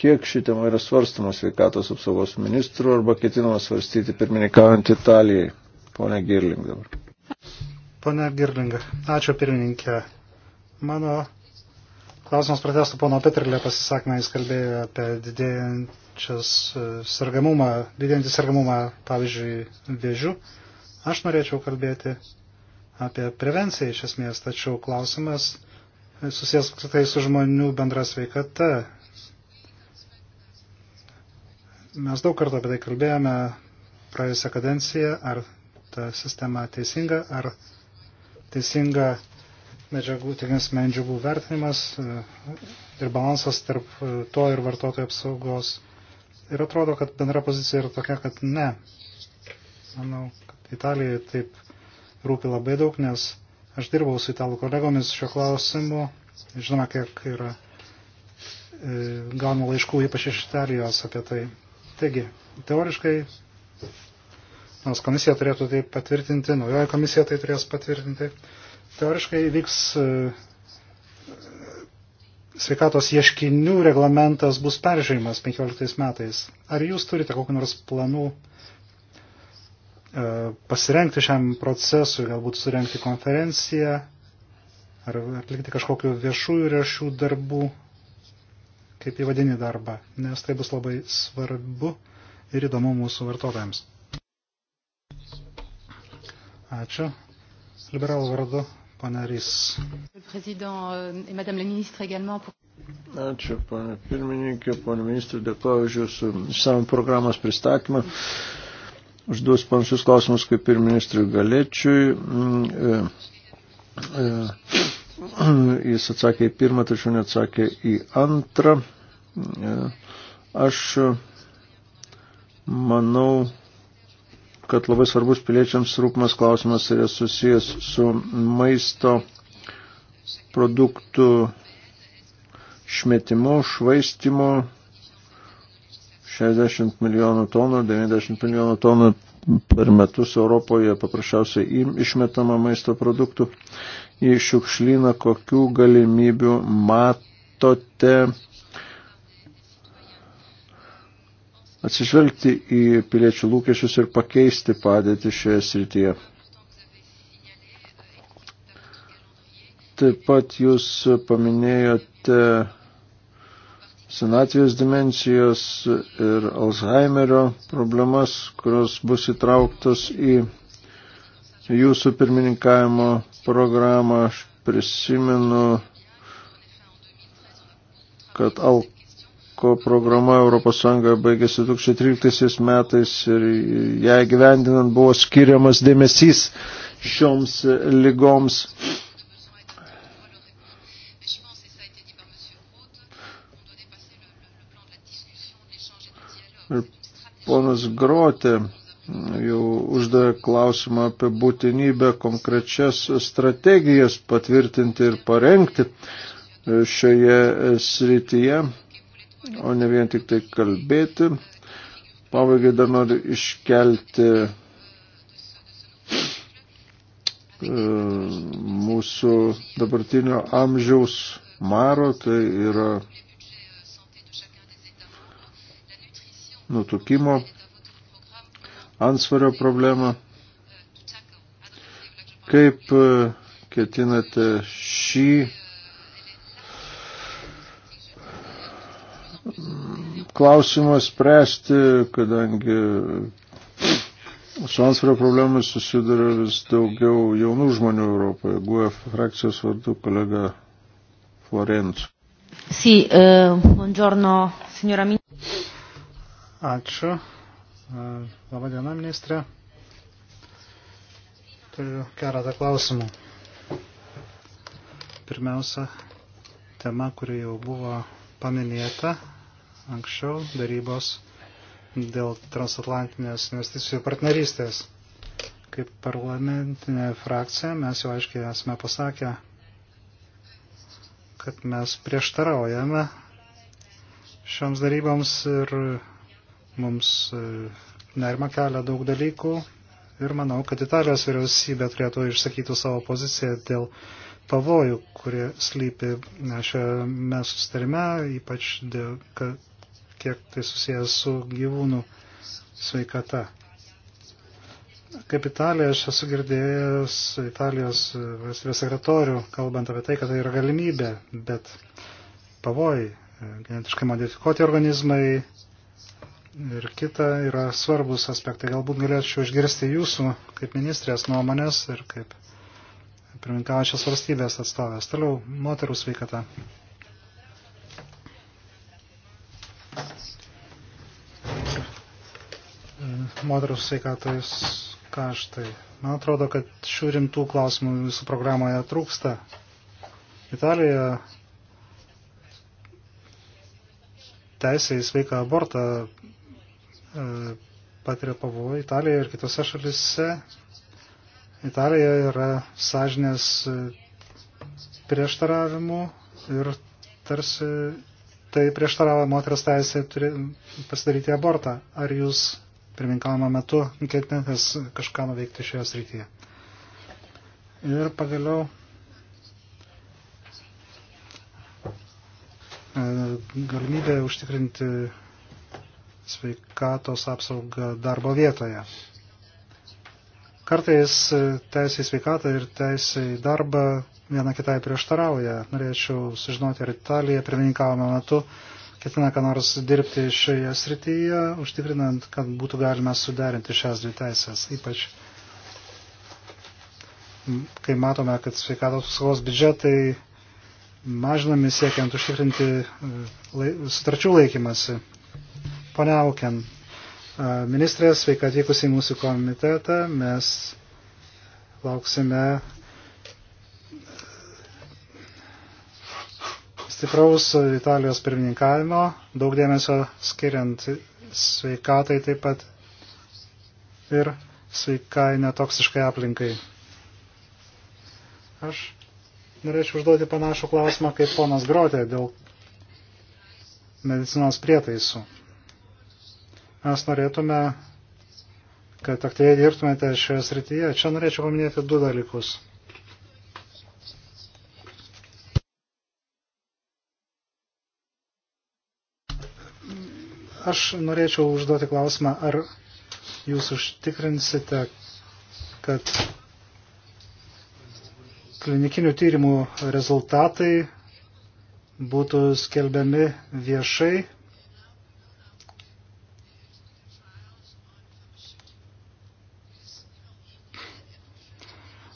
kiek ši tema yra svarstama sveikatos apsaugos ministrų arba ketinama svarstyti pirmininkaujant Italijai? Pone Girling dabar. Pone Girling, ačiū pirmininkė. Mano Klausimas pratestų pono Petrilė pasisakymą, jis kalbėjo apie didėjančias e, sargamumą, didėjantį sargamumą, pavyzdžiui, vėžių. Aš norėčiau kalbėti apie prevenciją iš esmės, tačiau klausimas susijęs tai su žmonių bendra sveikata. Mes daug kartų apie tai kalbėjome praėjusią kadenciją, ar ta sistema teisinga, ar teisinga medžiagų, techninės tai medžiagų vertinimas e, ir balansas tarp e, to ir vartotojų apsaugos. Ir atrodo, kad bendra pozicija yra tokia, kad ne. Manau, kad Italijai taip rūpi labai daug, nes aš dirbau su italų kolegomis šio klausimu. Žinoma, kiek yra e, gaunų laiškų, ypač iš Italijos apie tai. Taigi, teoriškai nors komisija turėtų tai patvirtinti, naujoji komisija tai turės patvirtinti, Teoriškai vyks e, sveikatos ieškinių reglamentas bus peržiūrimas 15 metais. Ar jūs turite kokiu nors planų e, pasirengti šiam procesui, galbūt surenkti konferenciją ar atlikti kažkokiu viešųjų rešių darbų, kaip įvadinį darbą, nes tai bus labai svarbu ir įdomu mūsų vartotojams. Ačiū. Liberalų vardu panerys. Euh, Ačiū, panė pirmininkė, panė ministrė, dėkoju už jūsų savo programos pristatymą. Užduos panašius klausimus kaip ir ministrui Galėčiui. Mm, e, e, e, jis atsakė į pirmą, tačiau neatsakė į antrą. Aš manau, kad labai svarbus piliečiams rūpmas klausimas yra susijęs su maisto produktų šmetimo, švaistimo 60 milijonų tonų, 90 milijonų tonų per metus Europoje paprasčiausiai išmetama maisto produktų į šiukšlyną, kokių galimybių matote atsižvelgti į piliečių lūkesčius ir pakeisti padėtį šioje srityje. Taip pat jūs paminėjote senatvės dimensijos ir Alzheimerio problemas, kurios bus įtrauktos į jūsų pirmininkavimo programą. Aš prisimenu, kad Al Maroko programa ES baigėsi 2013 metais ir ją gyvendinant buvo skiriamas dėmesys šioms lygoms. Ir ponas Grotė jau uždavė klausimą apie būtinybę konkrečias strategijas patvirtinti ir parengti šioje srityje o ne vien tik tai kalbėti. Pabaigai dar noriu iškelti e, mūsų dabartinio amžiaus maro, tai yra nutukimo ansvario problemą. Kaip e, ketinate šį klausimą spręsti, kadangi su antsvario problemai susiduria vis daugiau jaunų žmonių Europoje. GUF e frakcijos vardu kolega Florencu. Sì, eh, buongiorno signora Ministra. Ačiū. Eh, Labą dieną, ministrė. Turiu keletą klausimų. Pirmiausia, tema, kuri jau buvo paminėta, anksčiau darybos dėl transatlantinės investicijų partnerystės. Kaip parlamentinė frakcija mes jau aiškiai esame pasakę, kad mes prieštaraujame šioms daryboms ir mums e, nerima kelia daug dalykų ir manau, kad Italijos vyriausybė turėtų išsakyti savo poziciją dėl pavojų, kurie slypi e, šiame sustarime, ypač dėl, kad kiek tai susijęs su gyvūnų sveikata. Kaip Italija, aš esu girdėjęs Italijos valstybės sekretorių, kalbant apie tai, kad tai yra galimybė, bet pavojai, e, genetiškai modifikuoti organizmai ir kita yra svarbus aspektai. Galbūt galėčiau išgirsti jūsų kaip ministrės nuomonės ir kaip pirminkaujančios valstybės atstovės. Toliau, moterų sveikata. moterų sveikatais kaštai. Man atrodo, kad šių rimtų klausimų jūsų programoje trūksta. Italijoje teisė į sveiką abortą e, patiria pavojų Italijoje ir kitose šalise. Italijoje yra sąžinės e, prieštaravimų ir tarsi tai prieštaravo moters teisė pasidaryti abortą. Ar jūs pirmininkavimo metu ketinantis kažką nuveikti šioje srityje. Ir pagaliau e, galimybė užtikrinti sveikatos apsaugą darbo vietoje. Kartais teisė į sveikatą ir teisė į darbą viena kitai prieštarauja. Norėčiau sužinoti, ar Italija pirmininkavimo metu ketina ką nors dirbti šioje srityje, užtikrinant, kad būtų galima suderinti šias dvi teisės, ypač kai matome, kad sveikatos apsaugos biudžetai mažinami siekiant užtikrinti e, lai, sutarčių laikymasi. Pane Auken, e, ministrė, sveika atvykusi į mūsų komitetą, mes lauksime stipraus Italijos pirmininkavimo, daug dėmesio skiriant sveikatai taip pat ir sveikai netoksiškai aplinkai. Aš norėčiau užduoti panašų klausimą kaip ponas Grotė dėl medicinos prietaisų. Mes norėtume, kad aktyviai dirbtumėte šioje srityje. Čia norėčiau paminėti du dalykus. Aš norėčiau užduoti klausimą, ar jūs užtikrinsite, kad klinikinių tyrimų rezultatai būtų skelbiami viešai.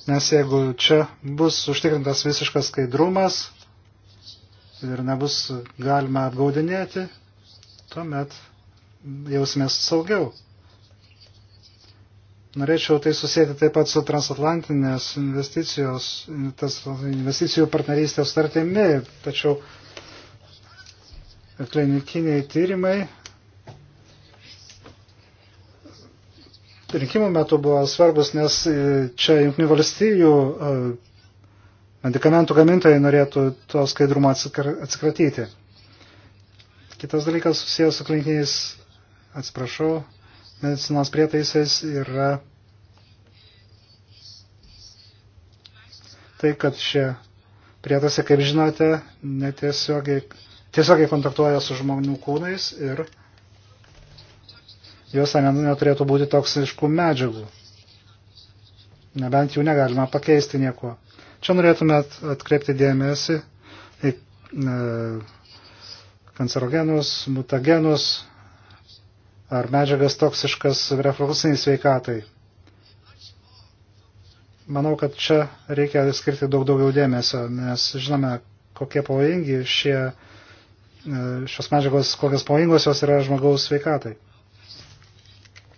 Nes jeigu čia bus užtikrintas visiškas skaidrumas ir nebus galima apgaudinėti, tuomet jausimės saugiau. Norėčiau tai susėti taip pat su transatlantinės investicijos, tas investicijų partnerystės sutartimi, tačiau klinikiniai tyrimai rinkimų metu buvo svarbus, nes čia jungtinių valstybių e, medikamentų gamintojai norėtų to skaidrumo atsikratyti. Kitas dalykas susijęs su klinikiniais, atsiprašau, medicinos prietaisais yra tai, kad šie prietaisai, kaip žinote, netiesiogiai tiesiogiai kontaktuoja su žmonių kūnais ir juose neturėtų būti toksiškų medžiagų. Nebent jų negalima pakeisti nieko. Čia norėtumėt atkreipti dėmesį į e, kancerogenus, mutagenus ar medžiagas toksiškas reprodukciniai sveikatai. Manau, kad čia reikia skirti daug daugiau dėmesio, nes žinome, kokie pavojingi šie, e, šios medžiagos, kokios pavojingos jos yra žmogaus sveikatai.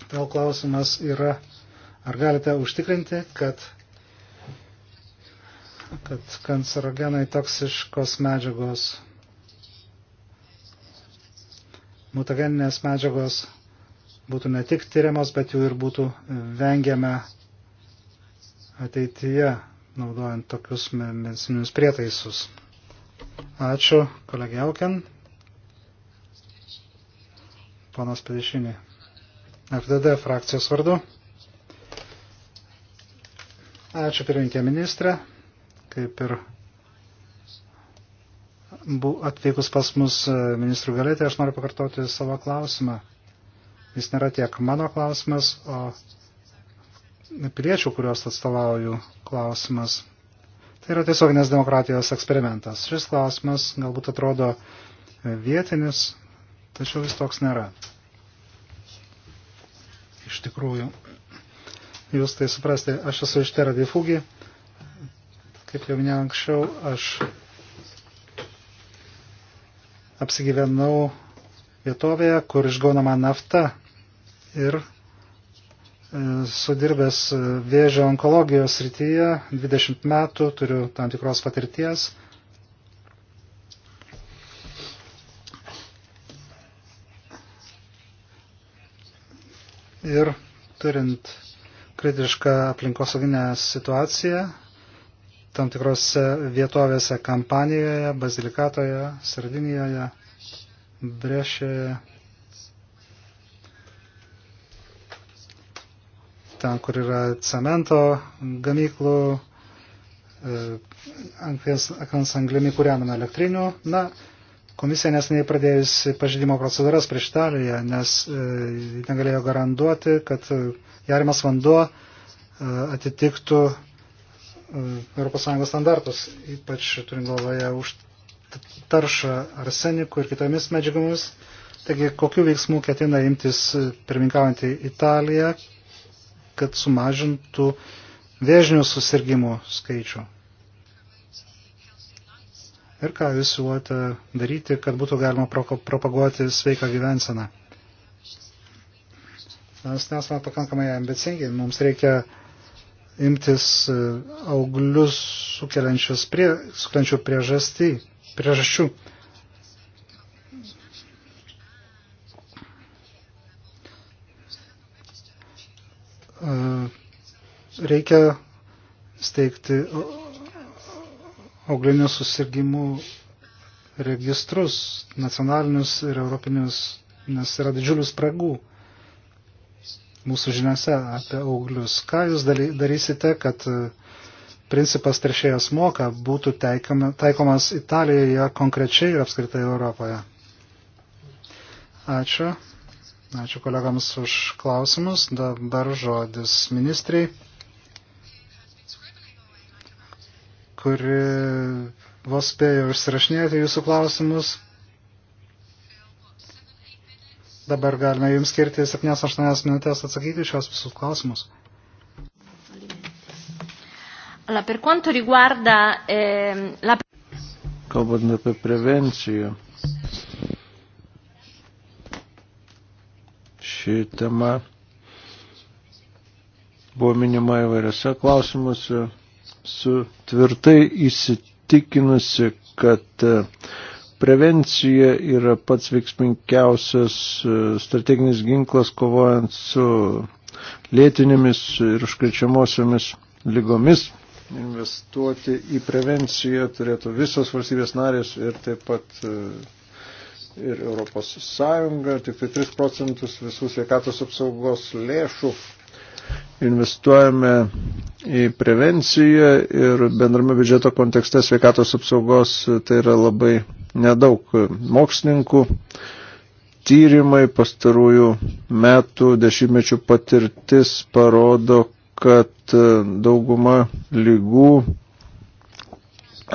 Tau klausimas yra, ar galite užtikrinti, kad, kad kancerogenai toksiškos medžiagos mutageninės medžiagos būtų ne tik tyriamos, bet jų ir būtų e, vengiama ateityje, naudojant tokius medicininius prietaisus. Ačiū, kolegė Auken. Panas Pėdešinė. FDD frakcijos vardu. Ačiū, pirminkė ministrė. Kaip ir atvykus pas mus e, ministrų galėtė, aš noriu pakartoti savo klausimą. Jis nėra tiek mano klausimas, o piliečių, kuriuos atstovauju, klausimas. Tai yra tiesioginės demokratijos eksperimentas. Šis klausimas galbūt atrodo e, vietinis, tačiau jis toks nėra. Iš tikrųjų, jūs tai suprasti, aš esu iš Teradifugi, kaip jau minėjau anksčiau, aš apsigyvenau vietovėje, kur išgaunama nafta ir e, sudirbęs vėžio onkologijos srityje 20 metų, turiu tam tikros patirties. Ir turint kritišką aplinkosauginę situaciją, tam tikrose vietovėse kampanijoje, Bazilikatoje, Sardinijoje, Brešėje, ten, kur yra cemento gamyklų, e, akmens anglimi kūrenamą elektrinių. Na, komisija nesiniai pradėjusi pažydimo procedūras prieš Italiją, nes e, negalėjo garantuoti, kad e, jarimas vanduo atitiktų E, ES standartus, ypač turint galvoje už taršą arseniku ir kitomis medžiagomis. Taigi, kokiu veiksmu ketina imtis e, pirminkaujantį Italiją, kad sumažintų vėžinių susirgymų skaičių? Ir ką jūs siūlote daryti, kad būtų galima propaguoti sveiką gyvenseną? Mes nesame pakankamai ambicingi, mums reikia uh, imtis e, auglius sukeliančių prie, priežastį, priežasčių. E, reikia steigti auglinių susirgymų registrus, nacionalinius ir europinius, nes yra didžiulių spragų mūsų žiniuose apie auglius. Ką jūs darysite, kad e, principas teršėjas moka būtų taikomas Italijoje konkrečiai ir apskritai Europoje? Ačiū. Ačiū kolegams už klausimus. Dabar žodis ministrai, kuri vos spėjo išsirašinėti jūsų klausimus. Dabar galime jums skirti 7-8 minutės atsakyti šios visus klausimus. Allora, per quanto riguarda eh, la... Kalbant apie prevenciją, ši tema buvo minima įvairiose klausimuose, su tvirtai įsitikinusi, kad eh, Prevencija yra pats veiksmingiausias e, strateginis ginklas kovojant su lėtinėmis ir užkrečiamosiomis lygomis. Investuoti į prevenciją turėtų visos valstybės narės ir taip pat e, ir Europos Sąjunga. Tik tai 3 procentus visų sveikatos apsaugos lėšų investuojame į prevenciją ir bendrame biudžeto kontekste sveikatos apsaugos e, tai yra labai nedaug mokslininkų. Tyrimai pastarųjų metų dešimtmečių patirtis parodo, kad e, dauguma lygų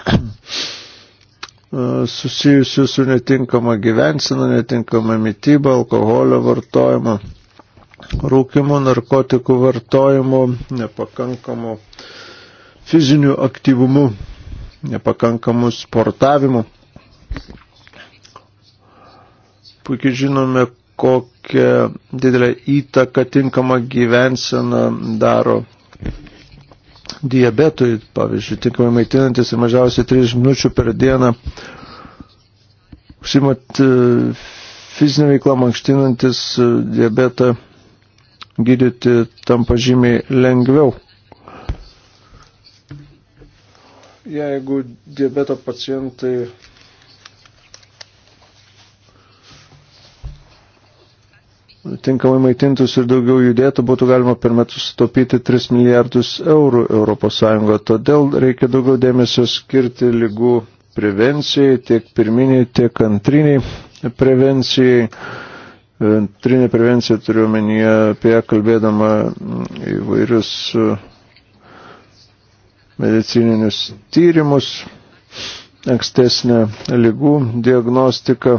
e, susijusių su netinkama gyvensina, netinkama mytyba, alkoholio vartojimu, rūkimu, narkotikų vartojimu, nepakankamu fiziniu aktyvumu, nepakankamu sportavimu Puikiai žinome, kokią didelę įtaką tinkamą gyvenseną daro diabetui, pavyzdžiui, tinkamai maitinantis ir mažiausiai 3 minučių per dieną užsimat e, fizinę veiklą mankštinantis e, diabetą gydyti tampa žymiai lengviau. Jeigu diabeto pacientai tinkamai maitintus ir daugiau judėtų, būtų galima per metus sutaupyti 3 milijardus eurų ES. Todėl reikia daugiau dėmesio skirti lygų prevencijai, tiek pirminiai, tiek antriniai prevencijai. Antrinė prevencija turiu omenyje apie ją kalbėdama įvairius medicininius tyrimus, ankstesnę lygų diagnostiką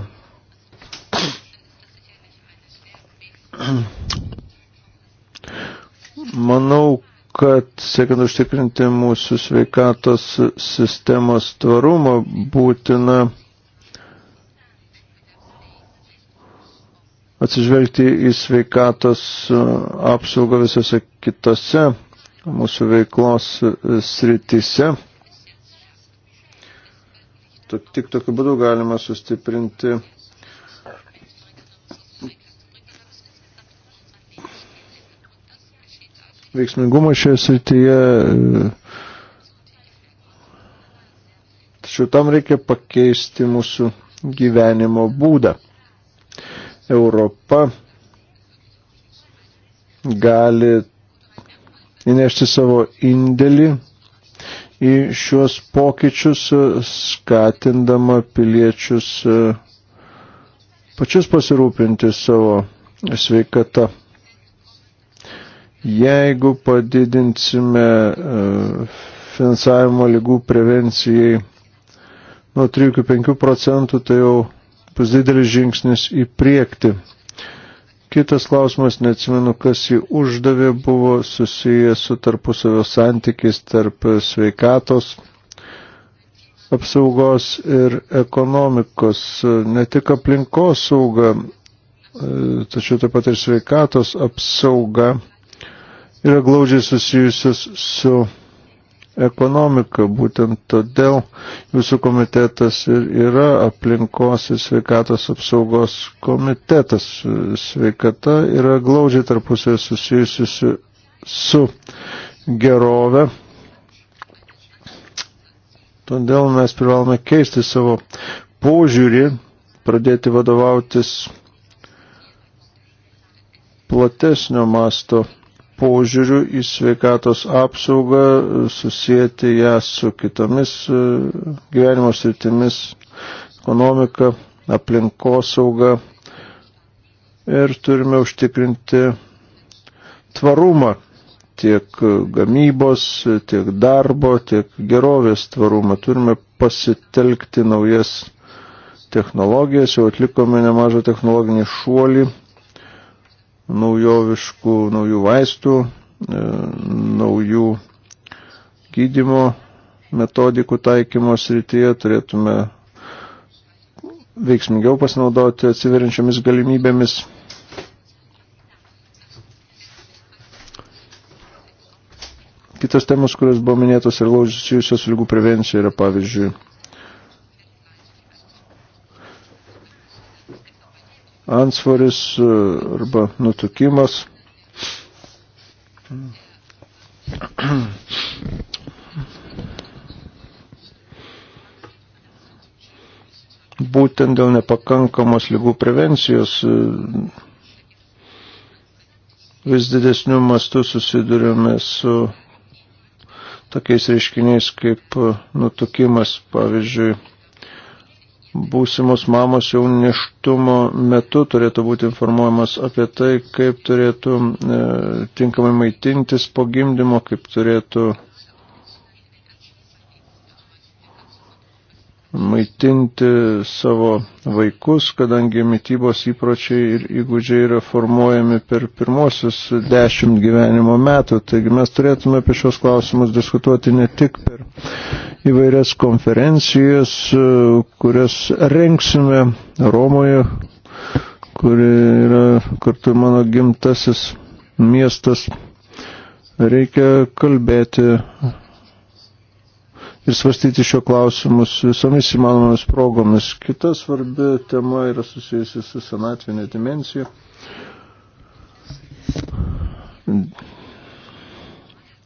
Manau, kad siekiant užtikrinti mūsų sveikatos sistemos tvarumą būtina atsižvelgti į sveikatos apsaugą visose kitose mūsų veiklos srityse. Tik tokiu būdu galima sustiprinti veiksmingumą šioje srityje. E, tačiau tam reikia pakeisti mūsų gyvenimo būdą. Europa gali įnešti savo indėlį į šiuos pokyčius, skatindama piliečius e, pačius pasirūpinti savo sveikata. Jeigu padidinsime e, finansavimo lygų prevencijai nuo 3 iki 5 procentų, tai jau bus didelis žingsnis į priekti. Kitas klausimas, neatsimenu, kas jį uždavė, buvo susijęs su tarpusavio santykiais tarp sveikatos apsaugos ir ekonomikos, ne tik aplinkos sauga, e, tačiau taip pat ir sveikatos apsauga yra glaudžiai susijusios su ekonomika. Būtent todėl jūsų komitetas ir yra aplinkos ir sveikatos apsaugos komitetas. Sveikata yra glaudžiai tarpusėje susijusi su, su gerove. Todėl mes privalome keisti savo požiūrį, pradėti vadovautis platesnio masto požiūrių į sveikatos apsaugą, susijęti ją su kitomis e, gyvenimo sritimis, ekonomika, aplinkosauga ir turime užtikrinti tvarumą tiek gamybos, tiek darbo, tiek gerovės tvarumą. Turime pasitelkti naujas technologijas, jau atlikome nemažą technologinį šuolį naujoviškų, naujų vaistų, e, naujų gydimo metodikų taikymo srityje turėtume veiksmingiau pasinaudoti atsiverinčiamis galimybėmis. Kitos temos, kurios buvo minėtos ir laužysiusios lygų prevencija yra pavyzdžiui ansvaris e, arba nutukimas. Būtent dėl nepakankamos lygų prevencijos e, vis didesnių mastų susidurime su tokiais reiškiniais kaip e, nutukimas, pavyzdžiui, būsimos mamos jau neštumo metu turėtų būti informuojamas apie tai, kaip turėtų e, tinkamai maitintis po gimdymo, kaip turėtų maitinti savo vaikus, kadangi mytybos įpročiai ir įgūdžiai yra formuojami per pirmosius dešimt gyvenimo metų. Taigi mes turėtume apie šios klausimus diskutuoti ne tik per įvairias konferencijas, kurias renksime Romoje, kuri yra kartu mano gimtasis miestas. Reikia kalbėti ir svarstyti šio klausimus visomis įmanomomis progomis. Kita svarbi tema yra susijusi su senatvinė dimensija.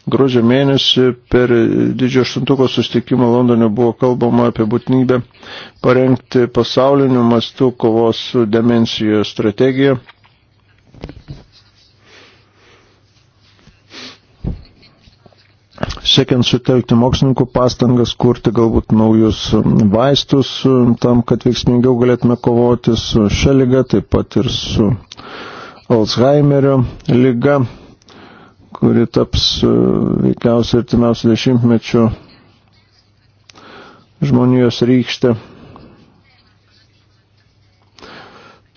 Gruodžio mėnesį per didžiojo aštuntuko sustikimą Londone buvo kalbama apie būtinybę parengti pasauliniu mastu kovos su demencijos strategiją. siekiant sutelkti mokslininkų pastangas, kurti galbūt naujus um, vaistus um, tam, kad veiksmingiau galėtume kovoti su šia lyga, taip pat ir su Alzheimerio lyga, kuri taps uh, veikiausiai artimiausių dešimtmečių žmonijos rykštė.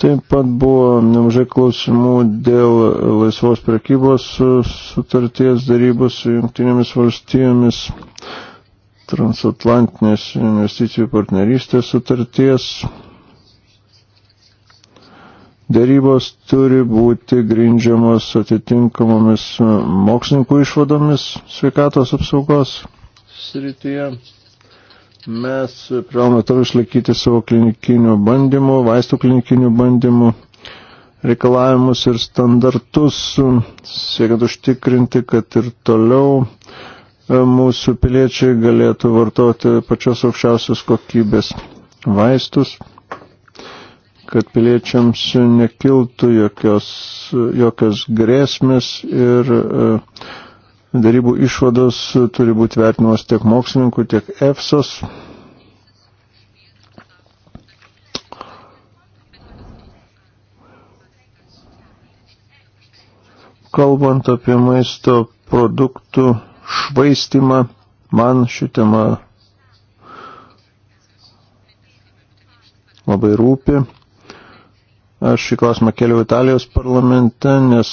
Taip pat buvo nemažai klausimų dėl laisvos prekybos sutarties darybų su jungtinėmis valstijomis, transatlantinės investicijų partnerystės sutarties. Darybos turi būti grindžiamos atitinkamomis mokslininkų išvadomis sveikatos apsaugos srityje. Mes privalome to išlaikyti savo klinikinių bandymų, vaistų klinikinių bandymų reikalavimus ir standartus, siekiant užtikrinti, kad ir toliau e, mūsų piliečiai galėtų vartoti pačios aukščiausios kokybės vaistus, kad piliečiams nekiltų jokios, jokios grėsmės ir uh, Darybų išvados turi būti vertinamos tiek mokslininkų, tiek EFSOS. Kalbant apie maisto produktų švaistimą, man ši tema labai rūpi. Aš šį klausimą keliu Italijos parlamente, nes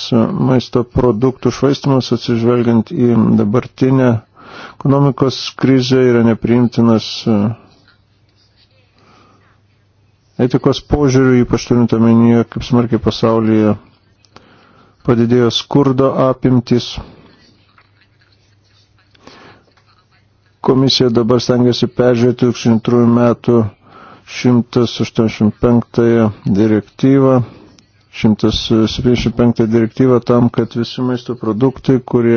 maisto produktų švaistimas atsižvelgiant į dabartinę ekonomikos krizę yra nepriimtinas e, etikos požiūrių, ypač turint omenyje, kaip smarkiai pasaulyje padidėjo skurdo apimtis. Komisija dabar stengiasi peržiūrėti 2002 metų 185 direktyvą, 175 direktyvą tam, kad visi maisto produktai, kurie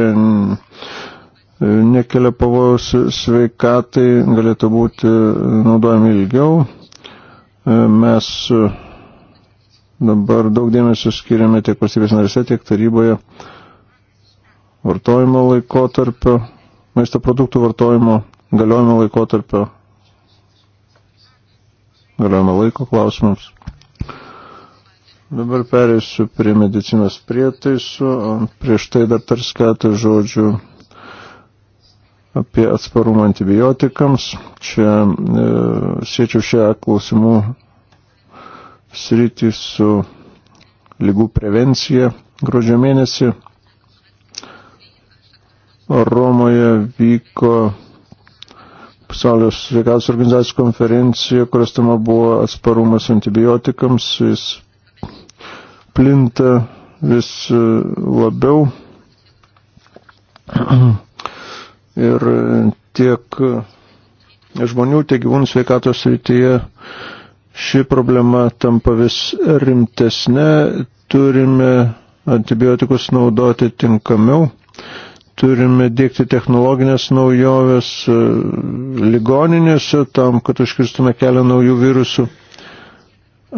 e, nekelia pavojaus sveikatai, galėtų būti e, naudojami ilgiau. E, mes dabar daug dėmesio skiriame tiek valstybės narise, tiek taryboje vartojimo laikotarpio, maisto produktų vartojimo galiojimo laikotarpio galima laiko klausimams. Dabar perėsiu prie medicinos prietaisų, o prieš tai dar tars keletą žodžių apie atsparumą antibiotikams. Čia e, siečiau šią klausimų sritį su lygų prevencija gruodžio mėnesį. Romoje vyko pasaulio sveikatos organizacijos konferencija, kurios tema buvo atsparumas antibiotikams, jis plinta vis e, labiau. Ir e, tiek e, žmonių, tiek gyvūnų sveikatos srityje ši problema tampa vis rimtesnė, turime antibiotikus naudoti tinkamiau Turime dėkti technologinės naujoves e, ligoninėse tam, kad užkirstume kelią naujų virusų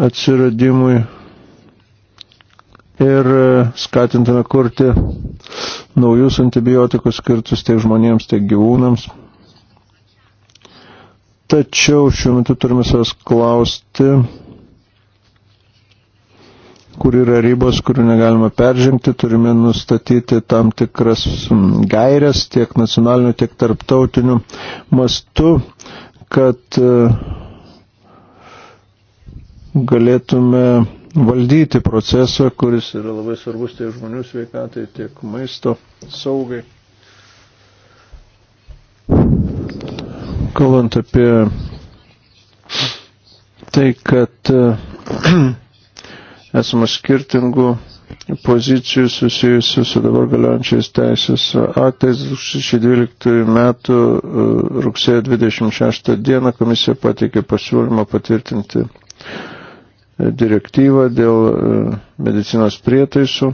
atsiradimui ir e, skatintume kurti naujus antibiotikus skirtus tiek žmonėms, tiek gyvūnams. Tačiau šiuo metu turime savęs klausti, kur yra ribos, kurių negalima peržengti, turime nustatyti tam tikras mm, gairias tiek nacionaliniu, tiek tarptautiniu mastu, kad e, galėtume valdyti procesą, kuris yra labai svarbus tiek žmonių sveikatai, tiek maisto saugai. Kalbant apie tai, kad e, esama skirtingų pozicijų susijusių su dabar galiojančiais teisės aktais 2012 metų e, rugsėjo 26 dieną komisija pateikė pasiūlymą patvirtinti e, direktyvą dėl e, medicinos prietaisų.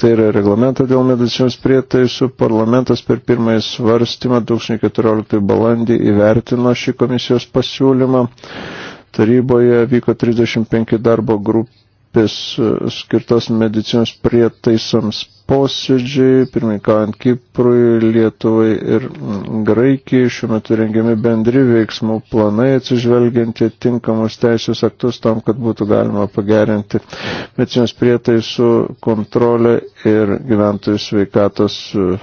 Tai yra reglamentą dėl medicinos prietaisų. Parlamentas per pirmąjį svarstymą 2014 balandį įvertino šį komisijos pasiūlymą. Taryboje vyko 35 darbo grupė grupės e, skirtos medicinos prietaisams posėdžiai, pirmininkaujant Kiprui, Lietuvai ir Graikijai. Šiuo metu rengiami bendri veiksmų planai atsižvelgianti tinkamus teisės aktus tam, kad būtų galima pagerinti medicinos prietaisų kontrolę ir gyventojų sveikatos e,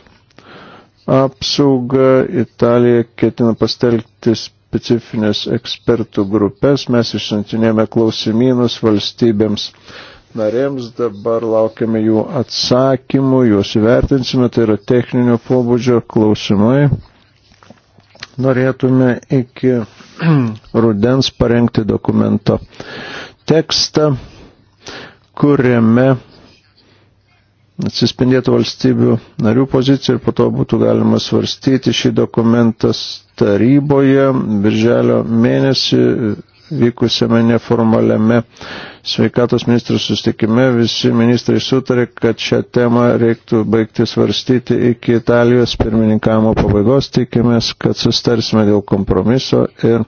apsaugą. Italija ketina pastelgtis specifines ekspertų grupės, mes išsintinėme klausimynus valstybėms narėms, dabar laukiame jų atsakymų, juos įvertinsime, tai yra techninio pobūdžio klausimai. Norėtume iki rudens parengti dokumento tekstą, kuriame atsispindėtų valstybių narių pozicija ir po to būtų galima svarstyti šį dokumentas taryboje birželio mėnesį vykusiame neformaliame sveikatos ministrų sustikime visi ministrai sutarė, kad šią temą reiktų baigti svarstyti iki Italijos pirmininkavimo pabaigos. Tikimės, kad sustarsime dėl kompromiso ir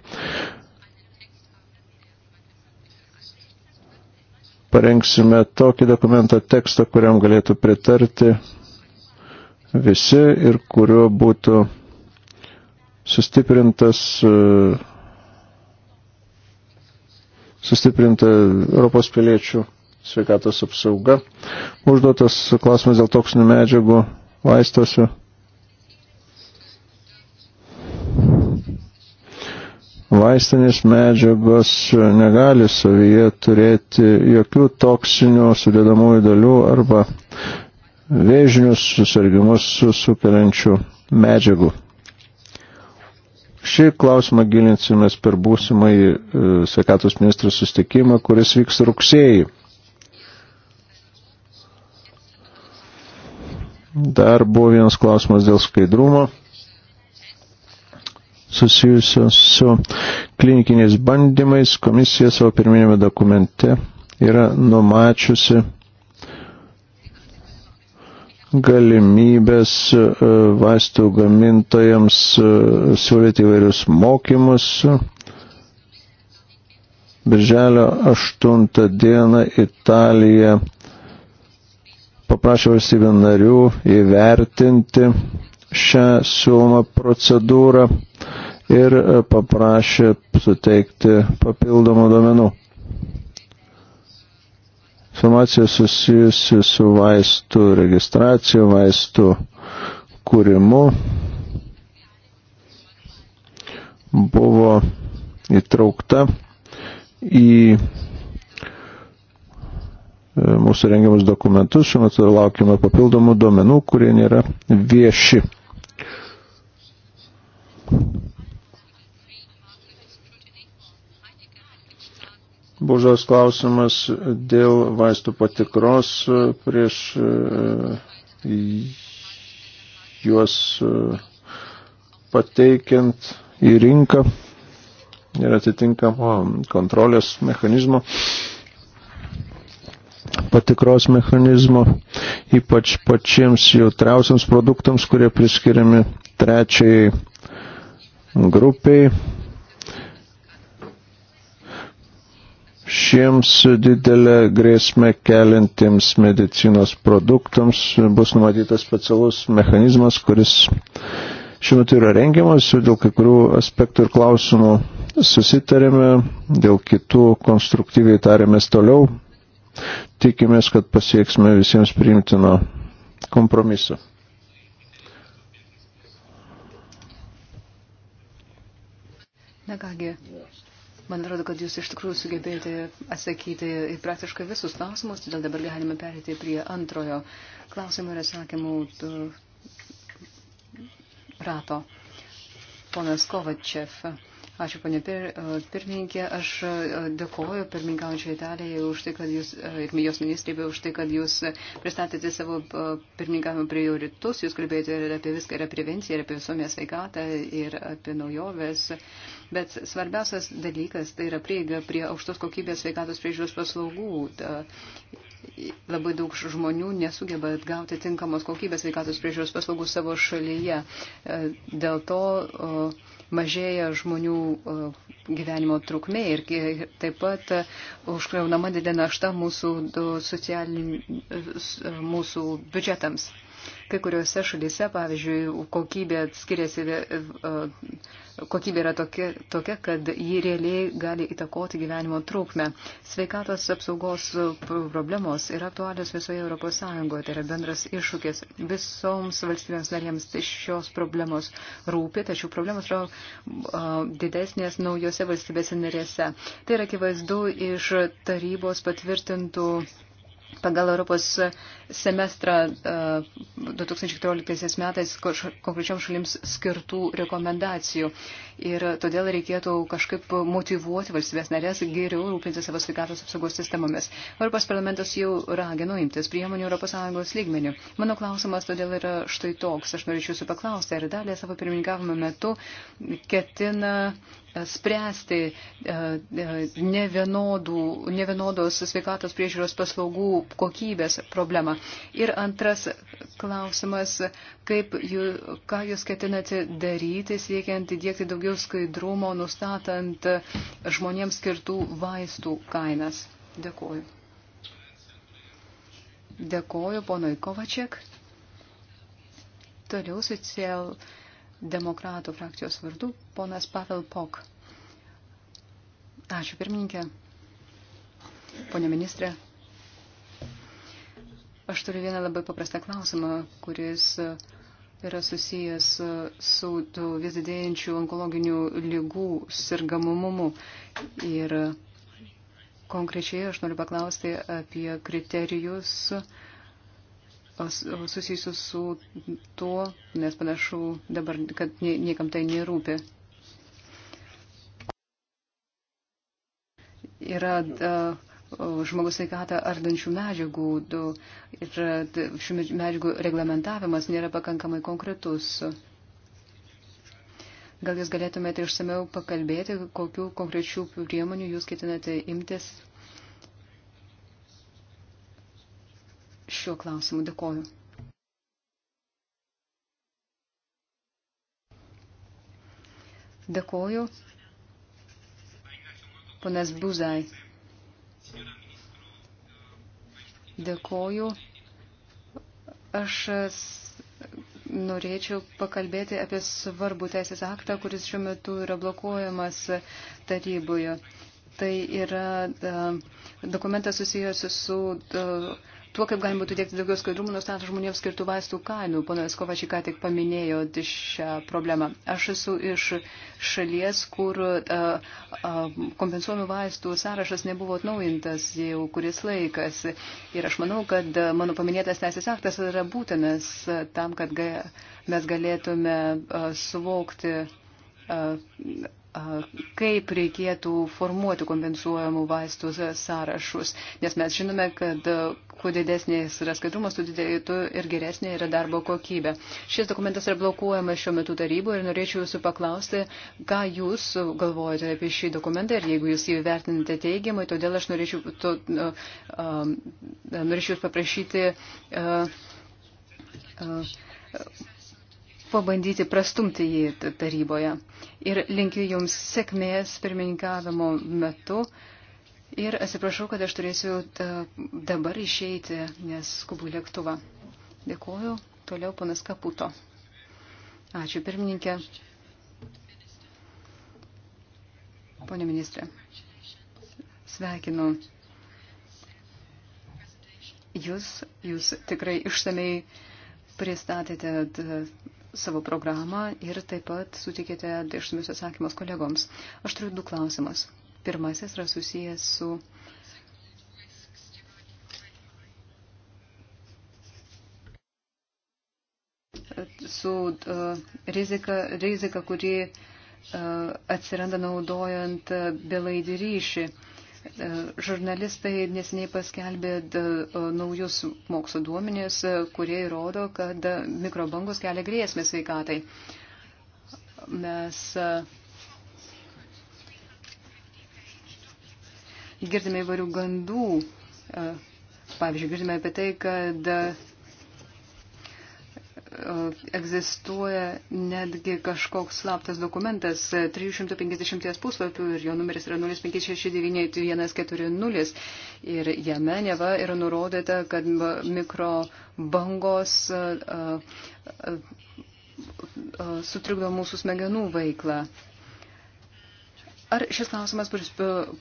parengsime tokį dokumento tekstą, kuriam galėtų pritarti visi ir kuriuo būtų sustiprintas e, sustiprinta Europos piliečių sveikatos apsauga. Užduotas klausimas dėl toksinių medžiagų vaistuose. vaistinės medžiagos negali savyje turėti jokių toksinių sudėdamųjų dalių arba vėžinius susirgymus sukeliančių medžiagų. Šį klausimą gilinsimės per būsimai e, sveikatos ministrų sustikimą, kuris vyks rugsėjai. Dar buvo vienas klausimas dėl skaidrumo susijusios su klinikiniais bandymais, komisija savo pirminėme dokumente yra numačiusi galimybės e, vaistų gamintojams e, siūlyti įvairius mokymus. Birželio 8 dieną Italija paprašė valstybių narių įvertinti šią siūlomą procedūrą ir e, paprašė suteikti papildomų duomenų. Informacija susijusi su vaistų registracija, vaistų kūrimu buvo įtraukta į e, mūsų rengiamus dokumentus. Šiuo metu laukime papildomų duomenų, kurie nėra vieši. Būžas klausimas dėl vaistų patikros prieš e, juos e, pateikiant į rinką ir atitinkamo kontrolės mechanizmo, patikros mechanizmo, ypač pačiems jautriausiams produktams, kurie priskiriami trečiai grupiai Šiems didelę grėsmę keliantiems medicinos produktams bus numatytas specialus mechanizmas, kuris šiuo metu yra rengiamas, dėl kai kurių aspektų ir klausimų susitarėme, dėl kitų konstruktyviai tarėmės toliau. Tikimės, kad pasieksime visiems priimtino kompromiso. Na kągi, Man atrodo, kad jūs iš tikrųjų sugebėjote atsakyti į praktiškai visus klausimus, todėl dabar galime perėti prie antrojo klausimų ir atsakymų rato. Ponas Kovačev. Ačiū, ponė e, pirmininkė. Aš e, dėkoju pirmininkaujančiai Italijai už tai, kad jūs, e, ir jos ministrybė už tai, kad jūs pristatėte savo pirmininkavimo prioritus. Jūs kalbėjote ir apie viską, ir apie prevenciją, ir apie visuomės sveikatą, ir apie naujoves. Bet svarbiausias dalykas tai yra prieiga prie aukštos kokybės sveikatos priežiūros paslaugų. Labai daug žmonių nesugeba atgauti tinkamos kokybės sveikatos priežiūros paslaugų savo šalyje. Dėl to mažėja žmonių e, gyvenimo trukmė ir taip pat e, užkraunama didelė našta mūsų, e, mūsų biudžetams. Kai kuriuose šalyse, pavyzdžiui, kokybė skiriasi, kokybė yra tokia, tokia, kad ji realiai gali įtakoti gyvenimo trukmę. Sveikatos apsaugos problemos yra aktualios visoje Europos Sąjungoje, tai yra bendras iššūkis. Visoms valstybėms narėms tai šios problemos rūpi, tačiau problemos yra didesnės naujose valstybėse narėse. Tai yra akivaizdu iš tarybos patvirtintų pagal Europos semestrą 2014 e, metais konkrečioms šalims skirtų rekomendacijų. Ir todėl reikėtų kažkaip motivuoti valstybės narės geriau rūpinti savo sveikatos apsaugos sistemomis. Europos parlamentas jau ragino imtis priemonių ES lygmenių. Mano klausimas todėl yra štai toks. Aš norėčiau jūsų paklausti, ar dalį savo pirmininkavimo metu ketina spręsti e, e, nevienodų, nevienodos sveikatos priežiūros paslaugų kokybės problemą. Ir antras klausimas, kaip jų, ką jūs ketinate daryti, siekiant įdėkti daugiau skaidrumo, nustatant žmonėms skirtų vaistų kainas. Dėkuoju. Dėkuoju, ponui Kovačiak. Toliau social demokratų frakcijos vardu ponas Pavel Pok. Ačiū pirmininkė, ponė ministrė. Aš turiu vieną labai paprastą klausimą, kuris yra susijęs su vis didėjančiu onkologinių lygų sirgamumumu. Ir konkrečiai aš noriu paklausti apie kriterijus, uh, susijusių su tuo, nes panašu dabar, kad niekam tai nerūpi. Yra uh, žmogus sveikatą ardančių medžiagų ir šių medžiagų reglamentavimas nėra pakankamai konkretus. Gal jūs galėtumėte išsameu pakalbėti, kokiu konkrečių priemonių jūs ketinate imtis šiuo klausimu. Dėkoju. Dėkoju. Ponas Buzai. Dėkoju. Aš norėčiau pakalbėti apie svarbų teisės aktą, kuris šiuo metu yra blokuojamas taryboje. Tai yra dokumentas susijęs su tuo, kaip galima būtų tiekti daugiau skaidrumų, nustatant žmonėms skirtų vaistų kainų. Ponas Kovačiai ką tik paminėjo šią problemą. Aš esu iš šalies, kur a, a, kompensuojamų vaistų sąrašas nebuvo atnaujintas jau kuris laikas. Ir aš manau, kad mano paminėtas teisės aktas yra būtinas tam, kad ga, mes galėtume a, suvokti. A, kaip reikėtų formuoti kompensuojamų vaistų sąrašus, nes mes žinome, kad kuo didesnės yra skaidrumas, tuo didėtų ir geresnė yra darbo kokybė. Šis dokumentas yra blokuojamas šiuo metu taryboje ir norėčiau jūsų paklausti, ką jūs galvojate apie šį dokumentą ir jeigu jūs jį vertinate teigiamai, todėl aš norėčiau, to, uh, uh, norėčiau jūs paprašyti. Uh, uh, pabandyti prastumti jį taryboje. Ir linkiu Jums sėkmės pirmininkavimo metu. Ir atsiprašau, kad aš turėsiu dabar išeiti, nes skubu lėktuvą. Dėkuoju. Toliau ponas Kaputo. Ačiū pirmininkė. Pone ministrė, sveikinu. Jūs, jūs tikrai išsamei pristatėte savo programą ir taip pat sutikėte išsamius atsakymus kolegoms. Aš turiu du klausimus. Pirmasis yra susijęs su. su uh, rizika, rizika, kuri uh, atsiranda naudojant uh, belaidį ryšį. Uh, E, žurnalistai nesiniai paskelbė naujus mokslo duomenys, e, kurie įrodo, kad mikrobangos kelia grėsmę sveikatai. Mes e, girdime įvairių gandų. Pavyzdžiui, girdime apie tai, kad E, egzistuoja netgi kažkoks slaptas dokumentas 350 e, puslapių ir jo numeris yra 0569140 ir jame neva yra nurodyta, kad mikrobangos e, sutrikdo mūsų smegenų veiklą. Ar šis klausimas bus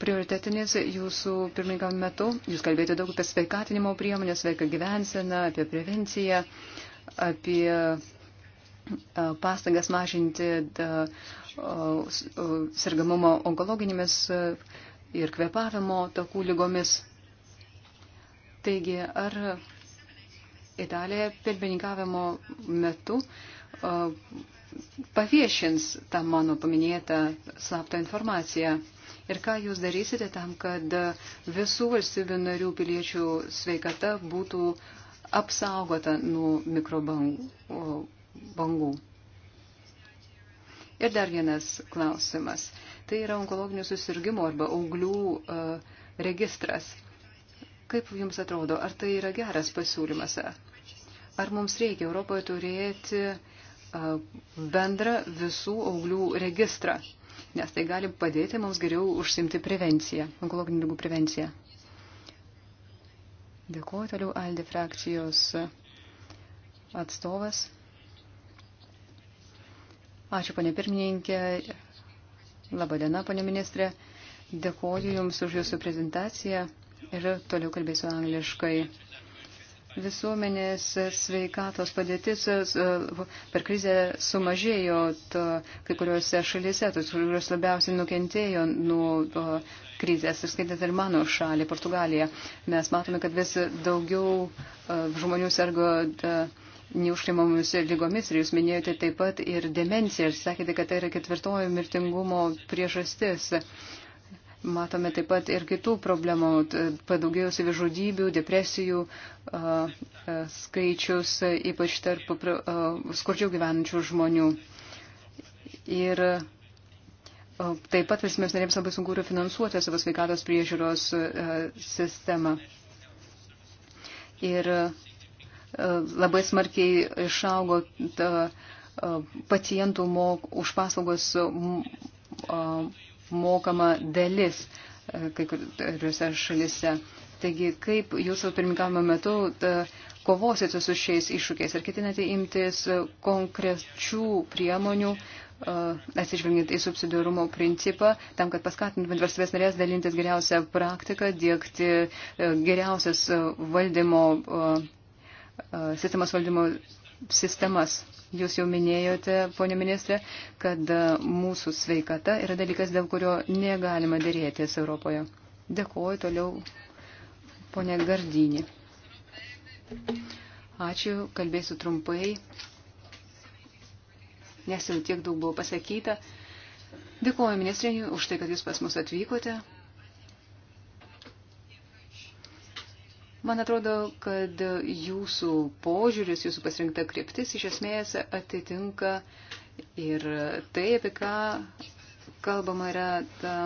prioritetinis jūsų pirmininkam metu? Jūs kalbėjote daug apie sveikatinimo priemonės, sveiką gyvenseną, apie prevenciją apie e, pastangas mažinti e, sergamumo onkologinėmis e, ir kvepavimo takų lygomis. Taigi, ar Italija pirmininkavimo metu paviešins tą mano paminėtą slaptą informaciją? Ir ką jūs darysite tam, kad visų valstybių narių piliečių sveikata būtų uh, apsaugota nuo mikrobangų. Ir dar vienas klausimas. Tai yra onkologinių susirgymų arba auglių uh, registras. Kaip Jums atrodo, ar tai yra geras pasiūlymas? Ar mums reikia Europoje turėti e, bendrą visų auglių registrą? Nes tai gali padėti mums geriau užsimti prevenciją, onkologinių lygų prevenciją. Dėkuoju toliau Aldi frakcijos atstovas. Ačiū, ponė pirmininkė. Labadiena, ponė ministrė. Dėkuoju Jums už Jūsų prezentaciją ir toliau kalbėsiu angliškai visuomenės sveikatos padėtis e, e, per krizę sumažėjo to, kai kuriuose šalyse, tos, kurios labiausiai nukentėjo nuo e, krizės, ir skaitant ir mano šalį, Portugaliją. Mes matome, kad vis daugiau žmonių sergo neužkrimamomis lygomis ir jūs minėjote taip pat ir demenciją ir sakėte, kad tai yra ketvirtojo mirtingumo priežastis. Matome taip pat ir kitų problemų, padaugėjo savižudybių, depresijų skaičius, ypač tarp skurdžiau gyvenančių žmonių. Ir Taip pat valstybės narėms labai sunku yra finansuoti savo sveikatos priežiūros sistemą. Ir labai smarkiai išaugo pacientų mok, už paslaugos mokama dalis e, kai kuriuose šalise. Taigi, kaip jūsų pirmininkavimo metu ta, e, kovosite su šiais iššūkiais? Ar ketinate imtis konkrečių priemonių, e, atsižvelgiant į subsidiarumo principą, tam, kad paskatintumėt valstybės narės dalintis geriausią praktiką, dėkti geriausias valdymo, sistemas valdymo sistemas. Jūs jau minėjote, ponė ministrė, kad e, mūsų sveikata yra dalykas, dėl kurio negalima dėrėtis Europoje. Dėkuoju toliau, ponė Gardinį. Ačiū, kalbėsiu trumpai, nes jau tiek daug buvo pasakyta. Dėkuoju ministrė už tai, kad jūs pas mus atvykote. Man atrodo, kad jūsų požiūris, jūsų pasirinkta kryptis iš esmės atitinka ir tai, apie ką kalbama yra ta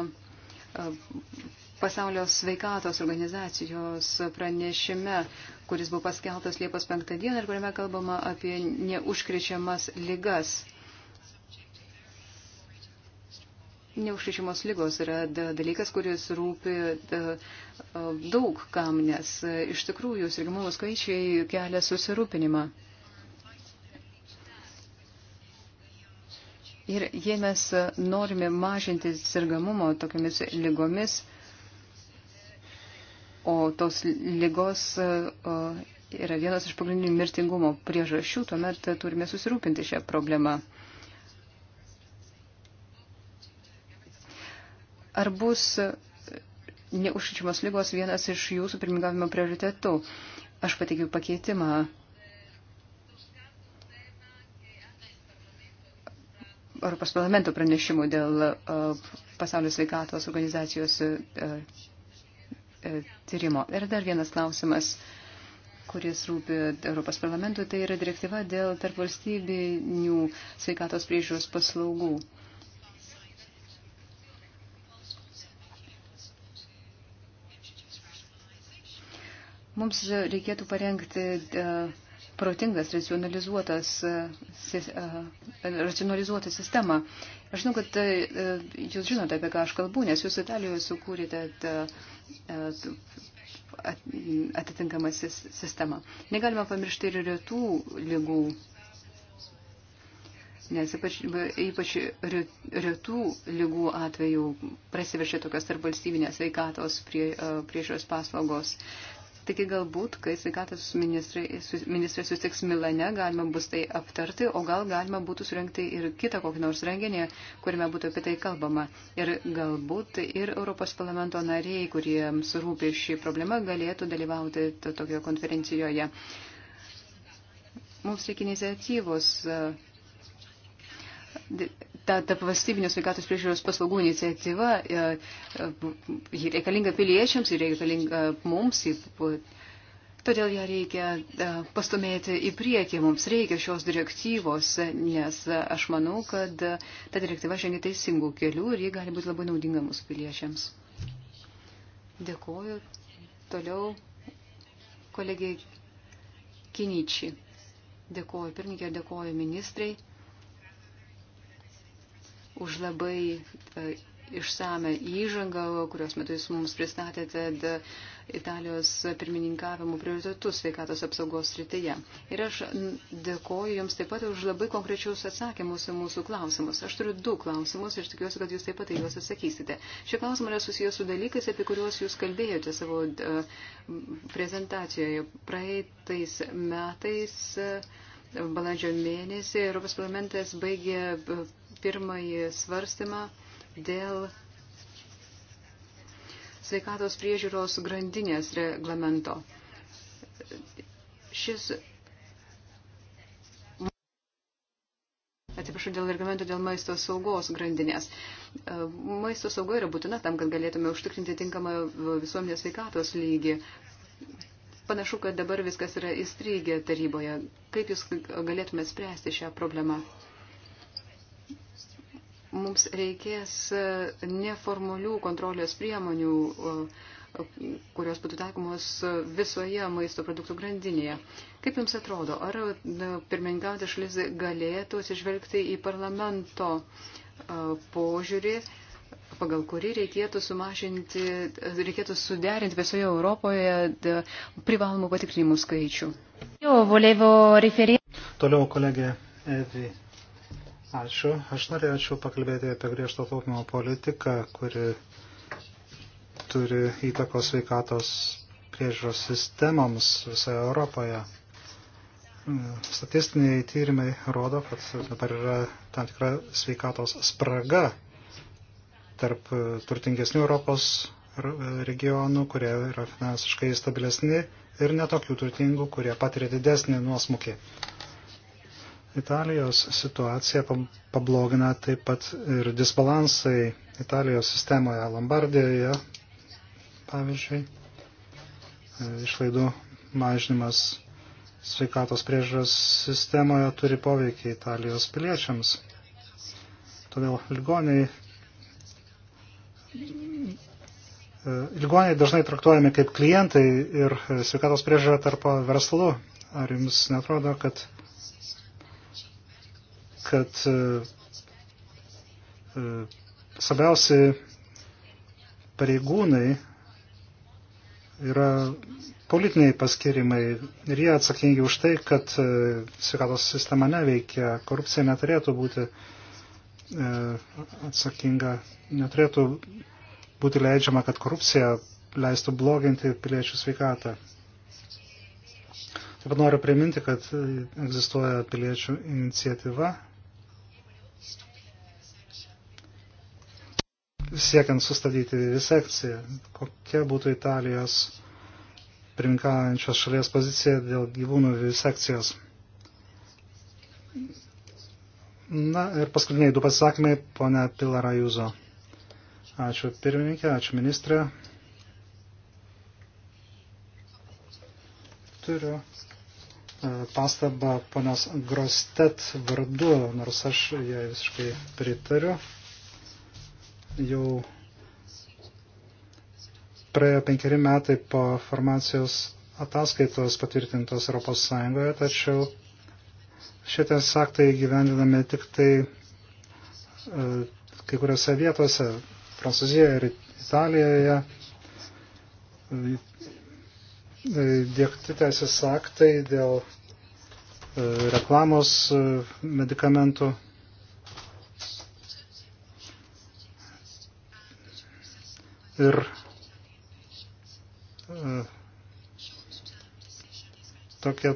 pasaulio sveikatos organizacijos pranešime, kuris buvo paskeltas Liepos 5 dieną ir kuriame kalbama apie neužkrečiamas ligas. Neužkrečiamos lygos yra dalykas, kuris rūpi daug kam, nes iš tikrųjų sirgimų skaičiai kelia susirūpinimą. Ir jei mes norime mažinti sirgamumo tokiamis lygomis, o tos lygos yra vienas iš pagrindinių mirtingumo priežasčių, tuomet turime susirūpinti šią problemą. Ar bus neužkričiamos lygos vienas iš jūsų pirmingavimo prioritetų? Aš pateikiu pakeitimą. Europos parlamento pranešimų dėl e, pasaulio sveikatos organizacijos e, e, tyrimo. Ir dar vienas klausimas, kuris rūpi Europos parlamentui, tai yra direktyva dėl tarpvalstybinių sveikatos priežiūros paslaugų. Mums reikėtų parengti e, protingas, racionalizuotas, e, e, racionalizuotą sistemą. Aš žinau, kad jūs žinote, apie ką aš kalbu, nes jūs Italijoje sukūrėte atitinkamą sistemą. Negalima pamiršti ir rytų lygų, nes ypač, ypač rytų lygų atveju prasiveršia tokios tarp valstybinės veikatos prie, priežiūros paslaugos. Uh, Taigi galbūt, kai sveikatos ministrė susitiks Milane, galima bus tai aptarti, o gal galima būtų surinkti ir kitą kokį nors renginį, kuriame būtų apie tai kalbama. Ir galbūt ir Europos parlamento nariai, kuriems rūpi ši problema, galėtų dalyvauti tokioje konferencijoje. Mums reikia iniciatyvos ta tarpvalstybinio sveikatos priežiūros paslaugų iniciatyva, e, e, ji reikalinga piliečiams, ji reikalinga mums, todėl ją reikia e, pastumėti į priekį, mums reikia šios direktyvos, nes aš manau, kad ta direktyva žengia teisingų kelių ir ji gali būti labai naudinga mūsų piliečiams. Dėkuoju. Toliau kolegiai Kiničiai. Dėkuoju pirmininkė, dėkuoju ministrai už labai e, išsame įžangą, kurios metu jūs mums pristatėte Italijos pirmininkavimo prioritetus sveikatos apsaugos srityje. Ir aš dėkoju Jums taip pat už labai konkrečius atsakymus į mūsų klausimus. Aš turiu du klausimus ir tikiuosi, kad Jūs taip pat į juos atsakysite. Šie klausimai yra susijęs su dalykais, apie kuriuos Jūs kalbėjote savo prezentacijoje praeitais metais. E, balandžio mėnesį Europos parlamentas baigė e, pirmąjį svarstymą dėl sveikatos priežiūros grandinės reglamento. Šis atsiprašau, dėl reglamento dėl maisto saugos grandinės. Maisto sauga yra būtina tam, kad galėtume užtikrinti tinkamą visuomenės veikatos lygį. Panašu, kad dabar viskas yra įstrygę taryboje. Kaip jūs galėtumėte spręsti šią problemą? mums reikės e, neformalių kontrolės priemonių, e, kurios būtų taikomos e, visoje maisto produktų grandinėje. Kaip Jums atrodo, ar pirmininkauti šalis galėtų atsižvelgti į parlamento požiūrį, pagal kurį reikėtų sumažinti, reikėtų suderinti visoje Europoje privalomų patikrinimų skaičių? Toliau kolegė Evi Ačiū. Aš norėčiau pakalbėti apie griežto taupimo politiką, kuri turi įtakos sveikatos priežiūros sistemoms visoje Europoje. Statistiniai tyrimai rodo, kad dabar yra tam tikra sveikatos spraga tarp turtingesnių Europos regionų, kurie yra finansiškai stabilesni ir netokių turtingų, kurie patiria didesnį nuosmukį. Italijos situaciją pablogina taip pat ir disbalansai Italijos sistemoje Lombardijoje, pavyzdžiui, e, išlaidų mažinimas sveikatos priežiūros sistemoje turi poveikį Italijos piliečiams. Todėl ligoniai, e, ligoniai dažnai traktuojami kaip klientai ir e, sveikatos priežiūra tarpo verslu. Ar jums netrodo, kad kad e, e, svarbiausi pareigūnai yra politiniai paskirimai ir jie atsakingi už tai, kad e, sveikatos sistema neveikia, korupcija neturėtų būti atsakinga, neturėtų būti leidžiama, kad korupcija leistų bloginti piliečių sveikatą. Taip pat noriu priminti, kad egzistuoja piliečių iniciatyva siekiant sustabdyti disekciją. Kokia būtų Italijos pirminkaujančios šalies pozicija dėl gyvūnų disekcijos? Na ir paskutiniai du pasisakymai, ponia Pilara Juzo. Ačiū pirmininkė, ačiū ministrė. Turiu e, pastabą ponios Grostet vardu, nors aš jai visiškai pritariu jau praėjo penkeri metai po farmacijos ataskaitos patvirtintos Europos Sąjungoje, tačiau šitės aktai gyvendinami tik tai e, kai kuriuose vietose, Prancūzijoje ir Italijoje, e, dėkti teisės aktai dėl e, reklamos medikamentų ir e, tokie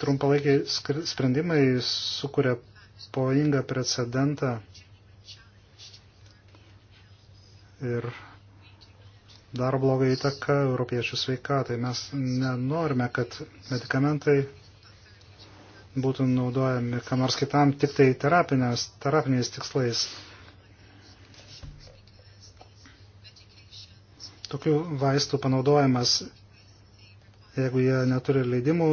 trumpalaikiai sprendimai sukuria pavojingą precedentą ir daro blogą įtaką europiečių sveikatai. Mes nenorime, kad medikamentai būtų naudojami kam nors kitam tik tai terapiniais tikslais. tokių vaistų panaudojimas, jeigu jie neturi leidimų,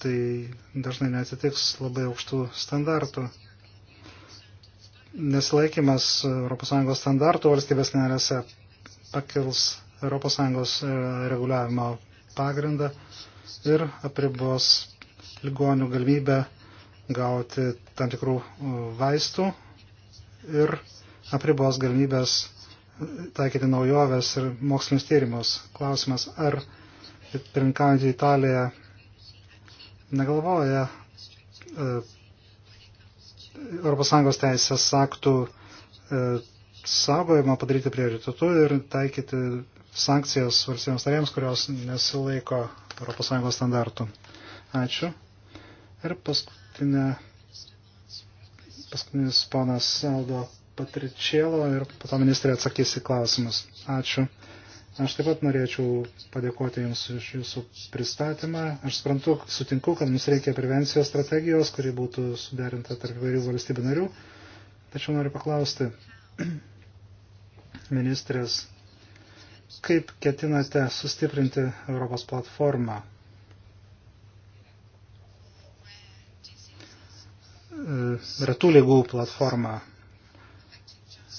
tai dažnai netitiks labai aukštų standartų. Nesilaikimas ES standartų valstybės narėse pakils ES reguliavimo pagrindą ir apribos ligonių galimybę gauti tam tikrų vaistų ir apribos galimybės taikyti naujoves ir mokslinius tyrimus. Klausimas, ar pirinkaujantį Italiją negalvoja ES teisės aktų e, saugojimą padaryti prioritetu ir taikyti sankcijas valstybėms narėms, kurios nesilaiko ES standartų. Ačiū. Ir paskutinė, paskutinis ponas Saldo Patričielo ir po to ministrė atsakys į klausimus. Ačiū. Aš taip pat norėčiau padėkoti Jums už Jūsų pristatymą. Aš suprantu, sutinku, kad mums reikia prevencijos strategijos, kuri būtų suderinta tarp įvairių valstybių narių. Tačiau noriu paklausti ministrės, kaip ketinate sustiprinti Europos platformą? E, retų lygų platformą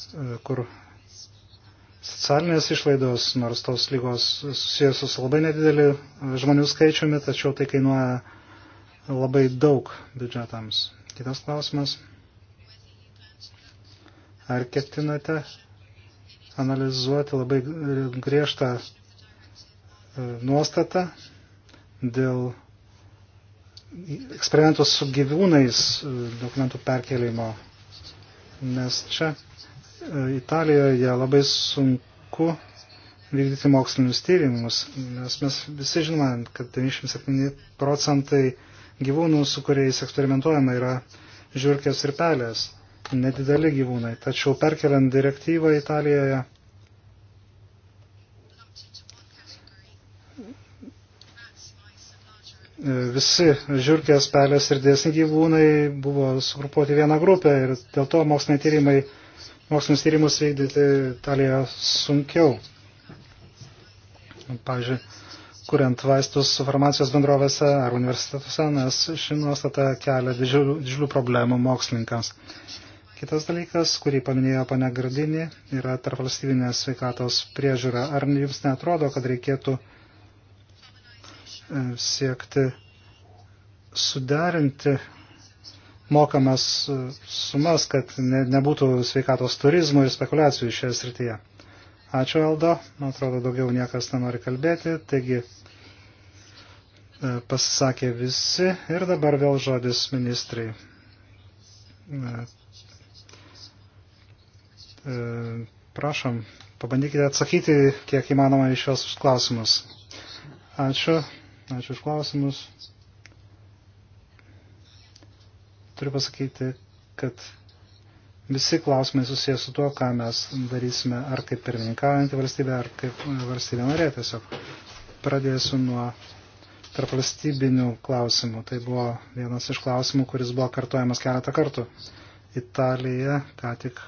E, kur socialinės išlaidos, nors tos lygos susijęs su labai nedideliu e, žmonių skaičiumi, tačiau tai kainuoja labai daug biudžetams. Kitas klausimas. Ar ketinate analizuoti labai griežtą e, nuostatą dėl eksperimentus su gyvūnais dokumentų perkelimo? Nes čia Italijoje labai sunku vykdyti mokslinius tyrimus, nes mes visi žinome, kad 97 procentai gyvūnų, su kuriais eksperimentuojama, yra žiūrkės ir pelės, nedideli gyvūnai. Tačiau perkeliant direktyvą Italijoje, visi žiūrkės pelės ir dėsni gyvūnai buvo sugrupuoti vieną grupę ir dėl to moksliniai tyrimai mokslinius tyrimus vykdyti Italijoje sunkiau. Pavyzdžiui, kuriant vaistus farmacijos bendrovėse ar universitetuose, nes ši nuostata kelia didžiulių, didžiulių problemų mokslininkams. Kitas dalykas, kurį paminėjo pane Gardinį, yra tarpvalstybinė sveikatos priežiūra. Ar jums netrodo, kad reikėtų e, siekti suderinti mokamas e, sumas, kad ne, nebūtų sveikatos turizmų ir spekulacijų šioje srityje. Ačiū, Aldo. Man atrodo, daugiau niekas nenori kalbėti. Taigi, e, pasisakė visi ir dabar vėl žodis ministrai. E, prašom, pabandykite atsakyti kiek įmanoma iš šios klausimus. Ačiū. Ačiū už klausimus. Turiu pasakyti, kad visi klausimai susijęs su tuo, ką mes darysime, ar kaip pirmininkaujantį valstybę, ar kaip e, valstybė norė tiesiog. Pradėsiu nuo tarp valstybinių klausimų. Tai buvo vienas iš klausimų, kuris buvo kartojamas keletą kartų. Italija ką tik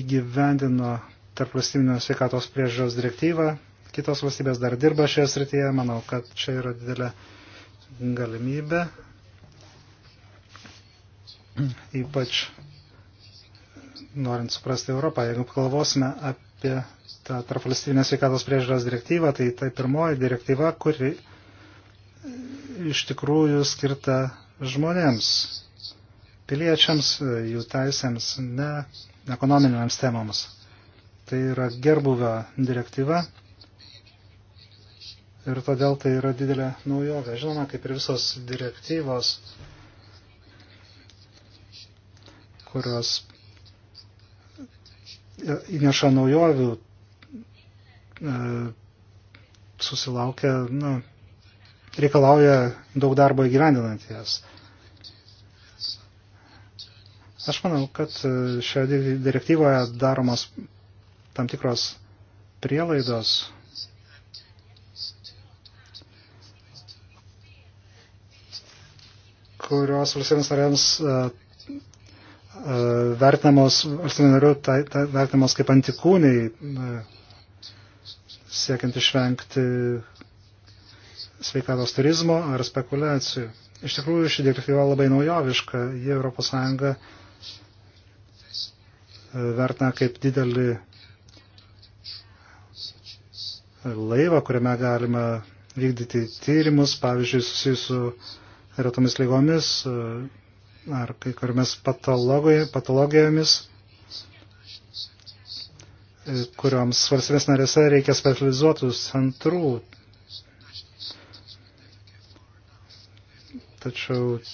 įgyvendino tarp valstybinio sveikatos priežiūros direktyvą. Kitos valstybės dar dirba šioje srityje. Manau, kad čia yra didelė galimybė ypač norint suprasti Europą. Jeigu pagalvosime apie tą tarpvalstybinės sveikatos priežiūros direktyvą, tai tai pirmoji direktyva, kuri iš tikrųjų skirta žmonėms, piliečiams, jų teisėms, ne ekonominiams temams. Tai yra gerbuvio direktyva ir todėl tai yra didelė naujovė. Žinoma, kaip ir visos direktyvos, kurios įneša naujovių, e, susilaukia, nu, reikalauja daug darbo įgyvendinant jas. Aš manau, kad e, šioje direktyvoje daromos tam tikros prielaidos. kurios valstybės narėms e, E, vertinamos, valstybinarių tai, tai vertinamos kaip antikūniai, e, siekiant išvengti sveikatos turizmo ar spekulacijų. Iš tikrųjų, ši direktyva labai naujoviška. Ji ES e, vertina kaip didelį laivą, kuriame galima vykdyti tyrimus, pavyzdžiui, susijusiu retomis lygomis, ar kai kuriomis patologijomis, e, kurioms valstybės narėse reikia specializuotų centrų. Tačiau e,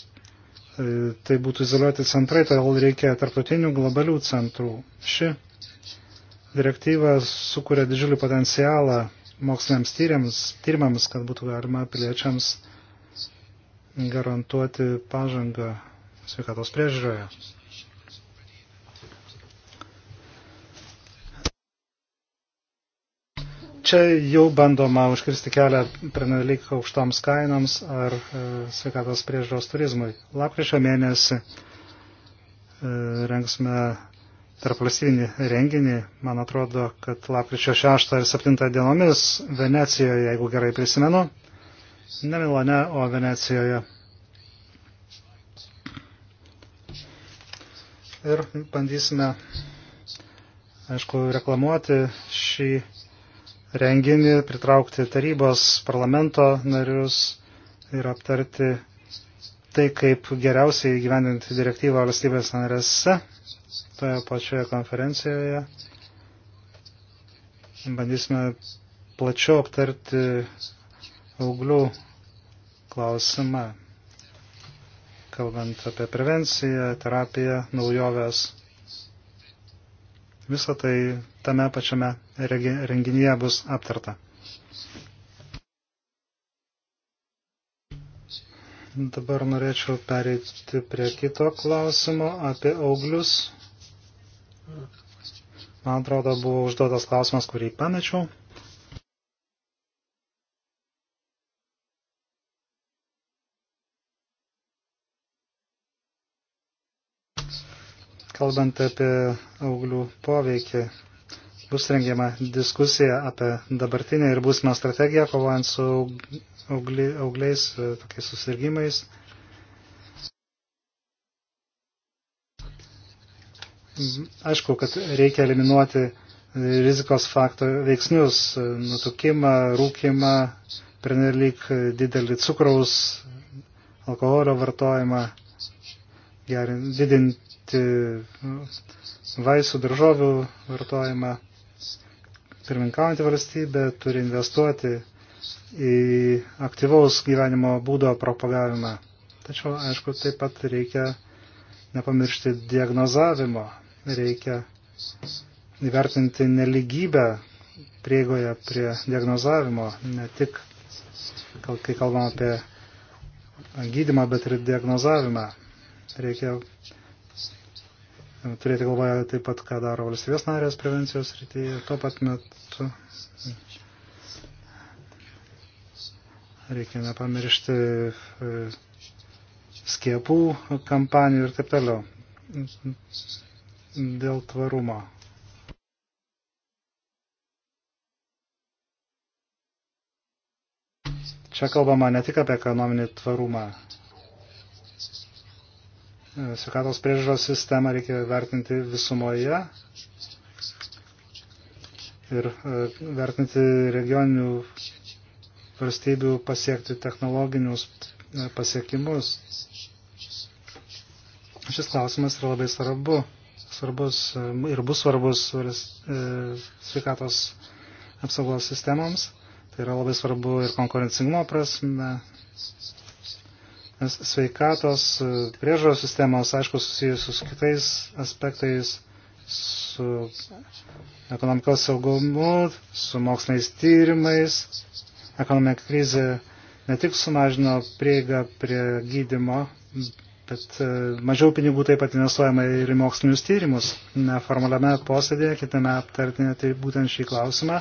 tai būtų izoliuoti centrai, todėl reikia tarptautinių globalių centrų. Ši direktyva sukuria didžiulį potencialą moksliniams tyriams, tyrimams, kad būtų galima piliečiams garantuoti pažangą sveikatos priežiūroje. Čia jau bandoma užkirsti kelią pernelyg aukštoms kainoms ar e, sveikatos priežiūros turizmui. Lapkričio mėnesį e, rengsime tarp valstybinį renginį, man atrodo, kad lapkričio 6 ir 7 dienomis Venecijoje, jeigu gerai prisimenu, ne Milane, o Venecijoje. ir bandysime, aišku, reklamuoti šį renginį, pritraukti tarybos parlamento narius ir aptarti tai, kaip geriausiai gyvendinti direktyvą valstybės narėse toje pačioje konferencijoje. Bandysime plačiau aptarti auglių klausimą kalbant apie prevenciją, terapiją, naujoves. Visą tai tame pačiame renginyje bus aptarta. Dabar norėčiau pereiti prie kito klausimo apie auglius. Man atrodo, buvo užduotas klausimas, kurį pamečiau. Kalbant apie auglių poveikį, bus rengiama diskusija apie dabartinę ir būsimą strategiją kovojant su augli, augliais, e, tokiais susirgymais. Aišku, kad reikia eliminuoti rizikos faktorių veiksnius, e, nutukimą, rūkimą, pernelyg didelį cukraus, alkoholio vartojimą, gerin, didint, mažinti nu, vaisių daržovių vartojimą. Pirminkaujantį valstybę turi investuoti į aktyvaus gyvenimo būdo propagavimą. Tačiau, aišku, taip pat reikia nepamiršti diagnozavimo, reikia įvertinti neligybę prieigoje prie diagnozavimo, ne tik, kai kalbam apie gydimą, bet ir diagnozavimą. Reikia turėti galvoje taip pat, ką daro valstybės narės prevencijos rytyje. Tuo pat metu reikia nepamiršti e, skiepų kampanijų ir taip toliau dėl tvarumo. Čia kalbama ne tik apie ekonominį tvarumą, E, sveikatos priežiūros sistemą reikia vertinti visumoje ir e, vertinti regioninių valstybių pasiekti technologinius e, pasiekimus. Šis klausimas yra labai svarbu, svarbus ir bus svarbus sveikatos apsaugos sistemoms. Tai yra labai svarbu ir konkurencingumo prasme, Nes sveikatos e, priežaros sistemos, aišku, susijusius su kitais aspektais, su ekonomikos saugumu, su moksliniais tyrimais. Ekonominė krizė ne tik sumažino prieigą prie gydimo, bet e, mažiau pinigų taip pat investuojama ir į mokslinius tyrimus. Neformaliame posėdėje kitame aptartinėti būtent šį klausimą,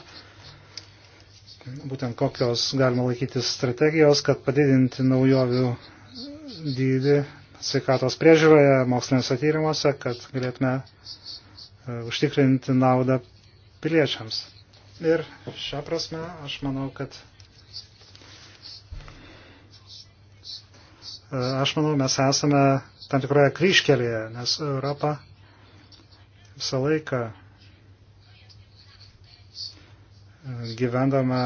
būtent kokios galima laikytis strategijos, kad padidinti naujovių dydį sveikatos priežiūroje, moksliniuose tyrimuose, kad galėtume e, užtikrinti naudą piliečiams. Ir šią prasme aš manau, kad e, aš manau, mes esame tam tikroje kryškelėje, nes Europa visą laiką e, gyvendama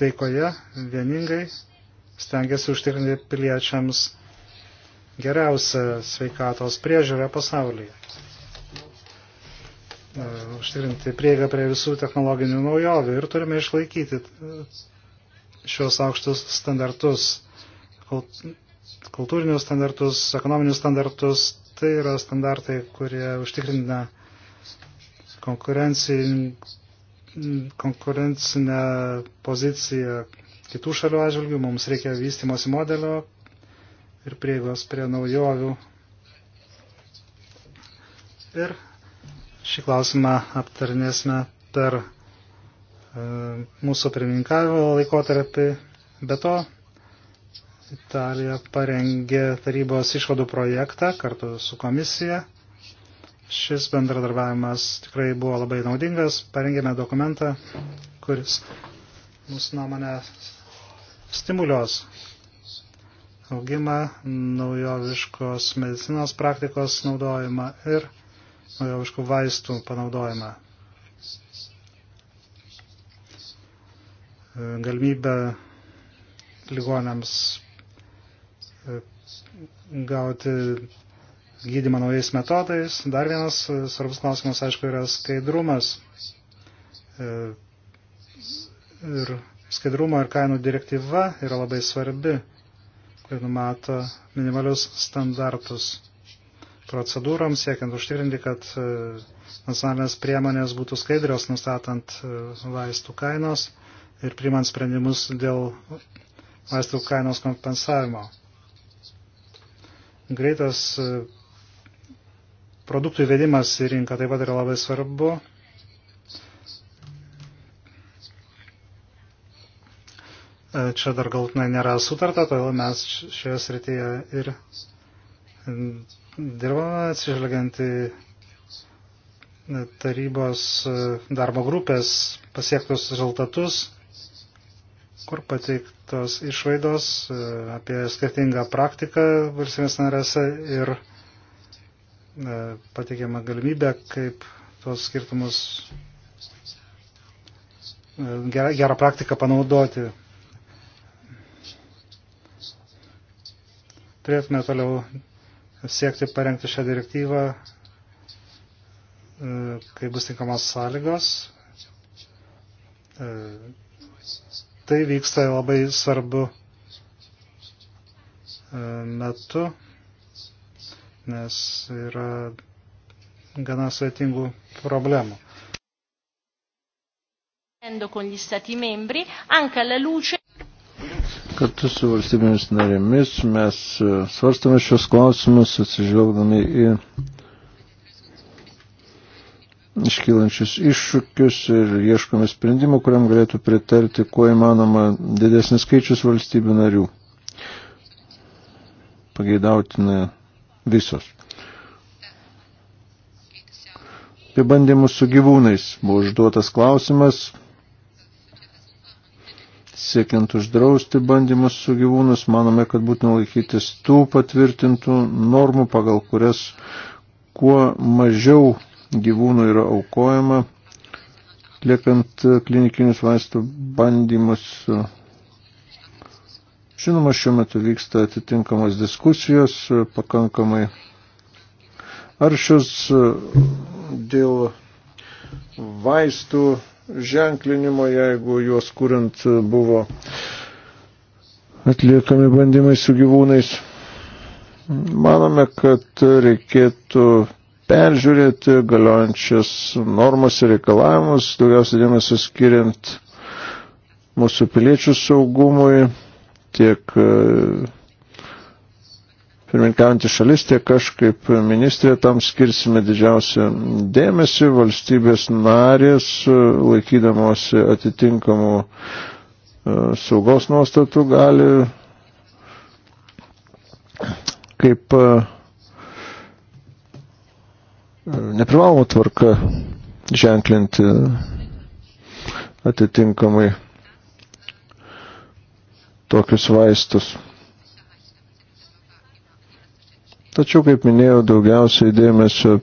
taikoje, vieningai stengiasi užtikrinti piliečiams geriausią sveikatos priežiūrą pasaulyje. E, užtikrinti prieigą prie visų technologinių naujovių ir turime išlaikyti šios aukštus standartus, kultūrinius standartus, ekonominius standartus. Tai yra standartai, kurie užtikrina konkurencinę poziciją kitų šalių atžvilgių, mums reikia vystimosi modelio ir prieigos prie naujovių. Ir šį klausimą aptarnėsime per e, mūsų pirmininkavimo laikotarpį. Be to, Italija parengė tarybos išvadų projektą kartu su komisija. Šis bendradarbiavimas tikrai buvo labai naudingas. Parengėme dokumentą, kuris mūsų nuomonė stimulios augimą, naujoviškos medicinos praktikos naudojimą ir naujoviškų vaistų panaudojimą. E, galimybę ligonėms e, gauti gydimą naujais metodais. Dar vienas svarbus klausimas, aišku, yra skaidrumas e, ir Skaidrumo ir kainų direktyva yra labai svarbi, kuri numato minimalius standartus procedūroms, siekiant užtikrinti, kad e, nacionalinės priemonės būtų skaidrios, nustatant e, vaistų kainos ir primant sprendimus dėl vaistų kainos kompensavimo. Greitas e, produktų įvedimas į rinką taip pat yra labai svarbu, E, čia dar galtinai nėra sutarta, todėl mes šioje srityje ir dirbame atsižvelgiant į e, tarybos e, darbo grupės pasiektus rezultatus, kur pateiktos išvaidos apie skirtingą praktiką valstybės narėse ir pateikiama galimybė, kaip tuos skirtumus gerą, gerą praktiką panaudoti. turėtume toliau siekti parengti šią direktyvą, e, kai bus tinkamos sąlygos. E, tai vyksta labai svarbu e, metu, nes yra gana svetingų problemų. con gli Stati membri, anche alla luce Kartu su valstybėmis narėmis mes e, svarstame šios klausimus, atsižvelgdami į iškylančius iššūkius ir ieškome sprendimų, kuriam galėtų pritarti kuo įmanoma didesnis skaičius valstybių narių. Pageidautina visos. Apie bandymus su gyvūnais buvo užduotas klausimas siekiant uždrausti bandymus su gyvūnus, manome, kad būtina laikytis tų patvirtintų normų, pagal kurias kuo mažiau gyvūnų yra aukojama, liekant klinikinius vaistų bandymus. Žinoma, šiuo metu vyksta atitinkamos diskusijos, pakankamai aršios dėl vaistų ženklinimo, jeigu juos kuriant buvo atliekami bandymai su gyvūnais. Manome, kad reikėtų peržiūrėti galiojančias normas ir reikalavimus, daugiausia dėmesio skiriant mūsų piliečių saugumui, tiek pirmininkaujantį šalis, tiek aš kaip ministrė tam skirsime didžiausią dėmesį. Valstybės narės laikydamosi atitinkamų e, saugos nuostatų gali kaip e, neprivaloma tvarka ženklinti atitinkamai tokius vaistus. Tačiau, kaip minėjau, daugiausiai dėmesio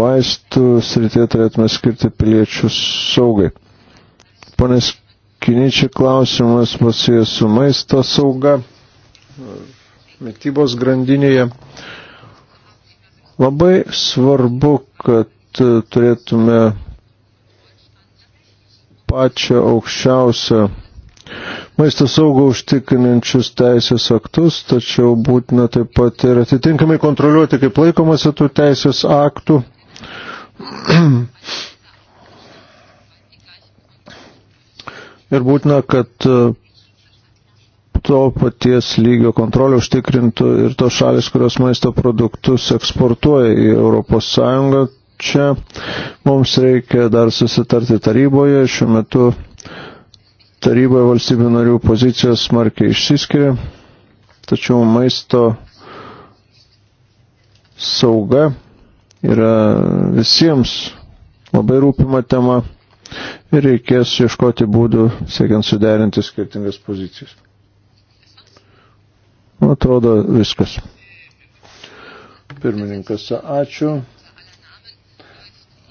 vaistų srityje turėtume skirti piliečių saugai. Ponės Kiničiai klausimas pasijęs su maisto sauga mytybos grandinėje. Labai svarbu, kad turėtume pačią aukščiausią maisto saugą užtikrinančius teisės aktus, tačiau būtina taip pat ir atitinkamai kontroliuoti, kaip laikomasi tų teisės aktų. ir būtina, kad e, to paties lygio kontrolę užtikrintų ir tos šalis, kurios maisto produktus eksportuoja į Europos Sąjungą. Čia mums reikia dar susitarti taryboje, šiuo metu taryboje valstybių narių pozicijos smarkiai išsiskiria, tačiau maisto sauga yra visiems labai rūpima tema ir reikės ieškoti būdų, siekiant suderinti skirtingas pozicijas. Man atrodo viskas. Pirmininkas, ačiū.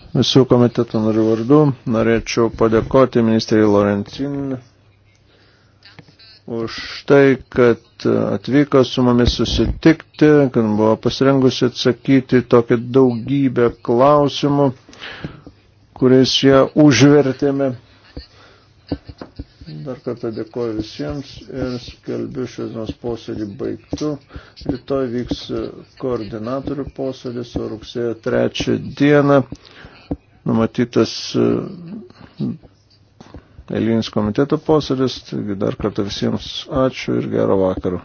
Visų komiteto narių vardu norėčiau padėkoti ministrei Laurentin už tai, kad atvyko su mumis susitikti, kad buvo pasirengusi atsakyti tokią daugybę klausimų, kuriais ją užvertėme. Dar kartą dėkoju visiems ir skelbiu šios dienos posėdį baigtų. Rytoj vyks koordinatorių posėdis, o rugsėjo trečią dieną numatytas e, eilinis komiteto posėdis, taigi dar kartą visiems ačiū ir gero vakaro.